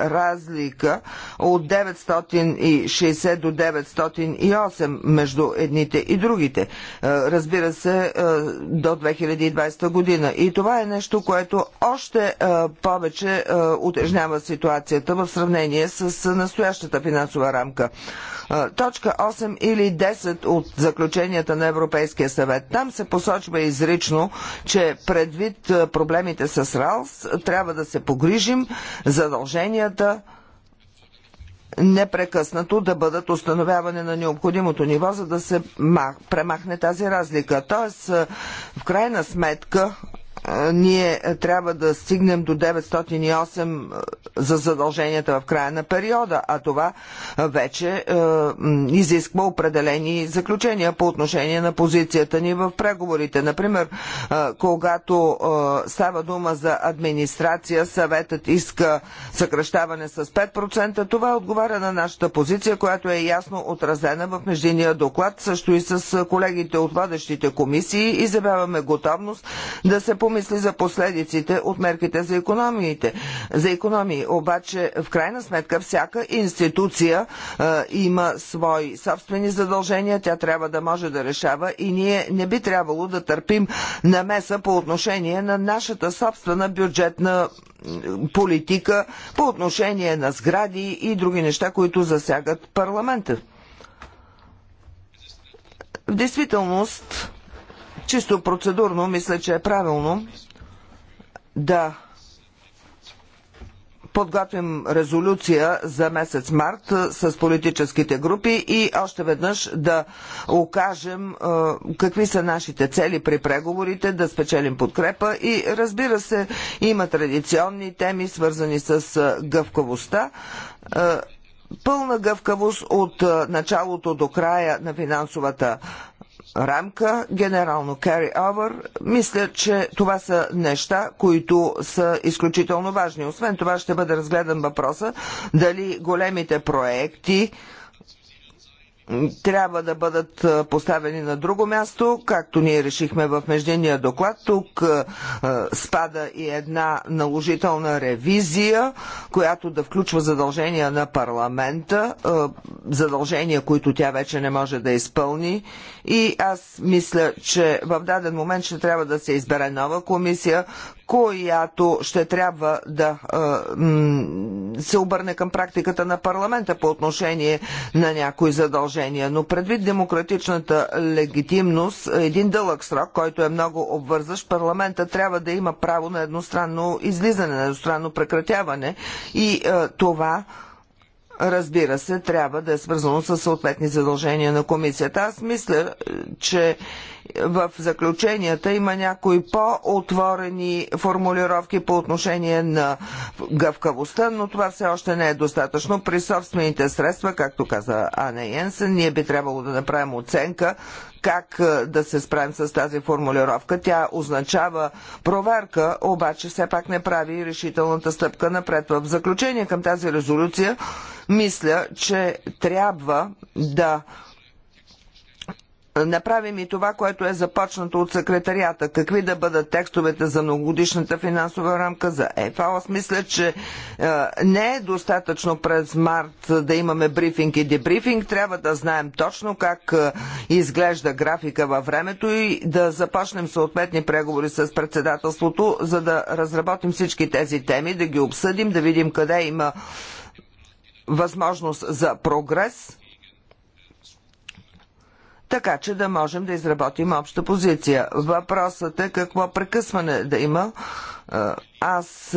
разлика от 960 до 908 между едните и другите. Е, разбира се, до 2020 година. И това е нещо, което още повече утежнява ситуацията в сравнение с настоящата финансова рамка точка 8 или 10 от заключенията на Европейския съвет. Там се посочва изрично, че предвид проблемите с РАЛС трябва да се погрижим задълженията непрекъснато да бъдат установяване на необходимото ниво, за да се премахне тази разлика. Тоест, в крайна сметка, ние е, трябва да стигнем до 908 е, за задълженията в края на периода, а това е, вече изисква определени заключения по отношение на позицията ни в преговорите. Например, когато става дума за администрация, съветът иска съкръщаване с 5%, това отговаря на нашата позиция, която е ясно отразена в междиния доклад, също и с колегите от водещите комисии. Изявяваме готовност да се помогнем помисли за последиците от мерките за економиите. За економии обаче в крайна сметка всяка институция а, е, има свои собствени задължения, тя трябва да може да решава и ние не би трябвало да търпим намеса по отношение на нашата собствена бюджетна политика, по отношение на сгради и други неща, които засягат парламента. В действителност, Чисто процедурно мисля, че е правилно да подготвим резолюция за месец март с политическите групи и още веднъж да окажем какви са нашите цели при преговорите, да спечелим подкрепа и разбира се има традиционни теми свързани с гъвкавостта пълна гъвкавост от началото до края на финансовата рамка, генерално carry over. Мисля, че това са неща, които са изключително важни. Освен това ще бъде разгледан въпроса дали големите проекти, трябва да бъдат поставени на друго място, както ние решихме в междинния доклад. Тук спада и една наложителна ревизия, която да включва задължения на парламента, задължения, които тя вече не може да изпълни. И аз мисля, че в даден момент ще трябва да се избере нова комисия, която ще трябва да се обърне към практиката на парламента по отношение на някои задължения. Но предвид демократичната легитимност, един дълъг срок, който е много обвързащ, парламента трябва да има право на едностранно излизане, на едностранно прекратяване и това разбира се, трябва да е свързано с съответни задължения на комисията. Аз мисля, че в заключенията има някои по-отворени формулировки по отношение на гъвкавостта, но това все още не е достатъчно. При собствените средства, както каза Ана Йенсен, ние би трябвало да направим оценка как е, да се справим с тази формулировка. Тя означава проверка, обаче все пак не прави решителната стъпка напред. В заключение към тази резолюция мисля, че трябва да направим и това, което е започнато от секретарията. Какви да бъдат текстовете за многогодишната финансова рамка за ЕФА? Аз мисля, че е, не е достатъчно през март да имаме брифинг и дебрифинг. Трябва да знаем точно как е, изглежда графика във времето и да започнем съответни преговори с председателството, за да разработим всички тези теми, да ги обсъдим, да видим къде има възможност за прогрес така че да можем да изработим обща позиция. Въпросът е какво прекъсване да има. Аз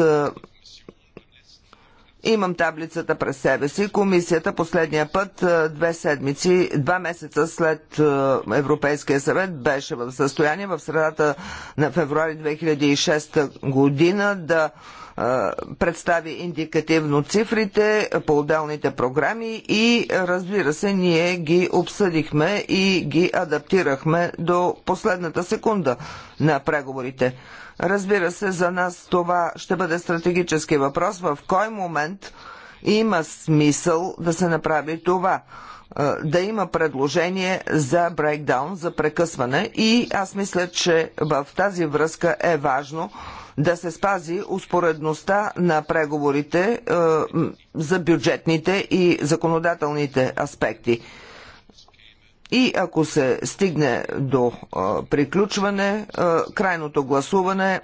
Имам таблицата през себе си. Комисията последния път, две седмици, два месеца след Европейския съвет, беше в състояние в средата на февруари 2006 година да представи индикативно цифрите по отделните програми и разбира се, ние ги обсъдихме и ги адаптирахме до последната секунда на преговорите. Разбира се, за нас това ще бъде стратегически въпрос в кой момент има смисъл да се направи това да има предложение за брейкдаун, за прекъсване и аз мисля, че в тази връзка е важно да се спази успоредността на преговорите е, за бюджетните и законодателните аспекти. И ако се стигне до е, приключване, е, крайното гласуване е,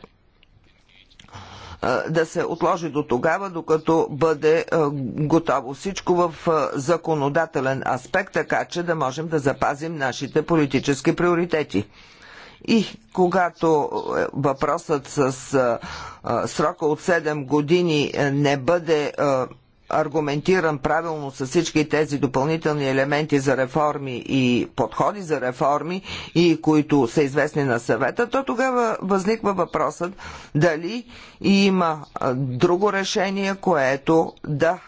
да се отложи до тогава, докато бъде е, готово всичко в е, законодателен аспект, така че да можем да запазим нашите политически приоритети. И когато е, въпросът с е, е, срока от 7 години не бъде аргументиран правилно с всички тези допълнителни елементи за реформи и подходи за реформи и които са известни на съвета, то тогава възниква въпросът дали има друго решение, което да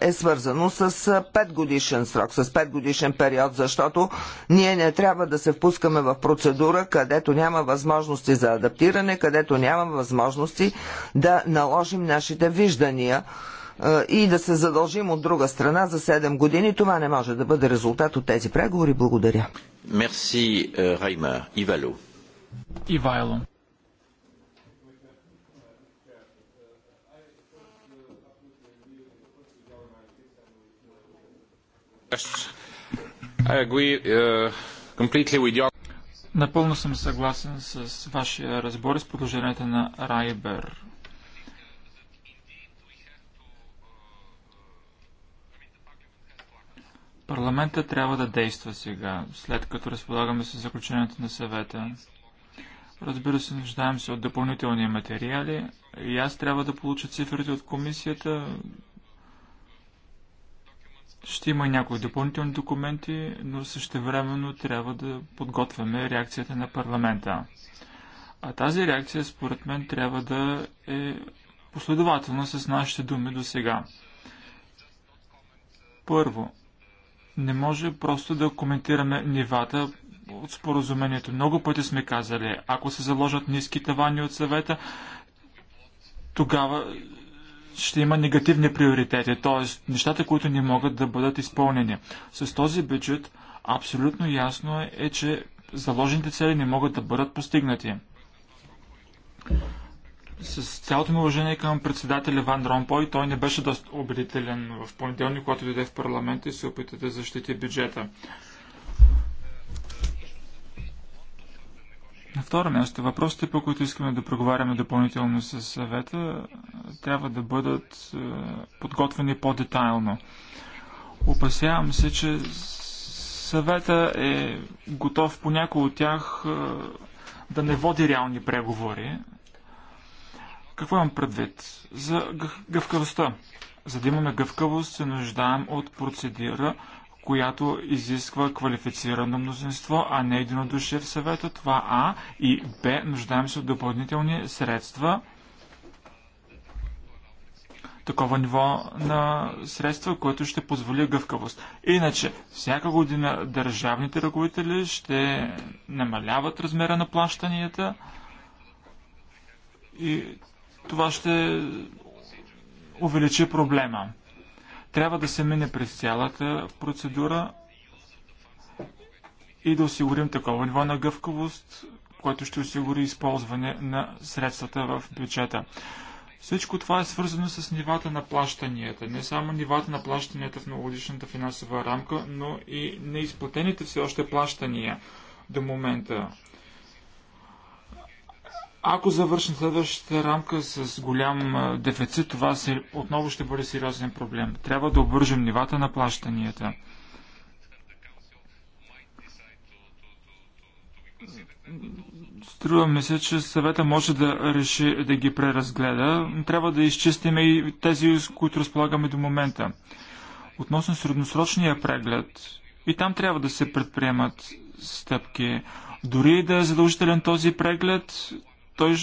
е свързано с 5 годишен срок, с 5 годишен период, защото ние не трябва да се впускаме в процедура, където няма възможности за адаптиране, където няма възможности да наложим нашите виждания и да се задължим от друга страна за 7 години. Това не може да бъде резултат от тези преговори. Благодаря. Мерси, Райма. Ивайло. Ивайло. Е, Напълно съм съгласен с вашия разбор с продълженията на Райбер. Парламента трябва да действа сега, след като разполагаме с заключението на съвета. Разбира се, нуждаем се от допълнителни материали и аз трябва да получа цифрите от комисията. Ще има някои допълнителни документи, но същевременно трябва да подготвяме реакцията на парламента. А тази реакция, според мен, трябва да е последователна с нашите думи до сега. Първо, не може просто да коментираме нивата от споразумението. Много пъти сме казали, ако се заложат ниски тавани от съвета, тогава ще има негативни приоритети, т.е. нещата, които не могат да бъдат изпълнени. С този бюджет абсолютно ясно е, че заложените цели не могат да бъдат постигнати. С цялото ми уважение към председателя Ван Ромпой, той не беше доста убедителен в понеделник, когато дойде в парламента и се опита да защити бюджета. На второ място, въпросите, по които искаме да преговаряме допълнително с съвета, трябва да бъдат е, подготвени по-детайлно. Опасявам се, че съвета е готов по някои от тях е, да не води реални преговори какво имам предвид? За гъвкавостта. За да имаме гъвкавост, се нуждаем от процедира, която изисква квалифицирано мнозинство, а не единодушие в съвета. Това А и Б нуждаем се от допълнителни средства. Такова ниво на средства, което ще позволи гъвкавост. Иначе, всяка година държавните ръководители ще намаляват размера на плащанията и това ще увеличи проблема. Трябва да се мине през цялата процедура и да осигурим такова ниво на гъвкавост, което ще осигури използване на средствата в бюджета. Всичко това е свързано с нивата на плащанията. Не само нивата на плащанията в многогодишната финансова рамка, но и неизплатените все още плащания до момента. Ако завършим следващата рамка с голям дефицит, това се, отново ще бъде сериозен проблем. Трябва да обвържем нивата на плащанията. Струва ми се, че съвета може да реши да ги преразгледа. Трябва да изчистим и тези, с които разполагаме до момента. Относно средносрочния преглед, и там трябва да се предприемат стъпки. Дори да е задължителен този преглед, той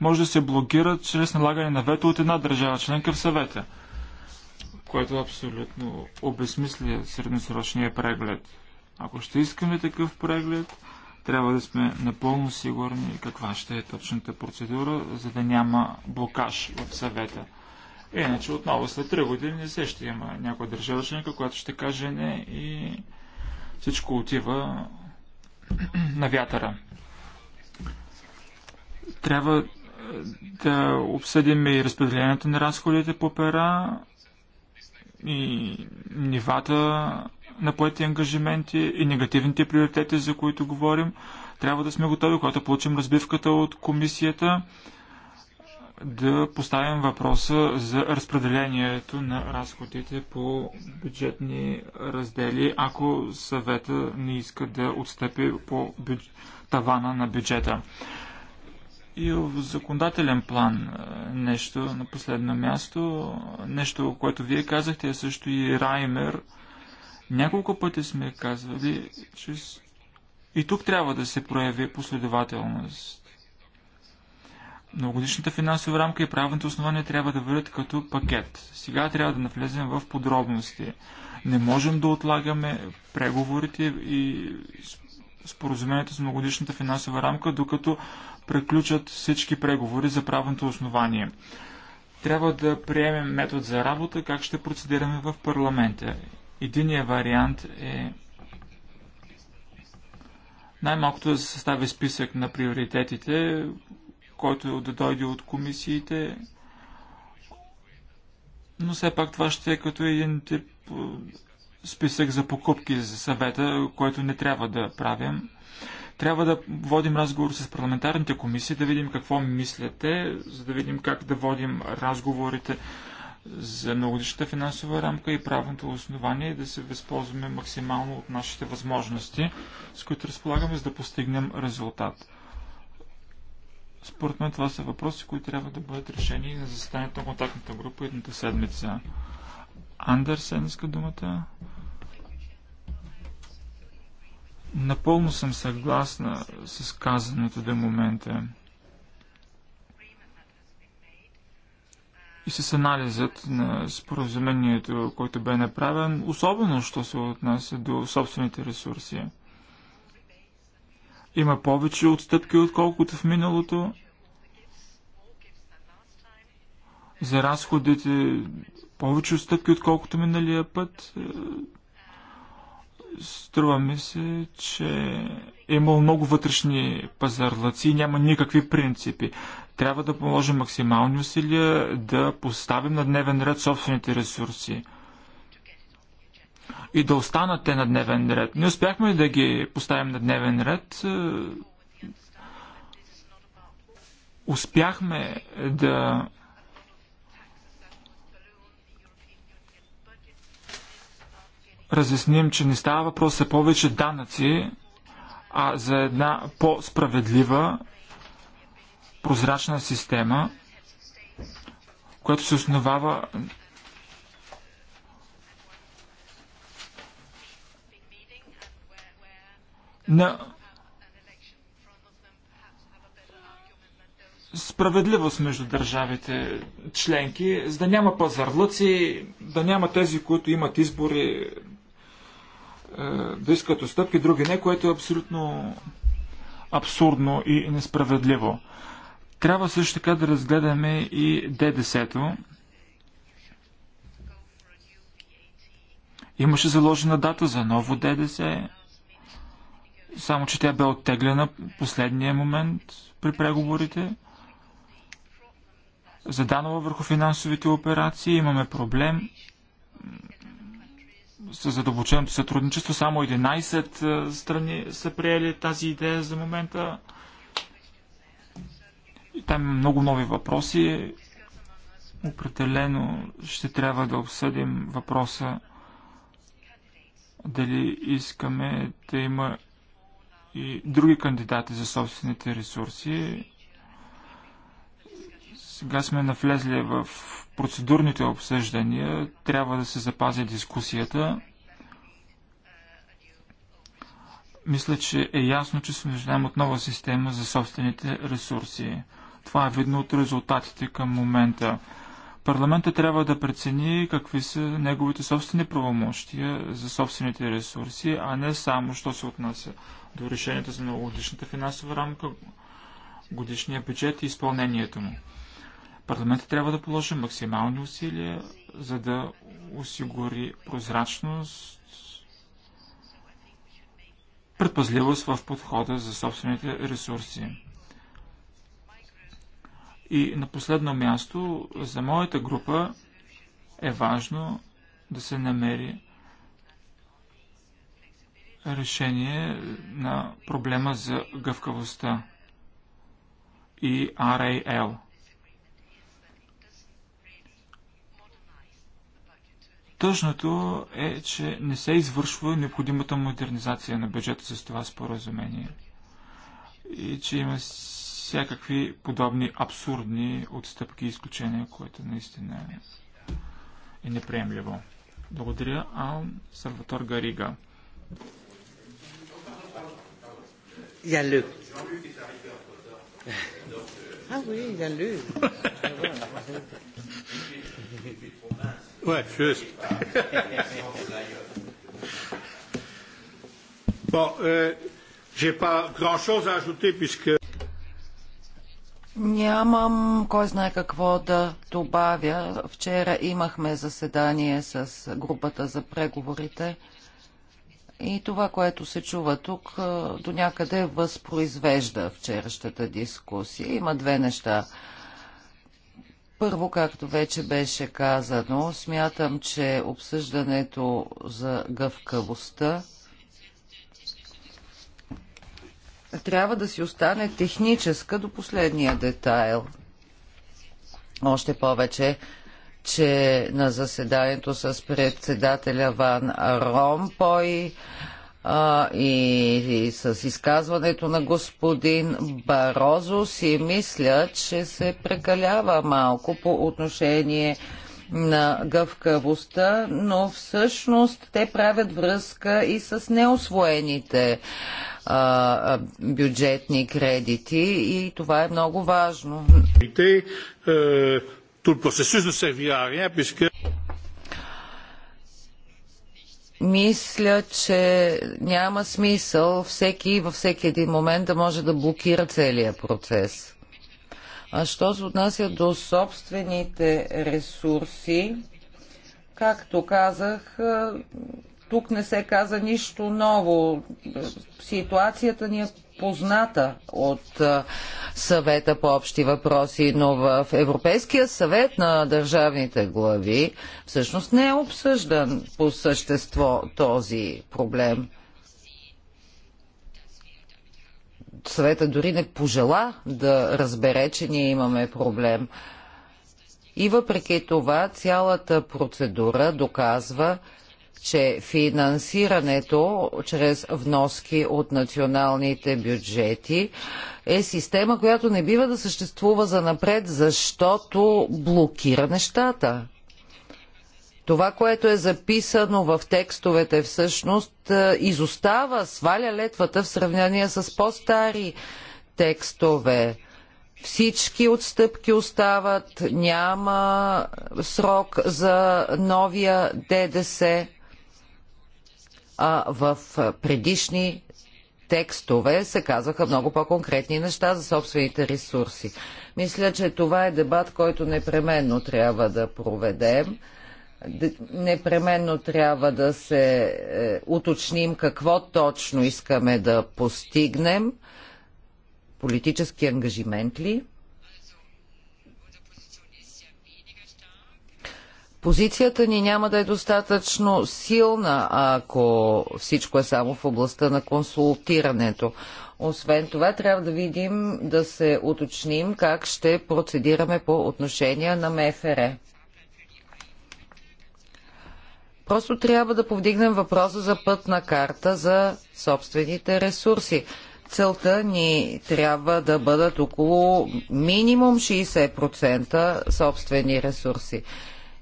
може да се блокира чрез налагане на вето от една държава членка в съвета, което е абсолютно обезмисля средносрочния преглед. Ако ще искаме такъв преглед, трябва да сме напълно сигурни каква ще е точната процедура, за да няма блокаж в съвета. Иначе отново след 3 години се ще има някоя държава членка, която ще каже не и всичко отива на вятъра. Трябва е, да обсъдим и разпределението на разходите по пера и нивата на поети ангажименти и негативните приоритети, за които говорим. Трябва да сме готови, когато получим разбивката от комисията, да поставим въпроса за разпределението на разходите по бюджетни раздели, ако съвета не иска да отстъпи по бюдж... тавана на бюджета. И в законодателен план е, нещо на последно място, нещо, което вие казахте, е също и Раймер. Няколко пъти сме казвали, че и тук трябва да се прояви последователност. Многогодишната финансова рамка и правното основание трябва да бъдат като пакет. Сега трябва да навлезем в подробности. Не можем да отлагаме преговорите и споразумението с многодишната финансова рамка, докато преключат всички преговори за правното основание. Трябва да приемем метод за работа, как ще процедираме в парламента. Единият вариант е най-малкото да се състави списък на приоритетите, който е да дойде от комисиите, но все пак това ще е като един тип списък за покупки за съвета, който не трябва да правим. Трябва да водим разговор с парламентарните комисии, да видим какво мислите, за да видим как да водим разговорите за многодишната финансова рамка и правното основание и да се възползваме максимално от нашите възможности, с които разполагаме, за да постигнем резултат. Според мен това са въпроси, които трябва да бъдат решени на заседанието на контактната група едната седмица. Андерсен иска думата. Напълно съм съгласна с казаното до момента и с анализът на споразумението, който бе направен, особено що се отнася до собствените ресурси. Има повече отстъпки, отколкото в миналото. За разходите повече отстъпки, отколкото миналия път. Струва ми се, че е имал много вътрешни пазарлаци и няма никакви принципи. Трябва да положим максимални усилия да поставим на дневен ред собствените ресурси и да останат те на дневен ред. Не успяхме да ги поставим на дневен ред. Успяхме да разясним, че не става въпрос за повече данъци, а за една по-справедлива, прозрачна система, която се основава на справедливост между държавите членки, за да няма пазарлъци, да няма тези, които имат избори е, да искат отстъпки, други не, което е абсолютно абсурдно и несправедливо. Трябва също така да разгледаме и ДДС-то. Имаше заложена дата за ново ДДС, само че тя бе оттеглена последния момент при преговорите. За данова върху финансовите операции имаме проблем със задълбоченото сътрудничество. Само 11 е, страни са приели тази идея за момента. И там има много нови въпроси. Определено ще трябва да обсъдим въпроса дали искаме да има и други кандидати за собствените ресурси. Сега сме навлезли в процедурните обсъждания. Трябва да се запази дискусията. Мисля, че е ясно, че се нуждаем от нова система за собствените ресурси. Това е видно от резултатите към момента. Парламента трябва да прецени какви са неговите собствени правомощия за собствените ресурси, а не само, що се отнася до решението за многогодишната финансова рамка, годишния бюджет и изпълнението му. Парламентът трябва да положи максимални усилия, за да осигури прозрачност, предпазливост в подхода за собствените ресурси. И на последно място, за моята група е важно да се намери решение на проблема за гъвкавостта и RAL – Тъжното е, че не се извършва необходимата модернизация на бюджета с това споразумение и че има всякакви подобни абсурдни отстъпки и изключения, което наистина е неприемливо. Благодаря, Ал Салватор Гарига. Ah oui, il y a lu. Ouais, juste. bon, euh, j'ai pas grand chose à ajouter puisque. Нямам кой знае какво да добавя. Вчера имахме заседание с групата за преговорите и това, което се чува тук, е, до някъде възпроизвежда вчерашната дискусия. Има две неща първо, както вече беше казано, смятам, че обсъждането за гъвкавостта трябва да си остане техническа до последния детайл. Още повече, че на заседанието с председателя Ван Ромпой а, и, и с изказването на господин Барозо си мисля, че се прекалява малко по отношение на гъвкавостта, но всъщност те правят връзка и с неосвоените а, бюджетни кредити и това е много важно. Мисля, че няма смисъл всеки във всеки един момент да може да блокира целия процес. А що се отнася до собствените ресурси, както казах, тук не се каза нищо ново. Ситуацията ни е позната от съвета по общи въпроси, но в Европейския съвет на държавните глави всъщност не е обсъждан по същество този проблем. Съвета дори не пожела да разбере, че ние имаме проблем. И въпреки това цялата процедура доказва, че финансирането чрез вноски от националните бюджети е система, която не бива да съществува за напред, защото блокира нещата. Това, което е записано в текстовете всъщност е, изостава, сваля летвата в сравнение с по-стари текстове. Всички отстъпки остават, няма срок за новия ДДС а в предишни текстове се казваха много по-конкретни неща за собствените ресурси. Мисля, че това е дебат, който непременно трябва да проведем. Непременно трябва да се е, уточним какво точно искаме да постигнем. Политически ангажимент ли? Позицията ни няма да е достатъчно силна, ако всичко е само в областта на консултирането. Освен това, трябва да видим, да се уточним как ще процедираме по отношение на МФР. Просто трябва да повдигнем въпроса за пътна карта за собствените ресурси. Целта ни трябва да бъдат около минимум 60% собствени ресурси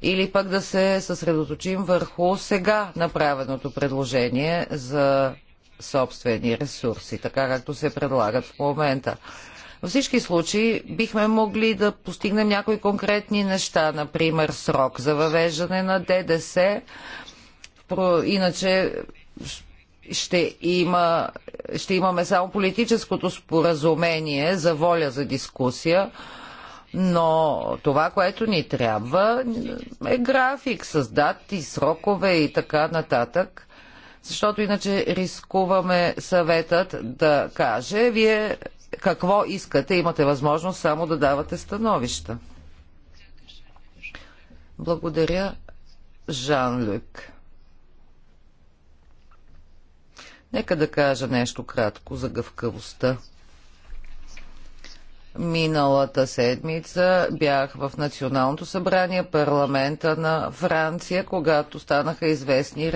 или пък да се съсредоточим върху сега направеното предложение за собствени ресурси, така както се предлагат в момента. Във всички случаи бихме могли да постигнем някои конкретни неща, например срок за въвеждане на ДДС, иначе ще, има, ще имаме само политическото споразумение за воля за дискусия, но това, което ни трябва е график с дати, срокове и така нататък защото иначе рискуваме съветът да каже, вие какво искате, имате възможност само да давате становища. Благодаря, Жан-Люк. Нека да кажа нещо кратко за гъвкавостта. Миналата седмица бях в Националното събрание парламента на Франция, когато станаха известни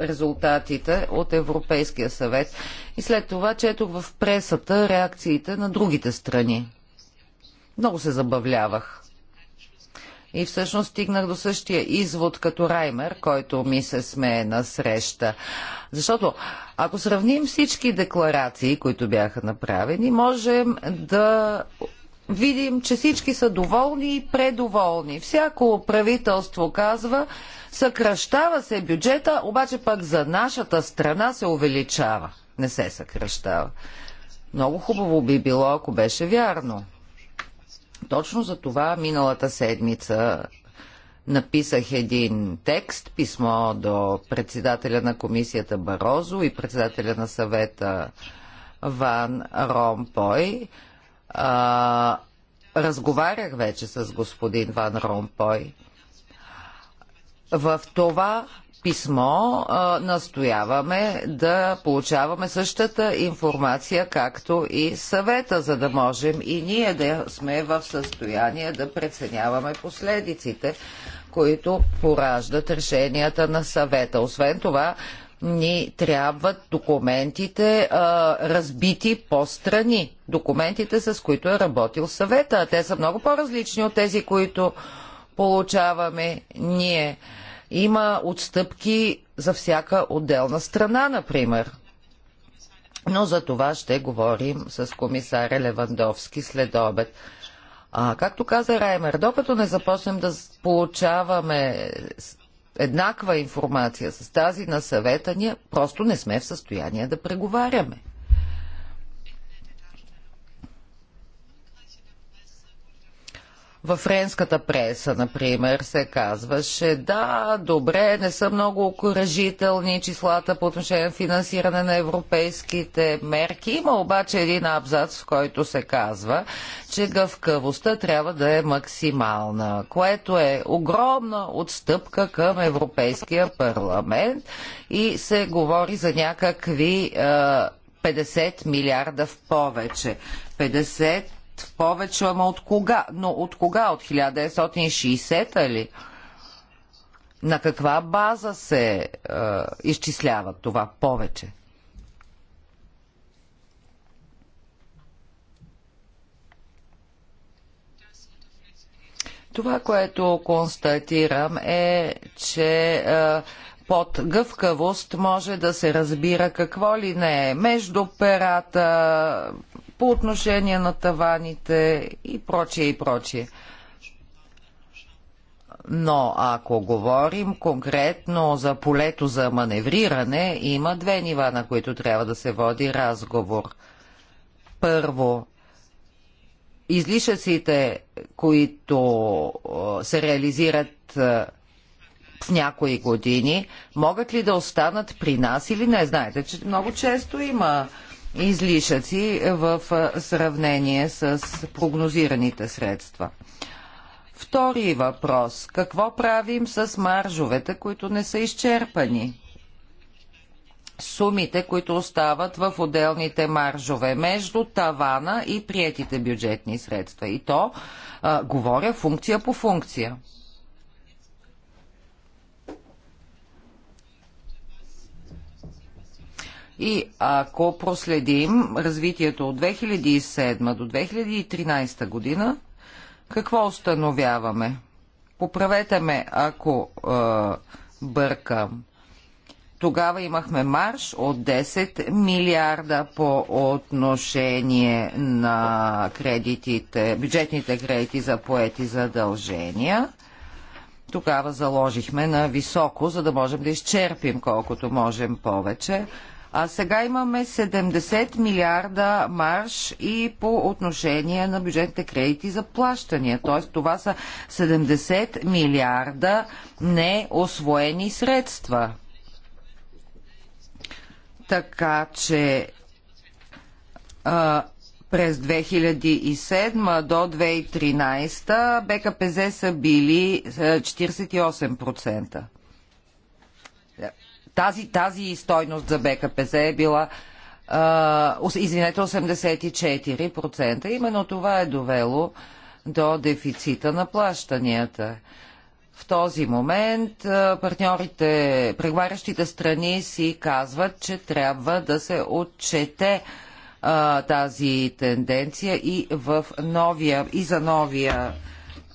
резултатите от Европейския съвет и след това четох в пресата реакциите на другите страни. Много се забавлявах. И всъщност стигнах до същия извод като Раймер, който ми се смее на среща. Защото ако сравним всички декларации, които бяха направени, можем да видим, че всички са доволни и предоволни. Всяко правителство казва, съкръщава се бюджета, обаче пък за нашата страна се увеличава. Не се съкръщава. Много хубаво би било, ако беше вярно. Точно за това миналата седмица написах един текст, писмо до председателя на комисията Барозо и председателя на съвета Ван Ромпой. А, разговарях вече с господин Ван Ромпой. В това писмо а, настояваме да получаваме същата информация, както и съвета, за да можем и ние да сме в състояние да преценяваме последиците, които пораждат решенията на съвета. Освен това, ни трябват документите а, разбити по страни. Документите, с които е работил съвета. Те са много по-различни от тези, които получаваме ние. Има отстъпки за всяка отделна страна, например. Но за това ще говорим с комисаря Левандовски след обед. А, както каза Раймер, докато не започнем да получаваме еднаква информация с тази на съвета, ние просто не сме в състояние да преговаряме. във френската преса, например, се казваше, да, добре, не са много окоръжителни числата по отношение на финансиране на европейските мерки. Има обаче един абзац, в който се казва, че гъвкавостта трябва да е максимална, което е огромна отстъпка към Европейския парламент и се говори за някакви 50 милиарда в повече. 50 повече, ама от кога? Но от кога? От 1960-та ли? На каква база се е, изчислява това повече? Това, което констатирам е, че е, под гъвкавост може да се разбира какво ли не е. Между перата, е, по отношение на таваните и прочие и прочие. Но ако говорим конкретно за полето за маневриране, има две нива, на които трябва да се води разговор. Първо, излишъците, които се реализират в някои години, могат ли да останат при нас или не? Знаете, че много често има излишъци в сравнение с прогнозираните средства. Втори въпрос. Какво правим с маржовете, които не са изчерпани? Сумите, които остават в отделните маржове между тавана и приетите бюджетни средства. И то а, говоря функция по функция. И ако проследим развитието от 2007 до 2013 година, какво установяваме? Поправете ме, ако е, бъркам. Тогава имахме марш от 10 милиарда по отношение на кредитите, бюджетните кредити за поети задължения. Тогава заложихме на високо, за да можем да изчерпим колкото можем повече. А сега имаме 70 милиарда марш и по отношение на бюджетните кредити за плащания. Т.е. това са 70 милиарда неосвоени средства. Така че а, през 2007 до 2013 БКПЗ са били 48% тази, тази стойност за БКПЗ е била извинете, 84%. Именно това е довело до дефицита на плащанията. В този момент партньорите, преговарящите страни си казват, че трябва да се отчете а, тази тенденция и в новия, и за новия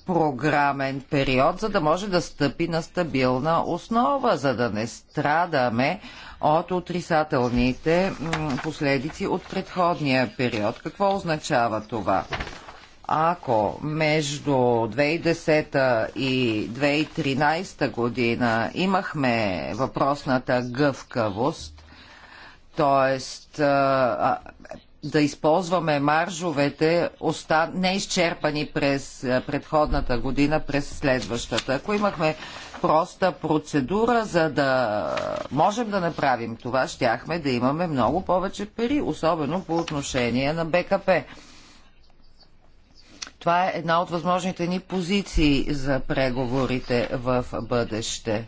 програмен период, за да може да стъпи на стабилна основа, за да не страдаме от отрицателните последици от предходния период. Какво означава това? Ако между 2010 и 2013 година имахме въпросната гъвкавост, т.е да използваме маржовете неизчерпани през е, предходната година, през следващата. Ако имахме проста процедура, за да можем да направим това, щяхме да имаме много повече пари, особено по отношение на БКП. Това е една от възможните ни позиции за преговорите в бъдеще.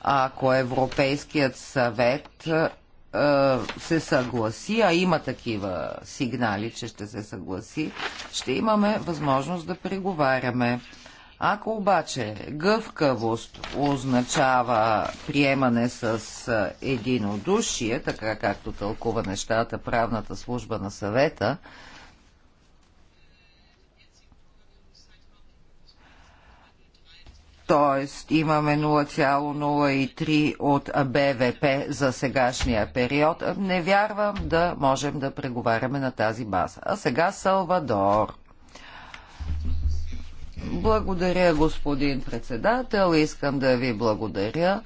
Ако Европейският съвет е, се съгласи, а има такива сигнали, че ще се съгласи, ще имаме възможност да преговаряме. Ако обаче гъвкавост означава приемане с единодушие, така както тълкува нещата правната служба на съвета, т.е. имаме 0,03 от БВП за сегашния период. Не вярвам да можем да преговаряме на тази база. А сега Салвадор. Благодаря, господин председател. Искам да ви благодаря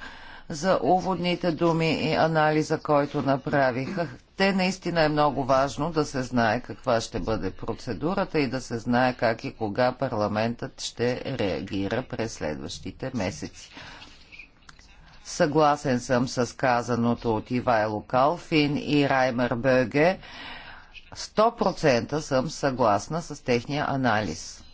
за уводните думи и анализа, който направиха те наистина е много важно да се знае каква ще бъде процедурата и да се знае как и кога парламентът ще реагира през следващите месеци. Съгласен съм с казаното от Ивайло Калфин и Раймер Бърге. 100% съм съгласна с техния анализ.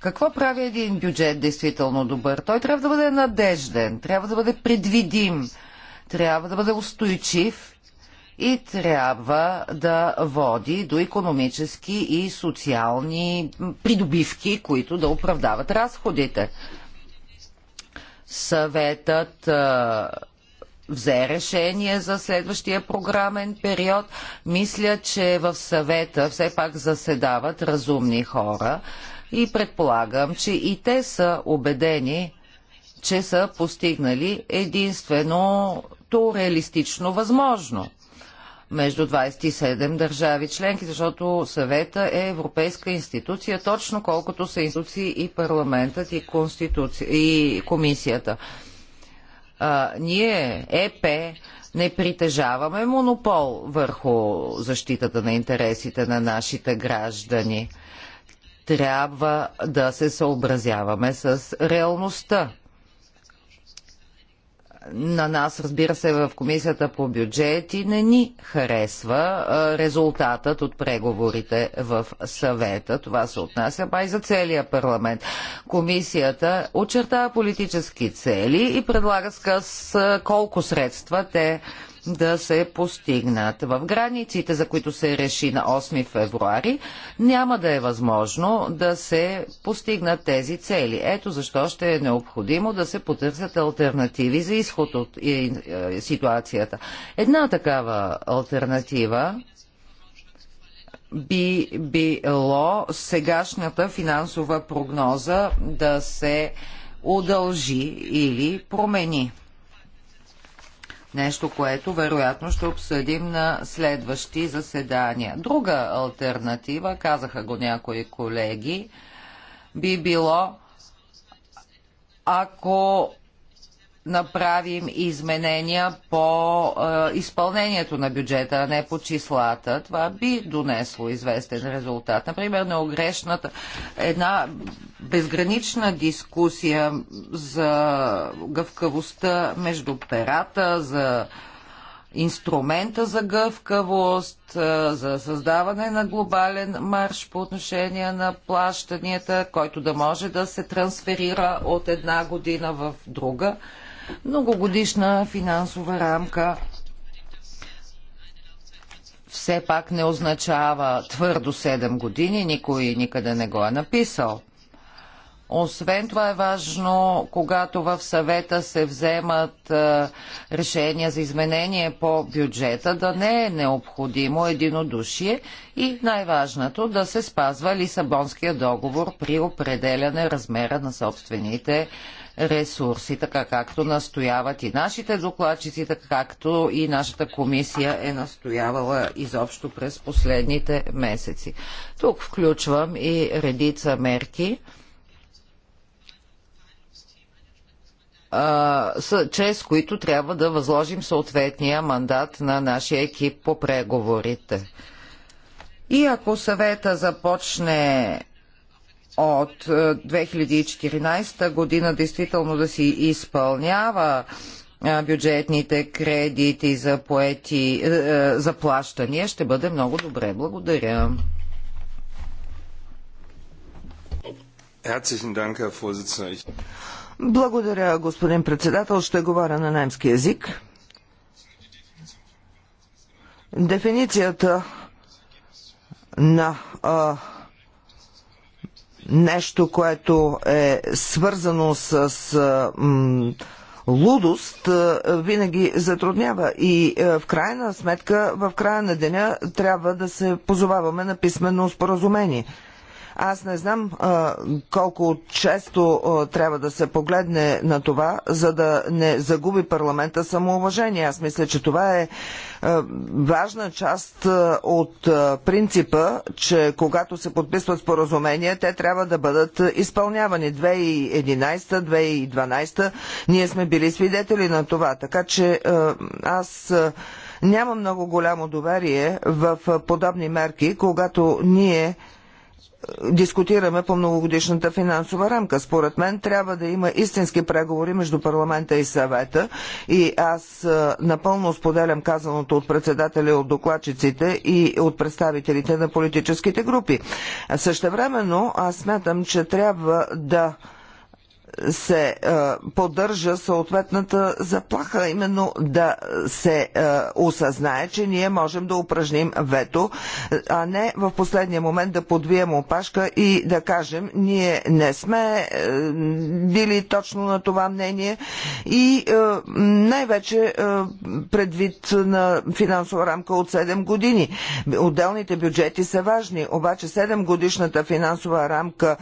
Какво прави един бюджет действително добър? Той трябва да бъде надежден, трябва да бъде предвидим трябва да бъде устойчив и трябва да води до економически и социални придобивки, които да оправдават разходите. Съветът взе решение за следващия програмен период. Мисля, че в съвета все пак заседават разумни хора и предполагам, че и те са убедени, че са постигнали единствено колкото реалистично възможно между 27 държави членки, защото съвета е европейска институция, точно колкото са институции и парламентът и, конституци... и комисията. А, ние, ЕП, не притежаваме монопол върху защитата на интересите на нашите граждани. Трябва да се съобразяваме с реалността на нас, разбира се, в комисията по бюджети не ни харесва резултатът от преговорите в съвета. Това се отнася и за целия парламент. Комисията очертава политически цели и предлага с колко средства те да се постигнат. В границите, за които се реши на 8 февруари, няма да е възможно да се постигнат тези цели. Ето защо ще е необходимо да се потърсят альтернативи за изход от ситуацията. Една такава альтернатива би било сегашната финансова прогноза да се удължи или промени. Нещо, което вероятно ще обсъдим на следващи заседания. Друга альтернатива, казаха го някои колеги, би било ако направим изменения по е, изпълнението на бюджета, а не по числата. Това би донесло известен резултат. Например, неогрешната една безгранична дискусия за гъвкавостта между перата, за инструмента за гъвкавост, е, за създаване на глобален марш по отношение на плащанията, който да може да се трансферира от една година в друга многогодишна финансова рамка все пак не означава твърдо 7 години, никой никъде не го е написал. Освен това е важно, когато в съвета се вземат е, решения за изменение по бюджета, да не е необходимо единодушие и най-важното да се спазва Лисабонския договор при определяне размера на собствените ресурси, така както настояват и нашите докладчици, така както и нашата комисия е настоявала изобщо през последните месеци. Тук включвам и редица мерки, чрез които трябва да възложим съответния мандат на нашия екип по преговорите. И ако съвета започне от 2014 е, година действително да си изпълнява е, бюджетните кредити за поети, е, за плащания, ще бъде много добре. Благодаря. Благодаря, господин председател. Ще говоря на немски язик. Дефиницията на а, нещо, което е свързано с лудост винаги затруднява и в крайна сметка, в края на деня трябва да се позоваваме на писменно споразумение. Аз не знам а, колко често а, трябва да се погледне на това, за да не загуби парламента самоуважение. Аз мисля, че това е е, важна част е, от е, принципа, че когато се подписват споразумения, те трябва да бъдат изпълнявани. 2011-2012 ние сме били свидетели на това. Така че аз няма много голямо доверие в подобни мерки, когато ние дискутираме по многогодишната финансова рамка. Според мен трябва да има истински преговори между парламента и съвета и аз е, напълно споделям казаното от председателя, от докладчиците и от представителите на политическите групи. Същевременно аз смятам, че трябва да се е, поддържа съответната заплаха, именно да се е, осъзнае, че ние можем да упражним вето, а не в последния момент да подвием опашка и да кажем, ние не сме е, били точно на това мнение и най-вече предвид на финансова рамка от 7 години. Отделните бюджети са важни, обаче 7 годишната финансова рамка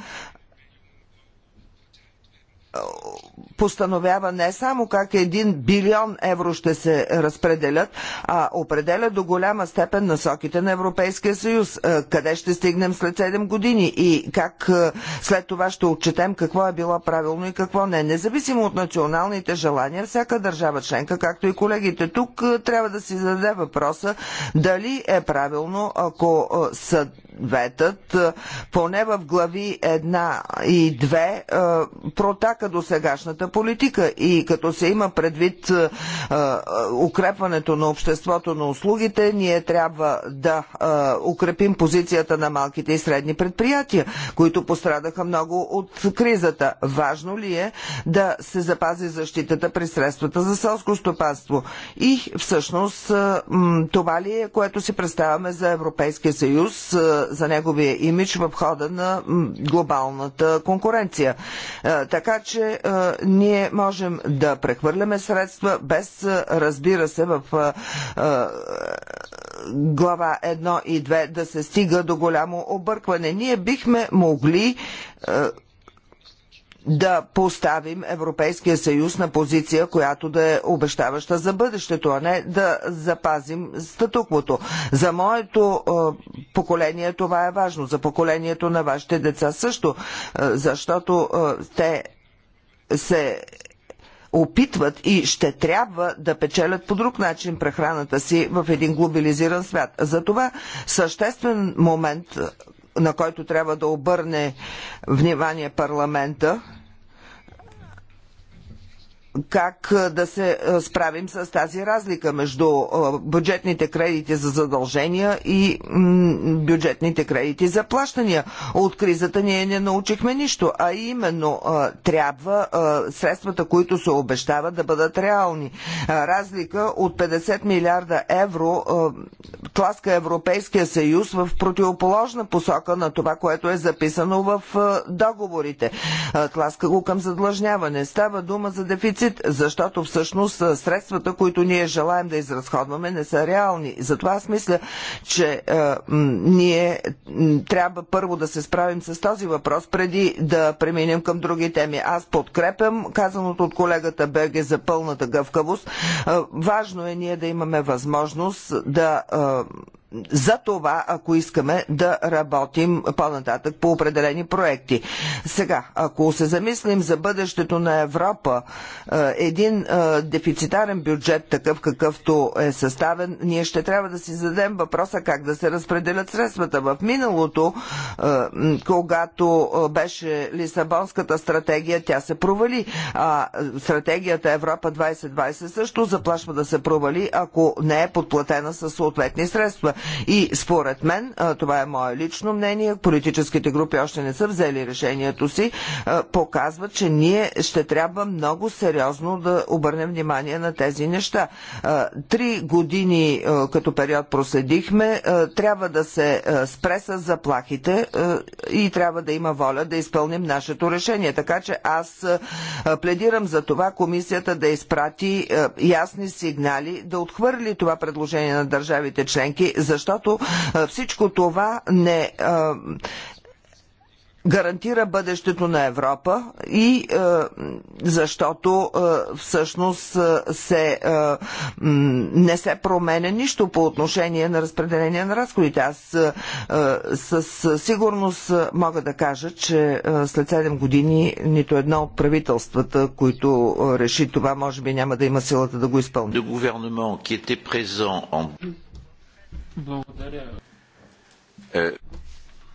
постановява не само как 1 билион евро ще се разпределят, а определя до голяма степен насоките на Европейския съюз. Е, къде ще стигнем след 7 години и как е, след това ще отчетем какво е било правилно и какво не. Независимо от националните желания, всяка държава членка, както и колегите тук, е, трябва да си зададе въпроса дали е правилно, ако съветът поне в глави 1 и 2 протака до сегашната политика. И като се има предвид укрепването на обществото на услугите, ние трябва да укрепим позицията на малките и средни предприятия, които пострадаха много от кризата. Важно ли е да се запази защитата при средствата за селско стопанство? И всъщност това ли е, което си представяме за Европейския съюз, за неговия имидж в хода на глобалната конкуренция? Така че ние ние можем да прехвърляме средства без, разбира се, в глава 1 и 2 да се стига до голямо объркване. Ние бихме могли да поставим Европейския съюз на позиция, която да е обещаваща за бъдещето, а не да запазим статуквото. За моето поколение това е важно, за поколението на вашите деца също, защото те се опитват и ще трябва да печелят по друг начин прехраната си в един глобализиран свят. Затова съществен момент, на който трябва да обърне внимание парламента, как да се справим с тази разлика между бюджетните кредити за задължения и бюджетните кредити за плащания. От кризата ние не научихме нищо, а именно трябва средствата, които се обещават да бъдат реални. Разлика от 50 милиарда евро тласка Европейския съюз в противоположна посока на това, което е записано в договорите. Тласка го към задлъжняване. Става дума за дефицит дефицит, защото всъщност средствата, които ние желаем да изразходваме, не са реални. Затова аз мисля, че е, ние трябва първо да се справим с този въпрос, преди да преминем към други теми. Аз подкрепям казаното от колегата Беге за пълната гъвкавост. Е, важно е ние да имаме възможност да. Е, за това, ако искаме да работим по-нататък по определени проекти. Сега, ако се замислим за бъдещето на Европа, е, един е, дефицитарен бюджет, такъв какъвто е съставен, ние ще трябва да си зададем въпроса как да се разпределят средствата. В миналото, е, когато беше Лисабонската стратегия, тя се провали. А стратегията Европа 2020 също заплашва да се провали, ако не е подплатена със съответни средства. И според мен, това е мое лично мнение, политическите групи още не са взели решението си, показват, че ние ще трябва много сериозно да обърнем внимание на тези неща. Три години като период проследихме, трябва да се спре с заплахите и трябва да има воля да изпълним нашето решение. Така че аз пледирам за това комисията да изпрати ясни сигнали, да отхвърли това предложение на държавите членки за защото всичко това не гарантира бъдещето на Европа и е, защото е, всъщност се, е, не се променя нищо по отношение на разпределение на разходите. Аз е, със сигурност мога да кажа, че след 7 години нито едно от правителствата, които реши това, може би няма да има силата да го изпълни. Благодаря. Е...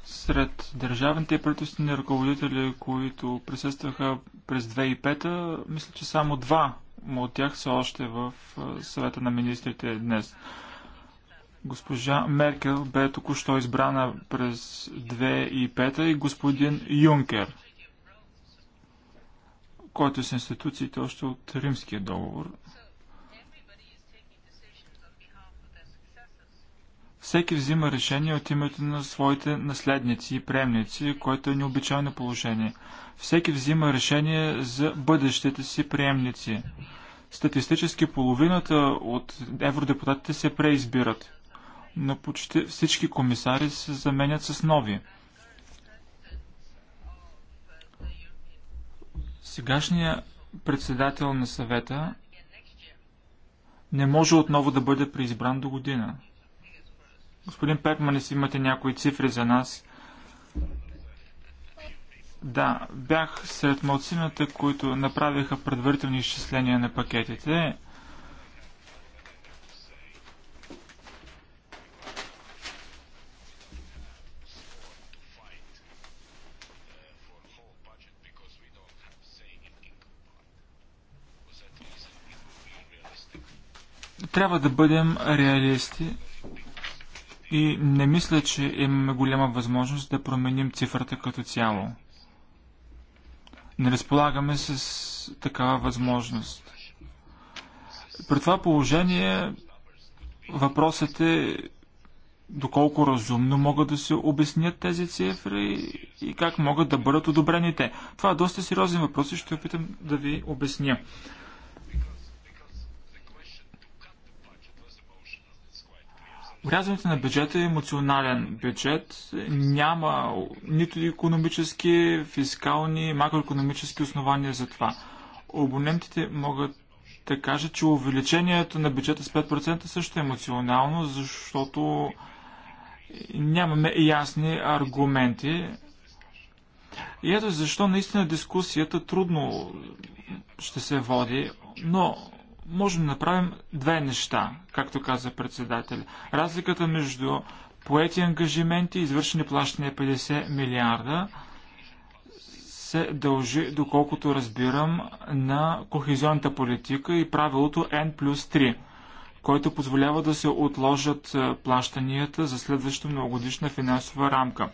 Сред държавните и правителствени ръководители, които присъстваха през 2005-та, мисля, че само два от тях са още в съвета на министрите днес. Госпожа Меркел бе току-що избрана през 2005 та и господин Юнкер, който е с институциите още от Римския договор. Всеки взима решение от името на своите наследници и приемници, което е необичайно положение. Всеки взима решение за бъдещите си приемници. Статистически половината от евродепутатите се преизбират, но почти всички комисари се заменят с нови. Сегашният председател на съвета не може отново да бъде преизбран до година. Господин си имате някои цифри за нас. Да, бях сред малцината, които направиха предварителни изчисления на пакетите. Трябва да бъдем реалисти, и не мисля, че имаме голяма възможност да променим цифрата като цяло. Не разполагаме с такава възможност. При това положение въпросът е доколко разумно могат да се обяснят тези цифри и как могат да бъдат одобрените. Това е доста сериозен въпрос и ще опитам да ви обясня. Урязването на бюджета е емоционален бюджет. Няма нито економически, фискални, макроекономически основания за това. Абонентите могат да кажат, че увеличението на бюджета с 5% също е емоционално, защото нямаме ясни аргументи. И ето защо наистина дискусията трудно ще се води, но можем да направим две неща, както каза председателя. Разликата между поети ангажименти и извършени плащания 50 е милиарда се дължи, доколкото разбирам, на кохезионната политика и правилото N плюс 3, който позволява да се отложат е, плащанията за следващата многогодишна финансова рамка.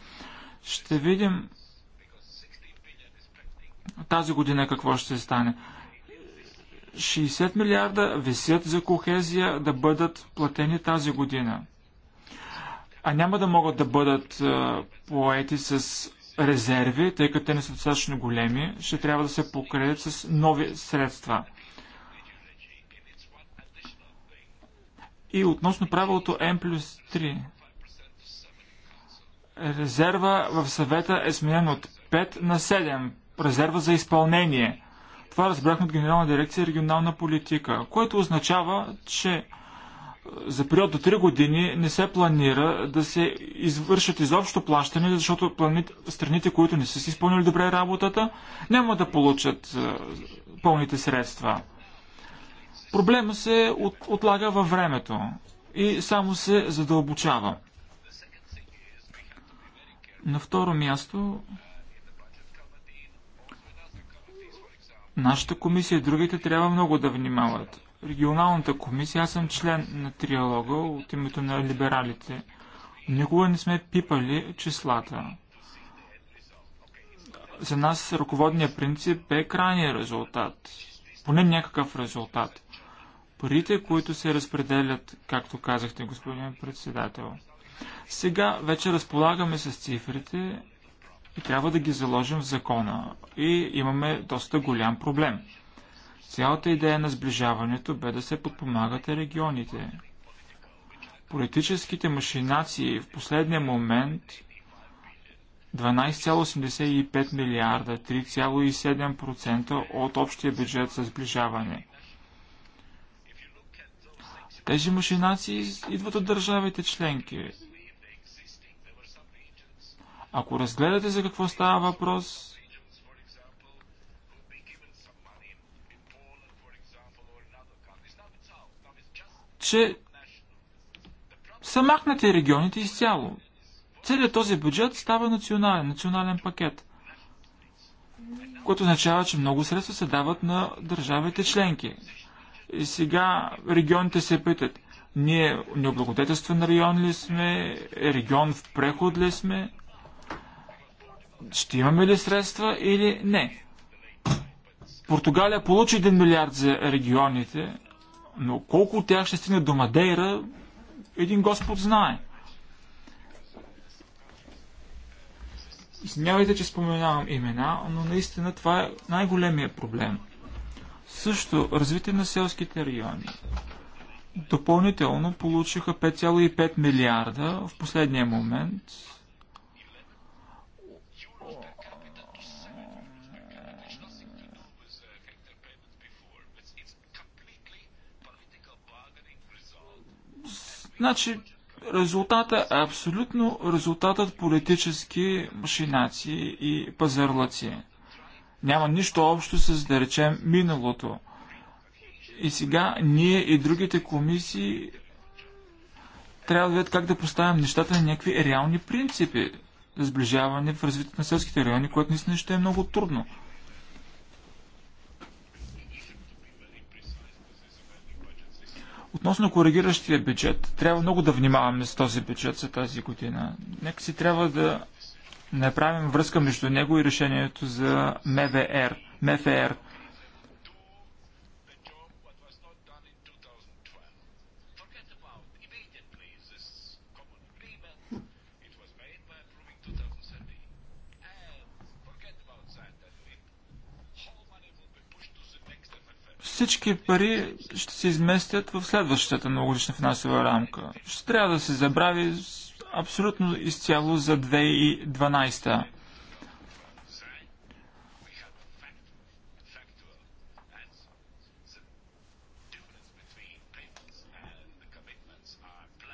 Ще видим тази година какво ще се стане. 60 милиарда висят за кохезия да бъдат платени тази година. А няма да могат да бъдат поети с резерви, тъй като те не са достатъчно големи, ще трябва да се покрият с нови средства. И относно правилото M плюс 3. Резерва в съвета е сменен от 5 на 7. Резерва за изпълнение. Това разбрахме от Генерална дирекция регионална политика, което означава, че е, за период до 3 години не се планира да се извършат изобщо плащане, защото страните, които не са си изпълнили добре работата, няма да получат е, пълните средства. Проблема се отлага във времето и само се задълбочава. На второ място Нашата комисия и другите трябва много да внимават. Регионалната комисия, аз съм член на триалога от името на либералите. Никога не сме пипали числата. За нас ръководният принцип е крайният резултат. Поне някакъв резултат. Парите, които се разпределят, както казахте, господин председател. Сега вече разполагаме с цифрите, и трябва да ги заложим в закона. И имаме доста голям проблем. Цялата идея на сближаването бе да се подпомагат регионите. Политическите машинации в последния момент 12,85 милиарда, 3,7% от общия бюджет за сближаване. Тези машинации идват от държавите членки. Ако разгледате за какво става въпрос, че са махнати регионите изцяло. Целият този бюджет става национален, национален пакет, което означава, че много средства се дават на държавите членки. И сега регионите се питат, ние необлагодетелствен район ли сме, регион в преход ли сме, ще имаме ли средства или не? Португалия получи 1 милиард за регионите, но колко от тях ще стигне до Мадейра, един Господ знае. Извинявайте, че споменавам имена, но наистина това е най-големия проблем. Също развитие на селските райони. Допълнително получиха 5,5 милиарда в последния момент Значи, резултата е абсолютно резултатът политически машинации и пазарлаци. Няма нищо общо с, да речем, миналото. И сега ние и другите комисии трябва да видят как да поставим нещата на някакви реални принципи за сближаване в развитие на селските райони, което наистина ще е много трудно. Относно коригиращия бюджет, трябва много да внимаваме с този бюджет за тази година. Нека си трябва да направим връзка между него и решението за МВР. МФР. всички пари ще се изместят в следващата многогодишна финансова рамка. Ще трябва да се забрави абсолютно изцяло за 2012. -та.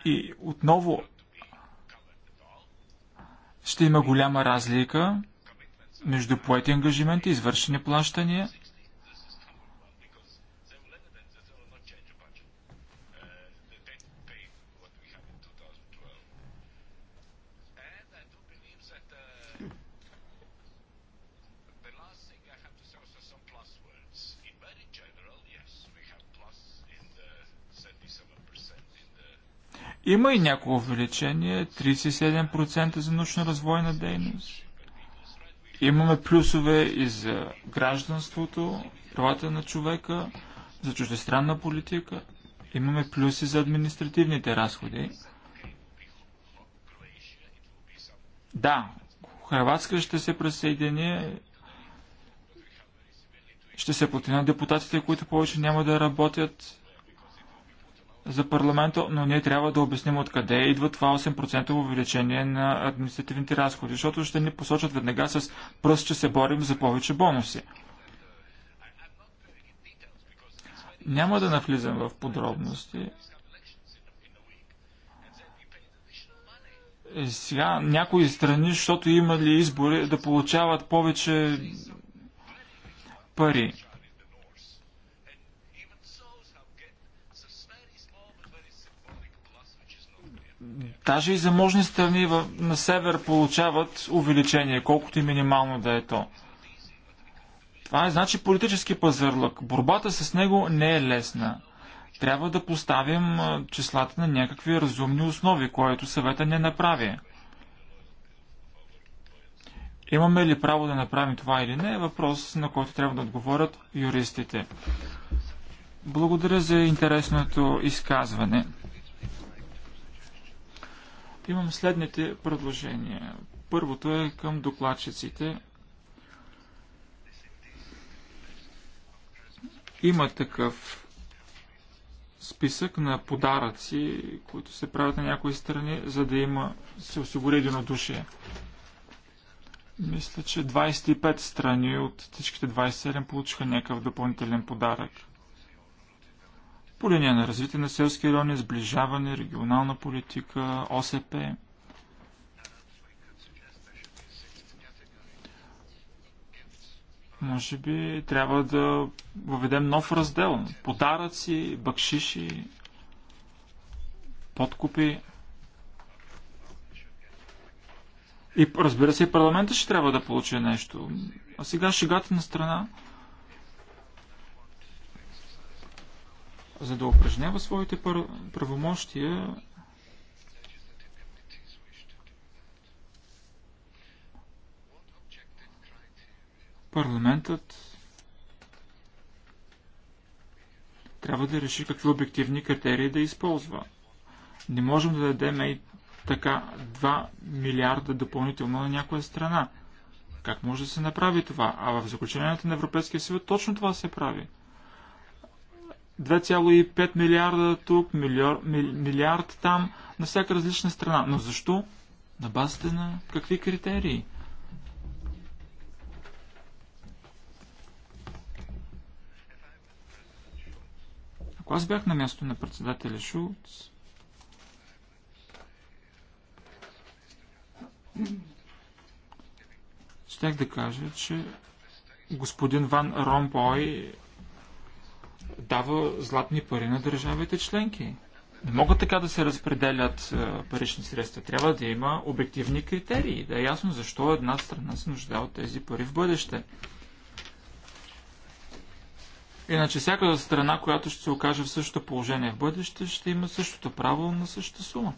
И отново ще има голяма разлика между поети ангажименти и извършени плащания – Има и някакво увеличение, 37% за научно-развойна дейност. Имаме плюсове и за гражданството, правата на човека, за чуждестранна политика. Имаме плюси за административните разходи. Да, Хрватска ще се присъедини, ще се потенят депутатите, които повече няма да работят за парламента, но ние трябва да обясним откъде идва това 8% увеличение на административните разходи, защото ще ни посочат веднага с пръст, че се борим за повече бонуси. Няма да навлизам в подробности. сега някои страни, защото имали избори, да получават повече пари. Даже и заможни страни на север получават увеличение, колкото и минимално да е то. Това е значи политически пазърлък. Борбата с него не е лесна. Трябва да поставим числата на някакви разумни основи, което съвета не направи. Имаме ли право да направим това или не е въпрос, на който трябва да отговорят юристите. Благодаря за интересното изказване. Имам следните предложения. Първото е към докладчиците. Има такъв списък на подаръци, които се правят на някои страни, за да има, се осигури единодушие. Мисля, че 25 страни от всичките 27 получиха някакъв допълнителен подарък по линия на развитие на селски райони, сближаване, регионална политика, ОСП. Може би трябва да въведем нов раздел. Подаръци, бакшиши, подкупи. И разбира се, и парламента ще трябва да получи нещо. А сега шегата на страна. за да упражнява своите правомощия парламентът трябва да реши какви обективни критерии да използва. Не можем да дадем и така 2 милиарда допълнително на някоя страна. Как може да се направи това? А в заключението на Европейския съвет точно това се прави – 2,5 милиарда тук, милиор, милиард там, на всяка различна страна. Но защо? На базата на какви критерии? Ако аз бях на място на председателя Шулц, щях да кажа, че господин Ван Ромпой дава златни пари на държавите членки. Не могат така да се разпределят е, парични средства. Трябва да има обективни критерии, да е ясно защо една страна се нуждае от тези пари в бъдеще. Иначе всяка страна, която ще се окаже в същото положение в бъдеще, ще има същото право на същата сума.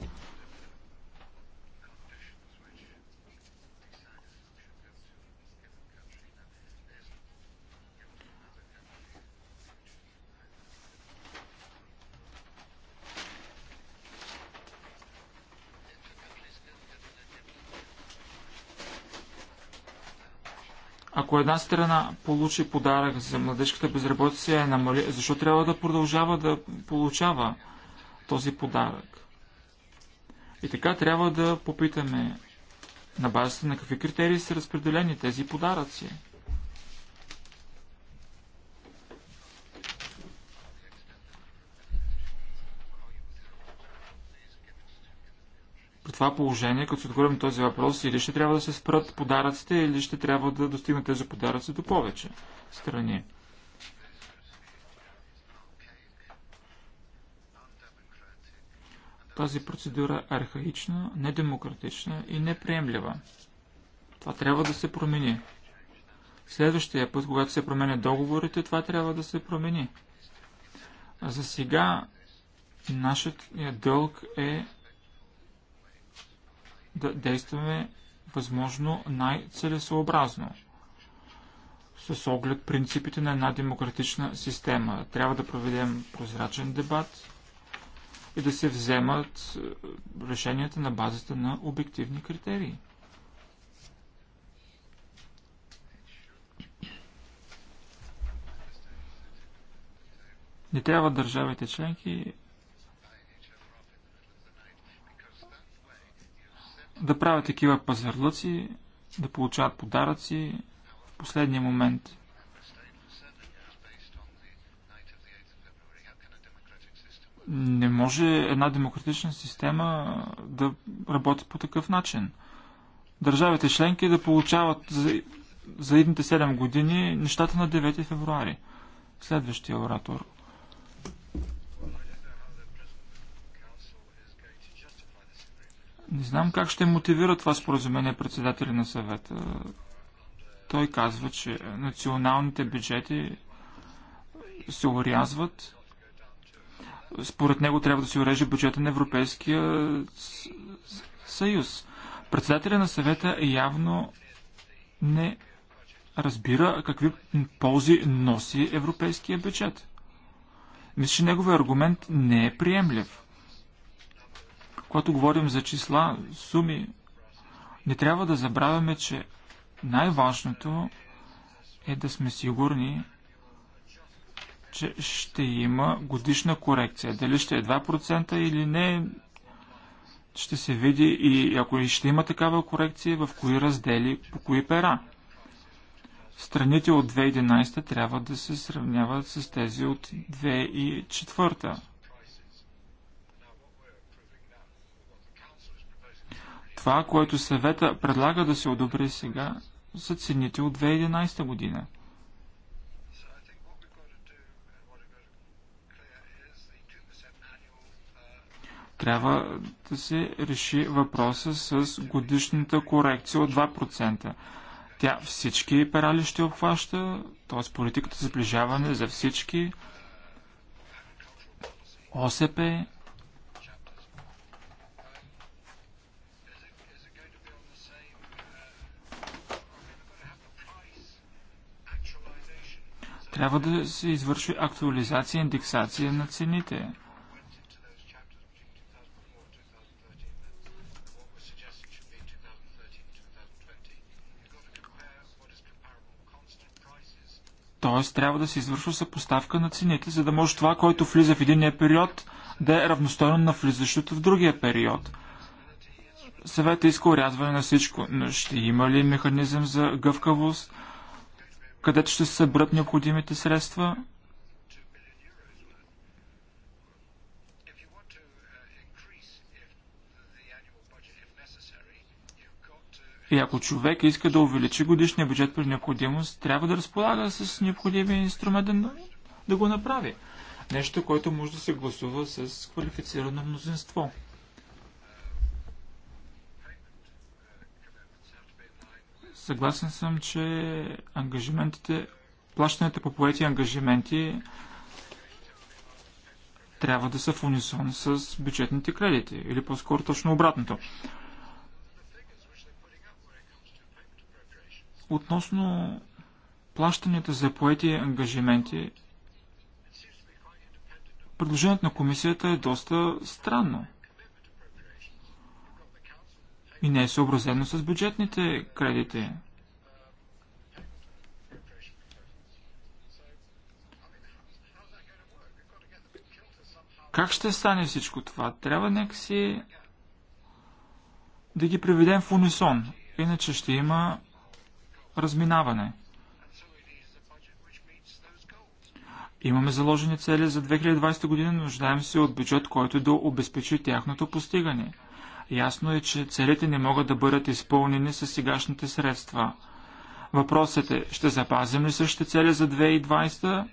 ако една страна получи подарък за младежката безработица, е намали, защо трябва да продължава да получава този подарък? И така трябва да попитаме на базата на какви критерии са разпределени тези подаръци. това положение, като се отговорим този въпрос, или ще трябва да се спрат подаръците, или ще трябва да достигнат тези подаръци до повече страни. Тази процедура е архаична, недемократична и неприемлива. Това трябва да се промени. Следващия път, когато се променят договорите, това трябва да се промени. За сега нашият дълг е да действаме възможно най-целесообразно с оглед принципите на една демократична система. Трябва да проведем прозрачен дебат и да се вземат е, решенията на базата на обективни критерии. Не трябва държавите членки да правят такива пазарлъци, да получават подаръци в последния момент. Не може една демократична система да работи по такъв начин. Държавите членки да получават за, за идните 7 години нещата на 9 февруари. Следващия оратор – Не знам как ще мотивира това споразумение председателя на съвета. Той казва, че националните бюджети се урязват. Според него трябва да се уреже бюджета на Европейския съюз. Председателя на съвета явно не разбира какви ползи носи европейския бюджет. Мисля, че неговият аргумент не е приемлив. Когато говорим за числа, суми, не трябва да забравяме, че най-важното е да сме сигурни, че ще има годишна корекция. Дали ще е 2% или не, ще се види и ако ще има такава корекция, в кои раздели, по кои пера. Страните от 2011 трябва да се сравняват с тези от 2004. Това, което съвета предлага да се одобри сега, за цените от 2011 година. Трябва да се реши въпроса с годишната корекция от 2%. Тя всички перали ще обхваща, т.е. политиката за сближаване за всички, ОСП, Трябва да се извърши актуализация и индексация на цените. Т.е. трябва да се извършва съпоставка на цените, за да може това, което влиза в единия период, да е равностойно на влизащото в другия период. Съветът иска урязване на всичко, но ще има ли механизъм за гъвкавост, където ще се събрат необходимите средства. И ако човек иска да увеличи годишния бюджет при необходимост, трябва да разполага с необходимия инструмент да, да го направи. Нещо, което може да се гласува с квалифицирано мнозинство. Съгласен съм, че ангажиментите, плащането по поети ангажименти трябва да са в унисон с бюджетните кредити, или по-скоро точно обратното. Относно плащанията за поети ангажименти, предложението на комисията е доста странно и не е съобразено с бюджетните кредити. Как ще стане всичко това? Трябва някакси да ги приведем в унисон, иначе ще има разминаване. Имаме заложени цели за 2020 година, нуждаем се от бюджет, който да обезпечи тяхното постигане. Ясно е, че целите не могат да бъдат изпълнени с сегашните средства. Въпросът е, ще запазим ли същите цели за 2020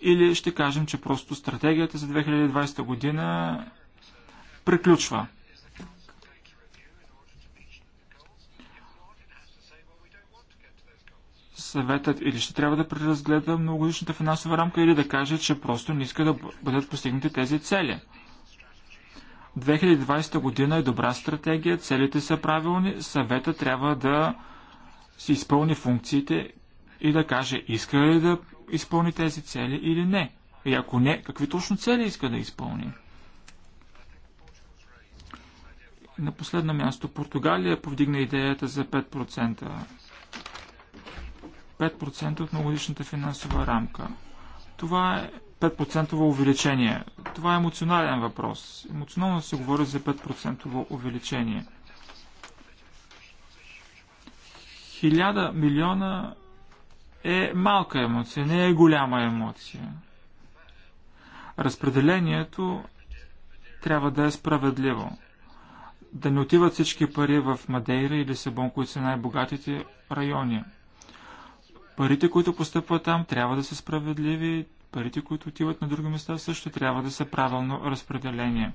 или ще кажем, че просто стратегията за 2020 година приключва. съветът или ще трябва да преразгледа многогодишната финансова рамка или да каже, че просто не иска да бъдат постигнати тези цели. 2020 година е добра стратегия, целите са правилни, съвета трябва да си изпълни функциите и да каже иска ли да изпълни тези цели или не. И ако не, какви точно цели иска да изпълни? На последно място Португалия повдигна идеята за 5%. 5% от многодишната финансова рамка. Това е 5% увеличение. Това е емоционален въпрос. Емоционално се говори за 5% увеличение. Хиляда милиона е малка емоция, не е голяма емоция. Разпределението трябва да е справедливо. Да не отиват всички пари в Мадейра или сабон, които са най-богатите райони. Парите, които постъпват там, трябва да са справедливи, Парите, които отиват на други места, също трябва да са правилно разпределение.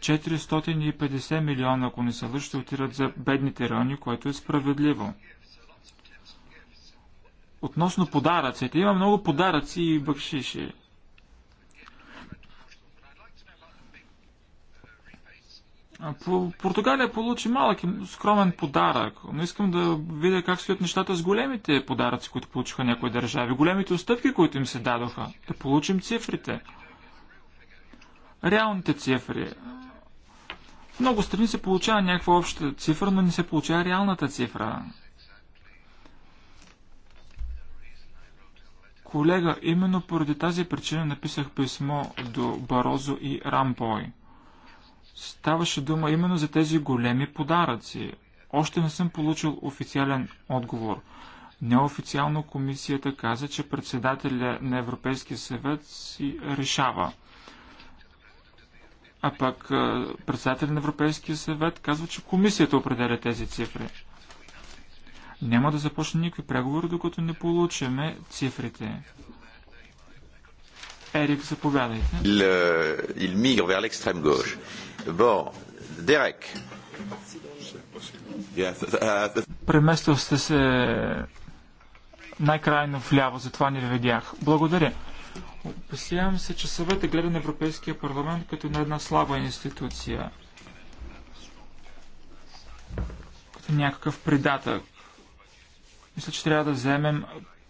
450 милиона, ако не са, лъж, ще отират за бедните райони, което е справедливо. Относно подаръците, има много подаръци и бъкшиши. Португалия получи малък и скромен подарък, но искам да видя как стоят нещата с големите подаръци, които получиха някои държави, големите отстъпки, които им се дадоха. Да получим цифрите. Реалните цифри. В много страни се получава някаква обща цифра, но не се получава реалната цифра. Колега, именно поради тази причина написах писмо до Барозо и Рампой. Ставаше дума именно за тези големи подаръци. Още не съм получил официален отговор. Неофициално комисията каза, че председателя на Европейския съвет си решава. А пък председателя на Европейския съвет казва, че комисията определя тези цифри. Няма да започне никакви преговори, докато не получиме цифрите. Ерик, заповядайте. Euh, il migre vers l'extrême gauche. Bon, Дерек. Преместил сте се най-крайно вляво, затова не ви видях. Благодаря. Опасявам се, че съвета е гледа на Европейския парламент като на една слаба институция. Като някакъв предател. Мисля, че трябва да вземем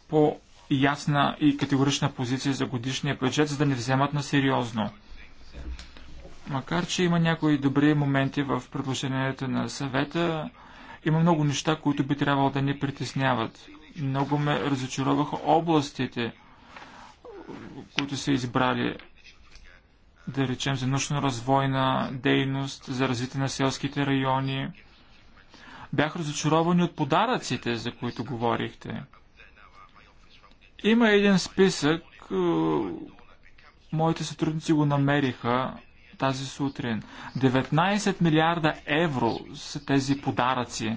по ясна и категорична позиция за годишния бюджет, за да не вземат на сериозно. Макар, че има някои добри моменти в предложението на съвета, има много неща, които би трябвало да ни притесняват. Много ме разочароваха областите, които са избрали, да речем, за научно-развойна дейност, за развитие на селските райони. Бях разочаровани от подаръците, за които говорихте. Има един списък, е, моите сътрудници го намериха тази сутрин. 19 милиарда евро са тези подаръци.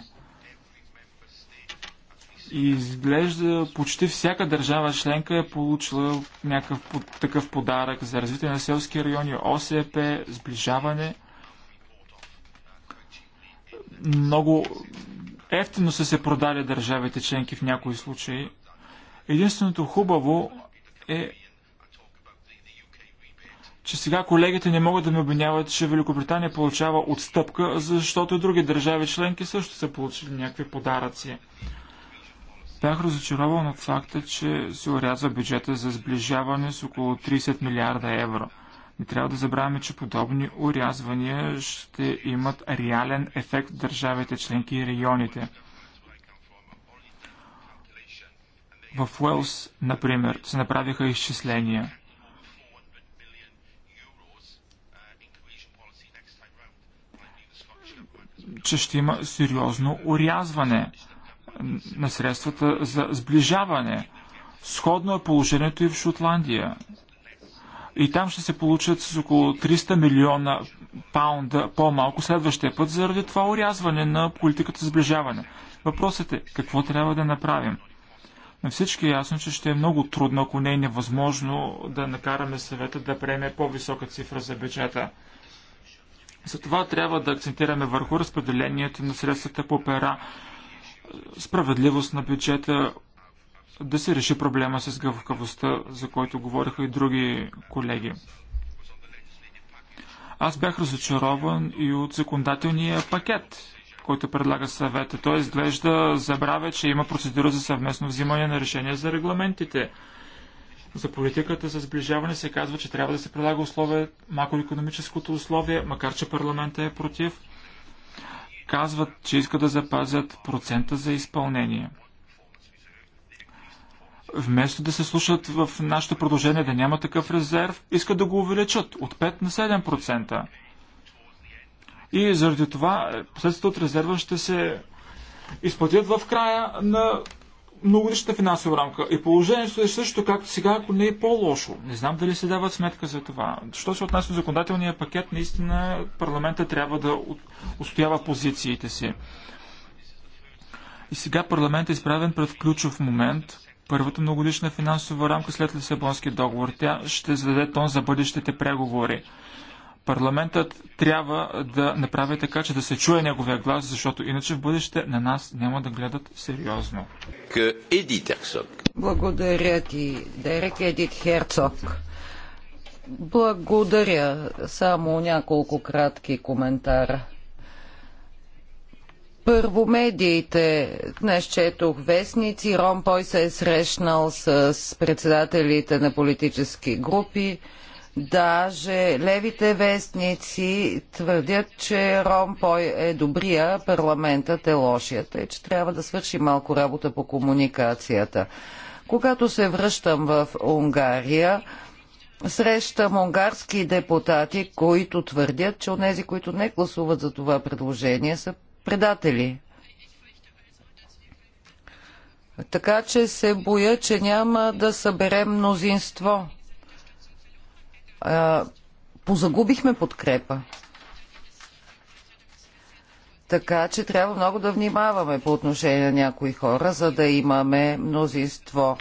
И изглежда почти всяка държава членка е получила някакъв такъв подарък за развитие на селски райони, ОСП, е сближаване. Много ефтино са се продали държавите членки в някои случаи. Единственото хубаво е, че сега колегите не могат да ме обвиняват, че Великобритания получава отстъпка, защото други държави членки също са получили някакви подаръци. Бях разочарован от факта, че се урязва бюджета за сближаване с около 30 милиарда евро. Не трябва да забравяме, че подобни урязвания ще имат реален ефект в държавите членки и регионите. В Уелс, например, се направиха изчисления. че ще има сериозно урязване на средствата за сближаване. Сходно е положението и в Шотландия. И там ще се получат с около 300 милиона паунда по-малко следващия път заради това урязване на политиката за сближаване. Въпросът е какво трябва да направим – на всички е ясно, че ще е много трудно, ако не е невъзможно да накараме съвета да приеме по-висока цифра за бюджета. Затова трябва да акцентираме върху разпределението на средствата по пера, справедливост на бюджета, да се реши проблема с гъвкавостта, за който говориха и други колеги. Аз бях разочарован и от законодателния пакет, който предлага съвета. Той изглежда забравя, че има процедура за съвместно взимане на решения за регламентите. За политиката за сближаване се казва, че трябва да се прилага условие, макроекономическото условие, макар че парламента е против. Казват, че искат да запазят процента за изпълнение. Вместо да се слушат в нашето продължение да няма такъв резерв, искат да го увеличат от 5 на 7%. И заради това е, последствията от резерва ще се изплатят в края на многодишната финансова рамка. И положението е също както сега, ако не е по-лошо. Не знам дали се дават сметка за това. Що се отнася до законодателния пакет, наистина парламента трябва да устоява позициите си. И сега парламент е изправен пред ключов момент. Първата многодишна финансова рамка след Лисабонския договор. Тя ще зададе тон за бъдещите преговори. Парламентът трябва да направи така, че да се чуе неговия глас, защото иначе в бъдеще на нас няма да гледат сериозно. Благодаря ти, Дерек Едит Херцог. Благодаря. Само няколко кратки коментара. Първо медиите. Днес четох вестници. Пой се е срещнал с председателите на политически групи. Даже левите вестници твърдят, че Ромпой е добрия, парламентът е лошият и че трябва да свърши малко работа по комуникацията. Когато се връщам в Унгария, срещам унгарски депутати, които твърдят, че онези, които не гласуват за това предложение, са предатели. Така че се боя, че няма да съберем мнозинство позагубихме подкрепа. Така че трябва много да внимаваме по отношение на някои хора, за да имаме мнозинство.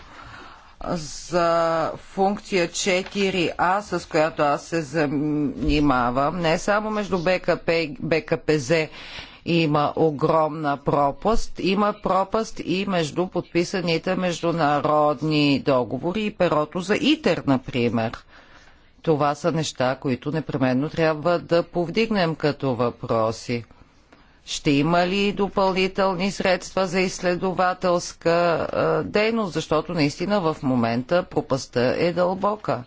За функция 4А, с която аз се занимавам, не само между БКП и БКПЗ има огромна пропаст, има пропаст и между подписаните международни договори и перото за ИТЕР, например – това са неща, които непременно трябва да повдигнем като въпроси. Ще има ли допълнителни средства за изследователска а, дейност, защото наистина в момента пропаста е дълбока.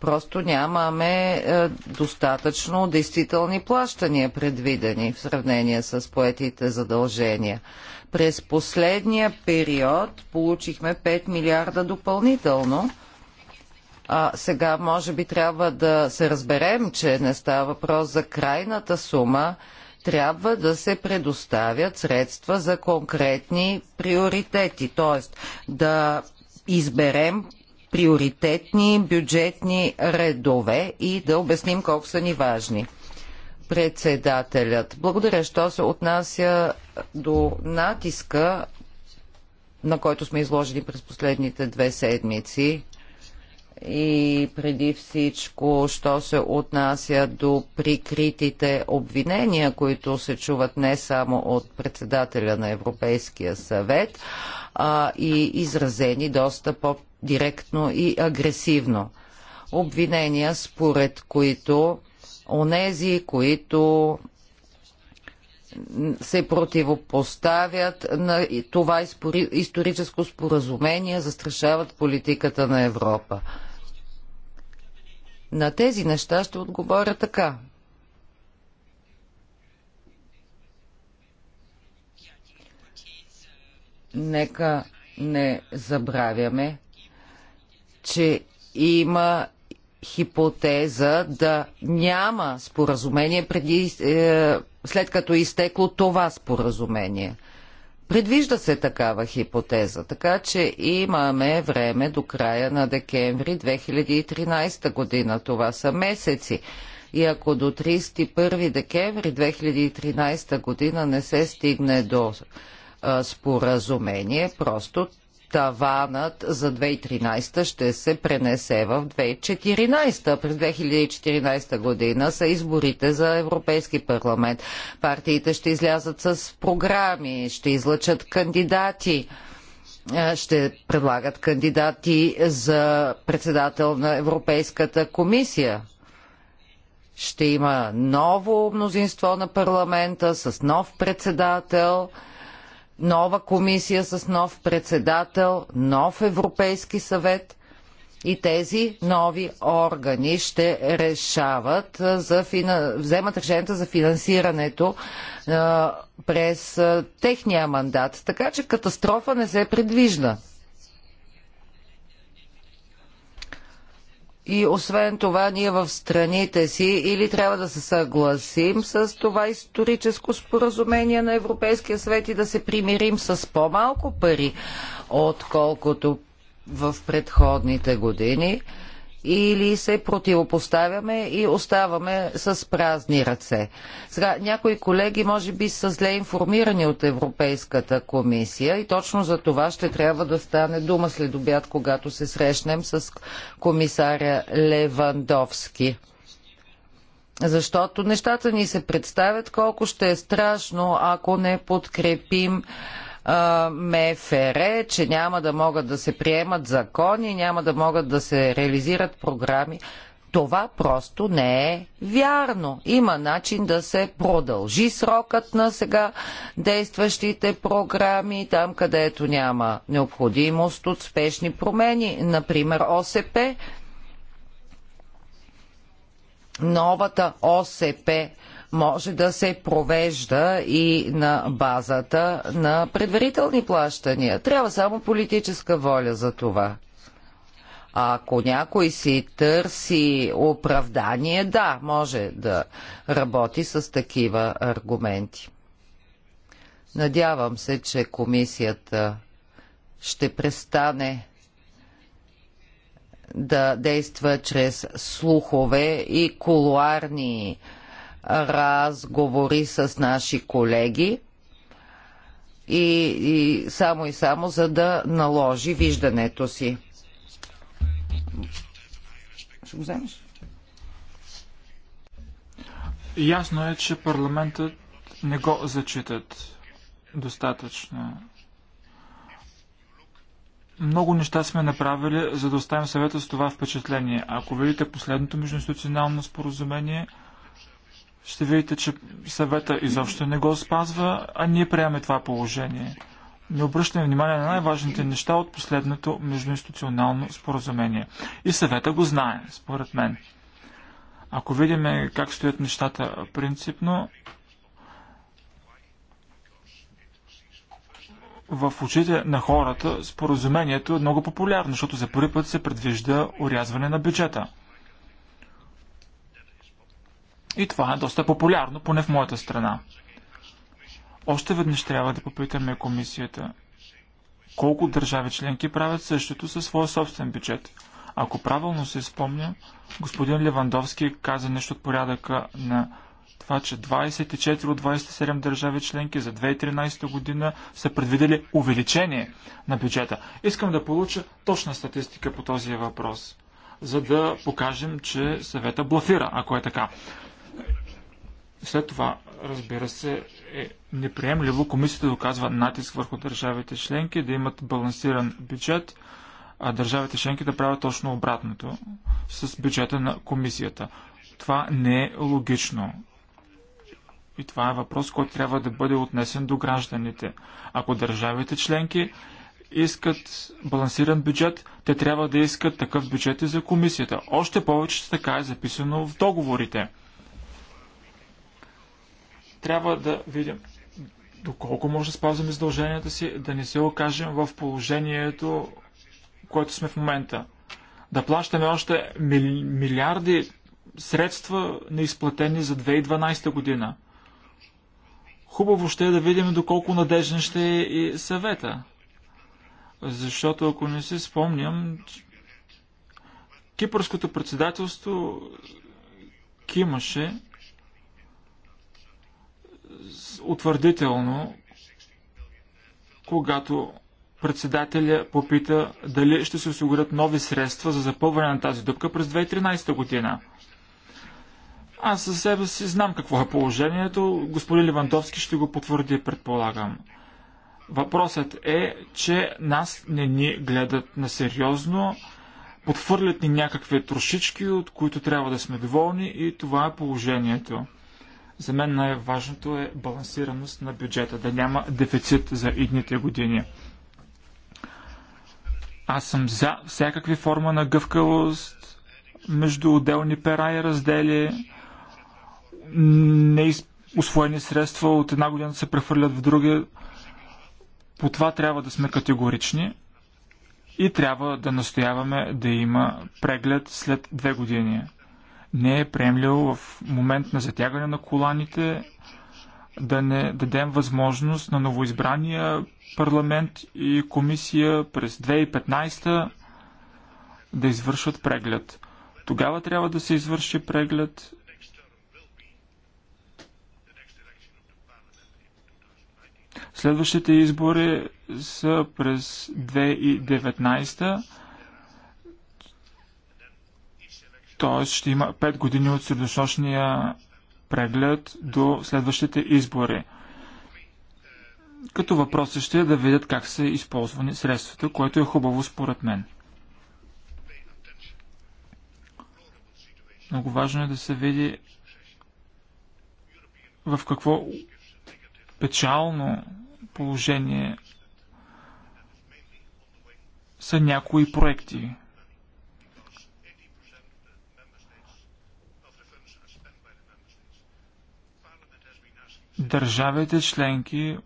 Просто нямаме а, достатъчно действителни плащания предвидени в сравнение с поетите задължения. През последния период получихме 5 милиарда допълнително – а сега може би трябва да се разберем, че не става въпрос за крайната сума. Трябва да се предоставят средства за конкретни приоритети, т.е. да изберем приоритетни бюджетни редове и да обясним колко са ни важни. Председателят. Благодаря, що се отнася до натиска, на който сме изложени през последните две седмици и преди всичко, що се отнася до прикритите обвинения, които се чуват не само от председателя на Европейския съвет, а и изразени доста по-директно и агресивно. Обвинения, според които онези, които се противопоставят на това историческо споразумение, застрашават политиката на Европа. На тези неща ще отговоря така. Нека не забравяме, че има хипотеза да няма споразумение преди, е, след като е изтекло това споразумение. Предвижда се такава хипотеза, така че имаме време до края на декември 2013 година. Това са месеци. И ако до 31 декември 2013 година не се стигне до а, споразумение, просто таванът за 2013 ще се пренесе в 2014. През 2014 година са изборите за Европейски парламент. Партиите ще излязат с програми, ще излъчат кандидати е, ще предлагат кандидати за председател на Европейската комисия. Ще има ново мнозинство на парламента с нов председател – нова комисия с нов председател, нов Европейски съвет и тези нови органи ще решават за фина... вземат решенията за финансирането а, през а, техния мандат. Така че катастрофа не се предвижда. И освен това, ние в страните си или трябва да се съгласим с това историческо споразумение на Европейския свет и да се примирим с по-малко пари, отколкото в предходните години, или се противопоставяме и оставаме с празни ръце. Сега, някои колеги може би са зле информирани от Европейската комисия и точно за това ще трябва да стане дума след обяд, когато се срещнем с комисаря Левандовски. Защото нещата ни се представят колко ще е страшно, ако не подкрепим МФР, че няма да могат да се приемат закони, няма да могат да се реализират програми. Това просто не е вярно. Има начин да се продължи срокът на сега действащите програми, там където няма необходимост от спешни промени, например ОСП. Новата ОСП може да се провежда и на базата на предварителни плащания. Трябва само политическа воля за това. Ако някой си търси оправдание, да, може да работи с такива аргументи. Надявам се, че комисията ще престане да действа чрез слухове и колуарни разговори с наши колеги и, и само и само за да наложи виждането си. Ще го вземеш? Ясно е, че парламентът не го зачитат достатъчно. Много неща сме направили, за да оставим съвета с това впечатление. Ако видите последното междуинституционално споразумение – ще видите, че съвета изобщо не го спазва, а ние приемаме това положение. Не обръщаме внимание на най-важните неща от последното междуинституционално споразумение. И съвета го знае, според мен. Ако видим как стоят нещата принципно, в очите на хората споразумението е много популярно, защото за първи път се предвижда урязване на бюджета – и това е доста популярно, поне в моята страна. Още веднъж трябва да попитаме комисията. Колко държави членки правят същото със своя собствен бюджет? Ако правилно се спомня, господин Левандовски каза нещо от порядъка на това, че 24 от 27 държави членки за 2013 година са предвидели увеличение на бюджета. Искам да получа точна статистика по този въпрос, за да покажем, че съвета блафира, ако е така. След това, разбира се, е неприемливо комисията да оказва натиск върху държавите членки да имат балансиран бюджет, а държавите членки да правят точно обратното с бюджета на комисията. Това не е логично. И това е въпрос, който трябва да бъде отнесен до гражданите. Ако държавите членки искат балансиран бюджет, те трябва да искат такъв бюджет и за комисията. Още повече така е записано в договорите трябва да видим доколко може да спазваме задълженията си, да не се окажем в положението, което сме в момента. Да плащаме още милиарди средства неизплатени за 2012 година. Хубаво ще е да видим доколко надежен ще е и съвета. Защото ако не си спомням, кипърското председателство кимаше утвърдително, когато председателя попита дали ще се осигурят нови средства за запълване на тази дупка през 2013 година. Аз със себе си знам какво е положението. Господин Левандовски ще го потвърди, предполагам. Въпросът е, че нас не ни гледат насериозно, подхвърлят ни някакви трошички, от които трябва да сме доволни и това е положението. За мен най-важното е балансираност на бюджета, да няма дефицит за идните години. Аз съм за всякакви форма на гъвкавост между отделни пера и раздели. Неусвоени средства от една година се прехвърлят в други. По това трябва да сме категорични и трябва да настояваме да има преглед след две години не е приемлял в момент на затягане на коланите да не дадем възможност на новоизбрания парламент и комисия през 2015 да извършат преглед. Тогава трябва да се извърши преглед Следващите избори са през 2019 т.е. ще има 5 години от средносрочния преглед до следващите избори. Като въпрос ще е да видят как са използвани средствата, което е хубаво според мен. Много важно е да се види в какво печално положение са някои проекти, държавите членки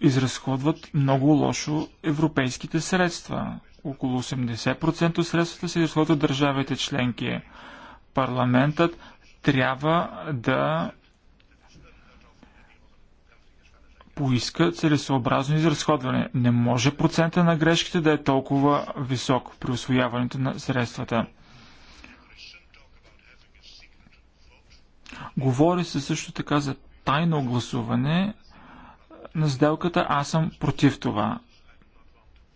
изразходват много лошо европейските средства. Около 80% от средствата се изразходват държавите членки. Парламентът трябва да поиска целесообразно изразходване. Не може процента на грешките да е толкова висок при освояването на средствата. Говори се също така за тайно гласуване на сделката. Аз съм против това.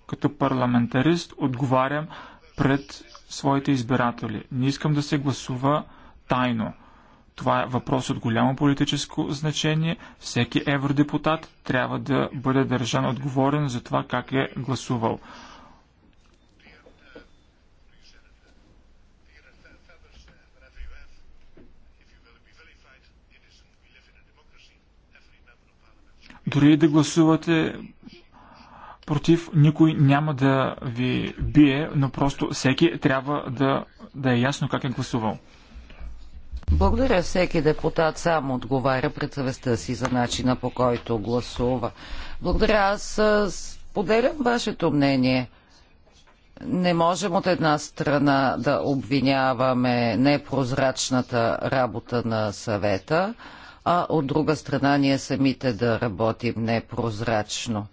Като парламентарист отговарям пред своите избиратели. Не искам да се гласува тайно. Това е въпрос от голямо политическо значение. Всеки евродепутат трябва да бъде държан отговорен за това как е гласувал. Дори да гласувате против, никой няма да ви бие, но просто всеки трябва да, да е ясно как е гласувал. Благодаря всеки депутат сам отговаря пред съвестта си за начина по който гласува. Благодаря, аз поделям вашето мнение. Не можем от една страна да обвиняваме непрозрачната работа на съвета, а от друга страна ние самите да работим непрозрачно.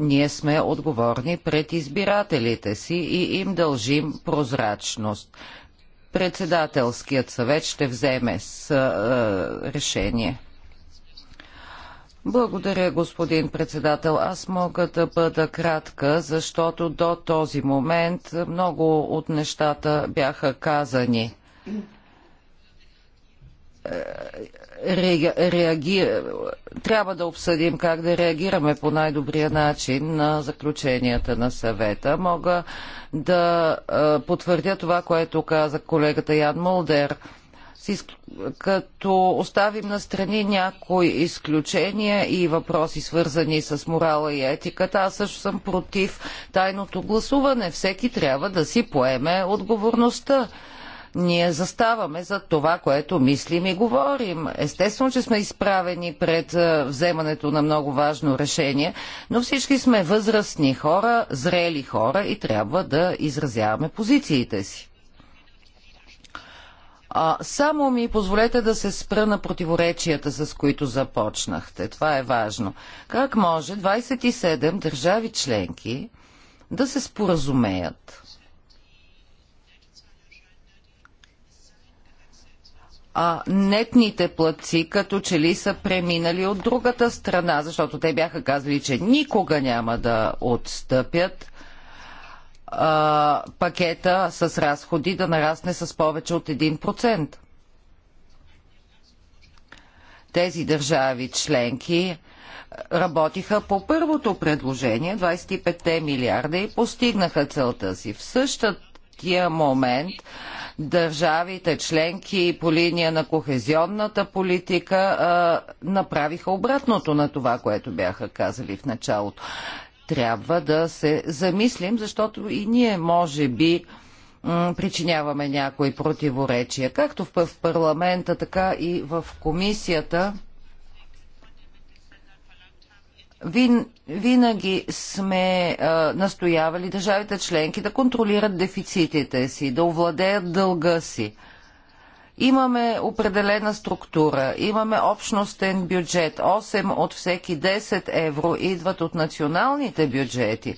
Ние сме отговорни пред избирателите си и им дължим прозрачност. Председателският съвет ще вземе с е, решение. Благодаря, господин председател. Аз мога да бъда кратка, защото до този момент много от нещата бяха казани. Е, реагира, трябва да обсъдим как да реагираме по най-добрия начин на заключенията на съвета. Мога да е, потвърдя това, което каза колегата Ян Молдер като оставим на страни някои изключения и въпроси свързани с морала и етиката, аз също съм против тайното гласуване. Всеки трябва да си поеме отговорността. Ние заставаме за това, което мислим и говорим. Естествено, че сме изправени пред е, вземането на много важно решение, но всички сме възрастни хора, зрели хора и трябва да изразяваме позициите си. А, само ми позволете да се спра на противоречията, с които започнахте. Това е важно. Как може 27 държави членки да се споразумеят а, нетните платци като че ли са преминали от другата страна, защото те бяха казали, че никога няма да отстъпят а, пакета с разходи да нарасне с повече от 1%. Тези държави членки работиха по първото предложение, 25 милиарда и постигнаха целта си. В същия момент държавите членки по линия на кохезионната политика а, направиха обратното на това, което бяха казали в началото. Трябва да се замислим, защото и ние може би причиняваме някои противоречия, както в парламента, така и в комисията Вин, винаги сме а, настоявали държавите членки да контролират дефицитите си, да овладеят дълга си. Имаме определена структура, имаме общностен бюджет. 8 от всеки 10 евро идват от националните бюджети.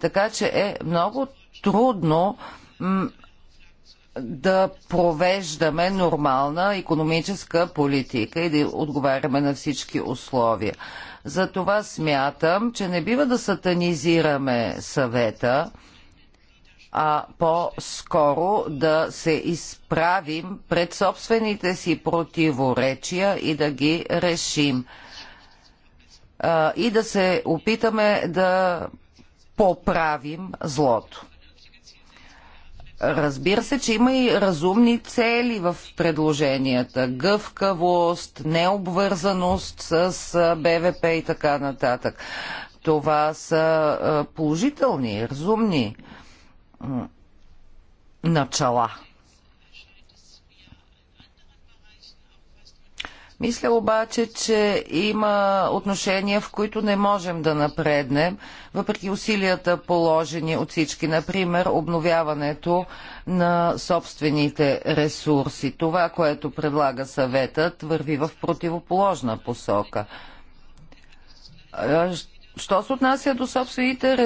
Така че е много трудно да провеждаме нормална економическа политика и да отговаряме на всички условия. Затова смятам, че не бива да сатанизираме съвета, а по-скоро да се изправим пред собствените си противоречия и да ги решим. и да се опитаме да поправим злото. Разбира се, че има и разумни цели в предложенията. Гъвкавост, необвързаност с БВП и така нататък. Това са положителни, разумни начала. Мисля обаче, че има отношения, в които не можем да напреднем, въпреки усилията положени от всички. Например, обновяването на собствените ресурси. Това, което предлага съветът, върви в противоположна посока. Що се отнася до собствените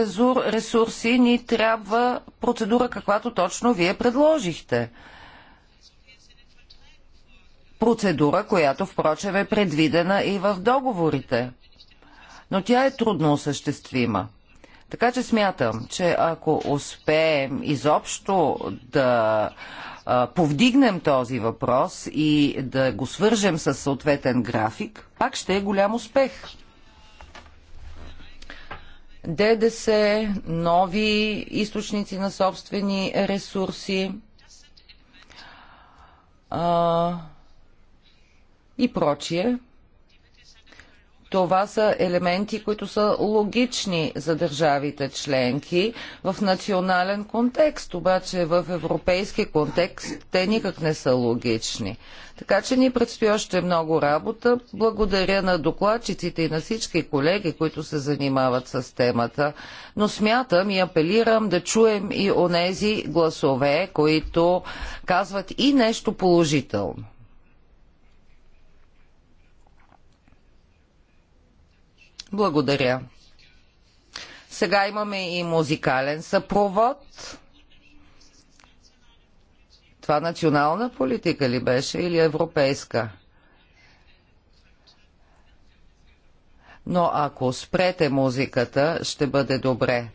ресурси, ни трябва процедура, каквато точно вие предложихте процедура, която впрочем е предвидена и в договорите. Но тя е трудно осъществима. Така че смятам, че ако успеем изобщо да повдигнем този въпрос и да го свържем с съответен график, пак ще е голям успех. ДДС, нови източници на собствени ресурси. А, и прочие. Това са елементи, които са логични за държавите членки в национален контекст, обаче в европейски контекст те никак не са логични. Така че ни предстои още много работа. Благодаря на докладчиците и на всички колеги, които се занимават с темата. Но смятам и апелирам да чуем и онези гласове, които казват и нещо положително. Благодаря. Сега имаме и музикален съпровод. Това национална политика ли беше или европейска? Но ако спрете музиката, ще бъде добре.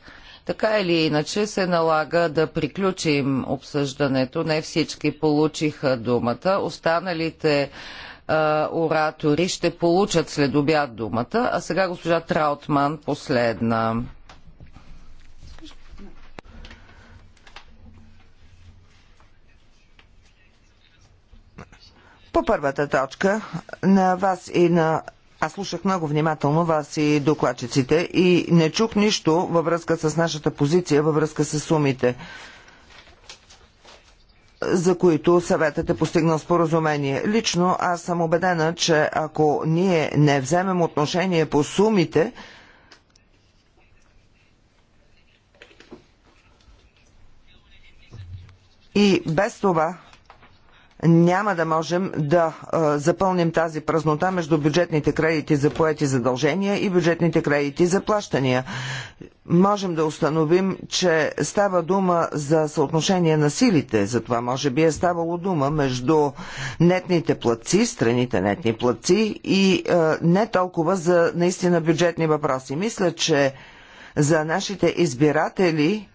Така или иначе се налага да приключим обсъждането. Не всички получиха думата. Останалите а, оратори ще получат след обяд думата. А сега госпожа Траутман последна. По първата точка на вас и на аз слушах много внимателно вас и докладчиците и не чух нищо във връзка с нашата позиция, във връзка с сумите за които съветът е постигнал споразумение. Лично аз съм убедена, че ако ние не вземем отношение по сумите, и без това няма да можем да запълним тази празнота между бюджетните кредити за поети задължения и бюджетните кредити за плащания. Можем да установим, че става дума за съотношение на силите, затова може би е ставало дума между нетните платци, страните нетни платци и а, не толкова за наистина бюджетни въпроси. Мисля, че за нашите избиратели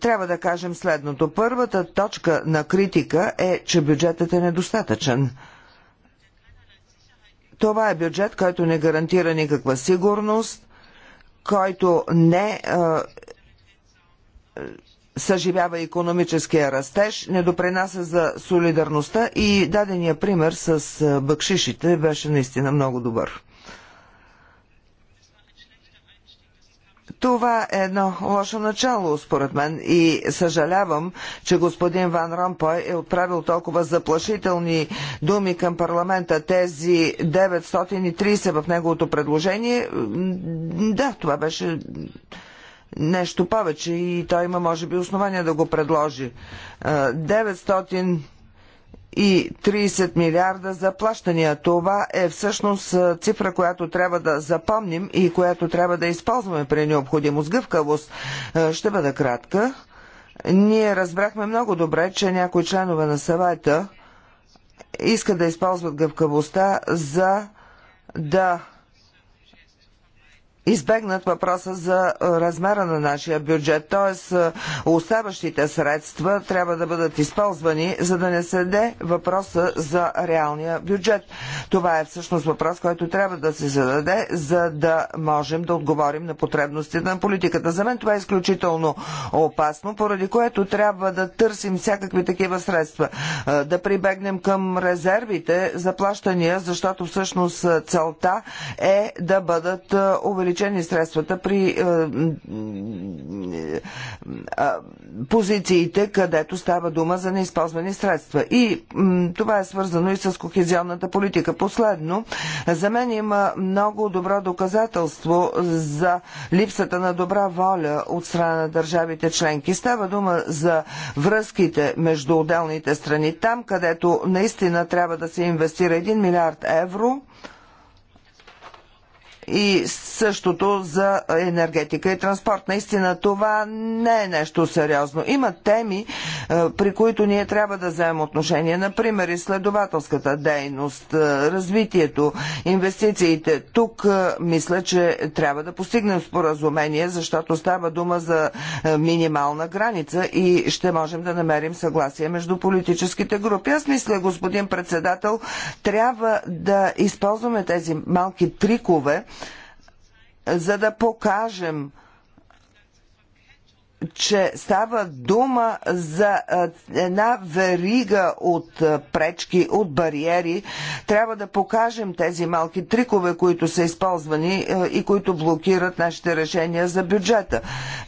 трябва да кажем следното. Първата точка на критика е, че бюджетът е недостатъчен. Това е бюджет, който не гарантира никаква сигурност, който не а, е, съживява економическия растеж, не допринася за солидарността и дадения пример с бъкшишите беше наистина много добър. Това е едно лошо начало, според мен, и съжалявам, че господин Ван Ромпой е отправил толкова заплашителни думи към парламента. Тези 930 в неговото предложение, да, това беше нещо повече и той има, може би, основания да го предложи. 900 е, и 30 милиарда за плащания. Това е всъщност цифра, която трябва да запомним и която трябва да използваме при необходимост. Гъвкавост ще бъда кратка. Ние разбрахме много добре, че някои членове на съвета искат да използват гъвкавостта за да избегнат въпроса за размера на нашия бюджет, т.е. оставащите средства трябва да бъдат използвани, за да не седе въпроса за реалния бюджет. Това е всъщност въпрос, който трябва да се зададе, за да можем да отговорим на потребностите на политиката. За мен това е изключително опасно, поради което трябва да търсим всякакви такива средства. Да прибегнем към резервите за плащания, защото всъщност целта е да бъдат увеличени увеличени средствата при е, е, е, позициите, където става дума за неизползвани средства. И това е свързано и с кохезионната политика. Последно, за мен има много добро доказателство за липсата на добра воля от страна на държавите членки. Става дума за връзките между отделните страни. Там, където наистина трябва да се инвестира 1 милиард евро, и същото за енергетика и транспорт. Наистина това не е нещо сериозно. Има теми, е, при които ние трябва да вземем отношение. Например, изследователската дейност, е, развитието, инвестициите. Тук е, мисля, че трябва да постигнем споразумение, защото става дума за минимална граница и ще можем да намерим съгласие между политическите групи. Аз мисля, господин председател, трябва да използваме тези малки трикове, за да покажем че става дума за една верига от пречки, от бариери. Трябва да покажем тези малки трикове, които са използвани и които блокират нашите решения за бюджета.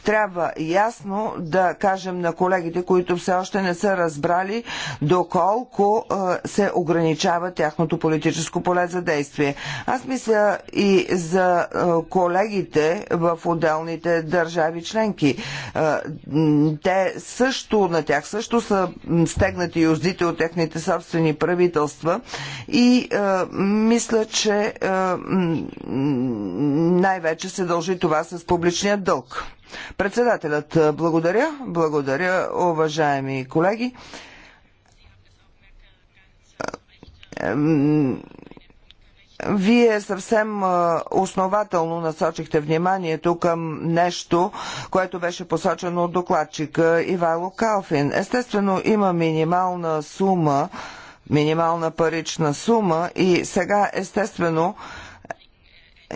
Трябва ясно да кажем на колегите, които все още не са разбрали доколко се ограничава тяхното политическо поле за действие. Аз мисля и за колегите в отделните държави членки те също, на тях също са стегнати юздите от техните собствени правителства и мисля, че най-вече се дължи това с публичния дълг. Председателят, благодаря. Благодаря, уважаеми колеги вие съвсем основателно насочихте вниманието към нещо, което беше посочено от докладчика Ивайло Калфин. Естествено, има минимална сума, минимална парична сума и сега естествено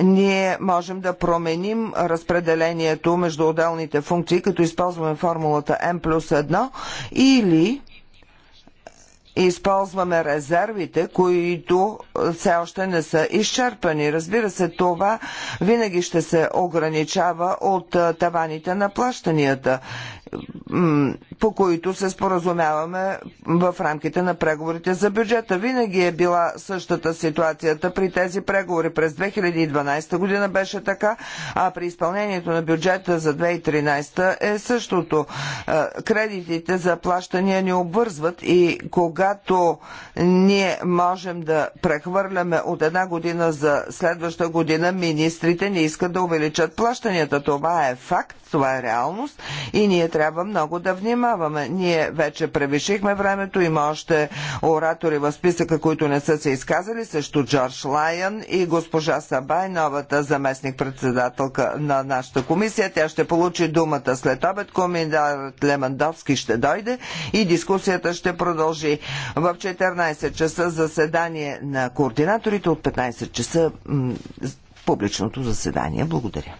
ние можем да променим разпределението между отделните функции, като използваме формулата N плюс 1 или използваме резервите, които е, все още не са изчерпани. Разбира се, това винаги ще се ограничава от е, таваните на плащанията по които се споразумяваме в рамките на преговорите за бюджета. Винаги е била същата ситуацията при тези преговори. През 2012 година беше така, а при изпълнението на бюджета за 2013 е същото. Е, кредитите за плащания ни обвързват и когато ние можем да прехвърляме от една година за следваща година, министрите не искат да увеличат плащанията. Това е факт, това е реалност и ние трябва трябва много да внимаваме. Ние вече превишихме времето, има още оратори в списъка, които не са се изказали, също Джордж Лайън и госпожа Сабай, новата заместник-председателка на нашата комисия. Тя ще получи думата след обед. Комендарът Лемандовски ще дойде и дискусията ще продължи в 14 часа заседание на координаторите от 15 часа публичното заседание. Благодаря.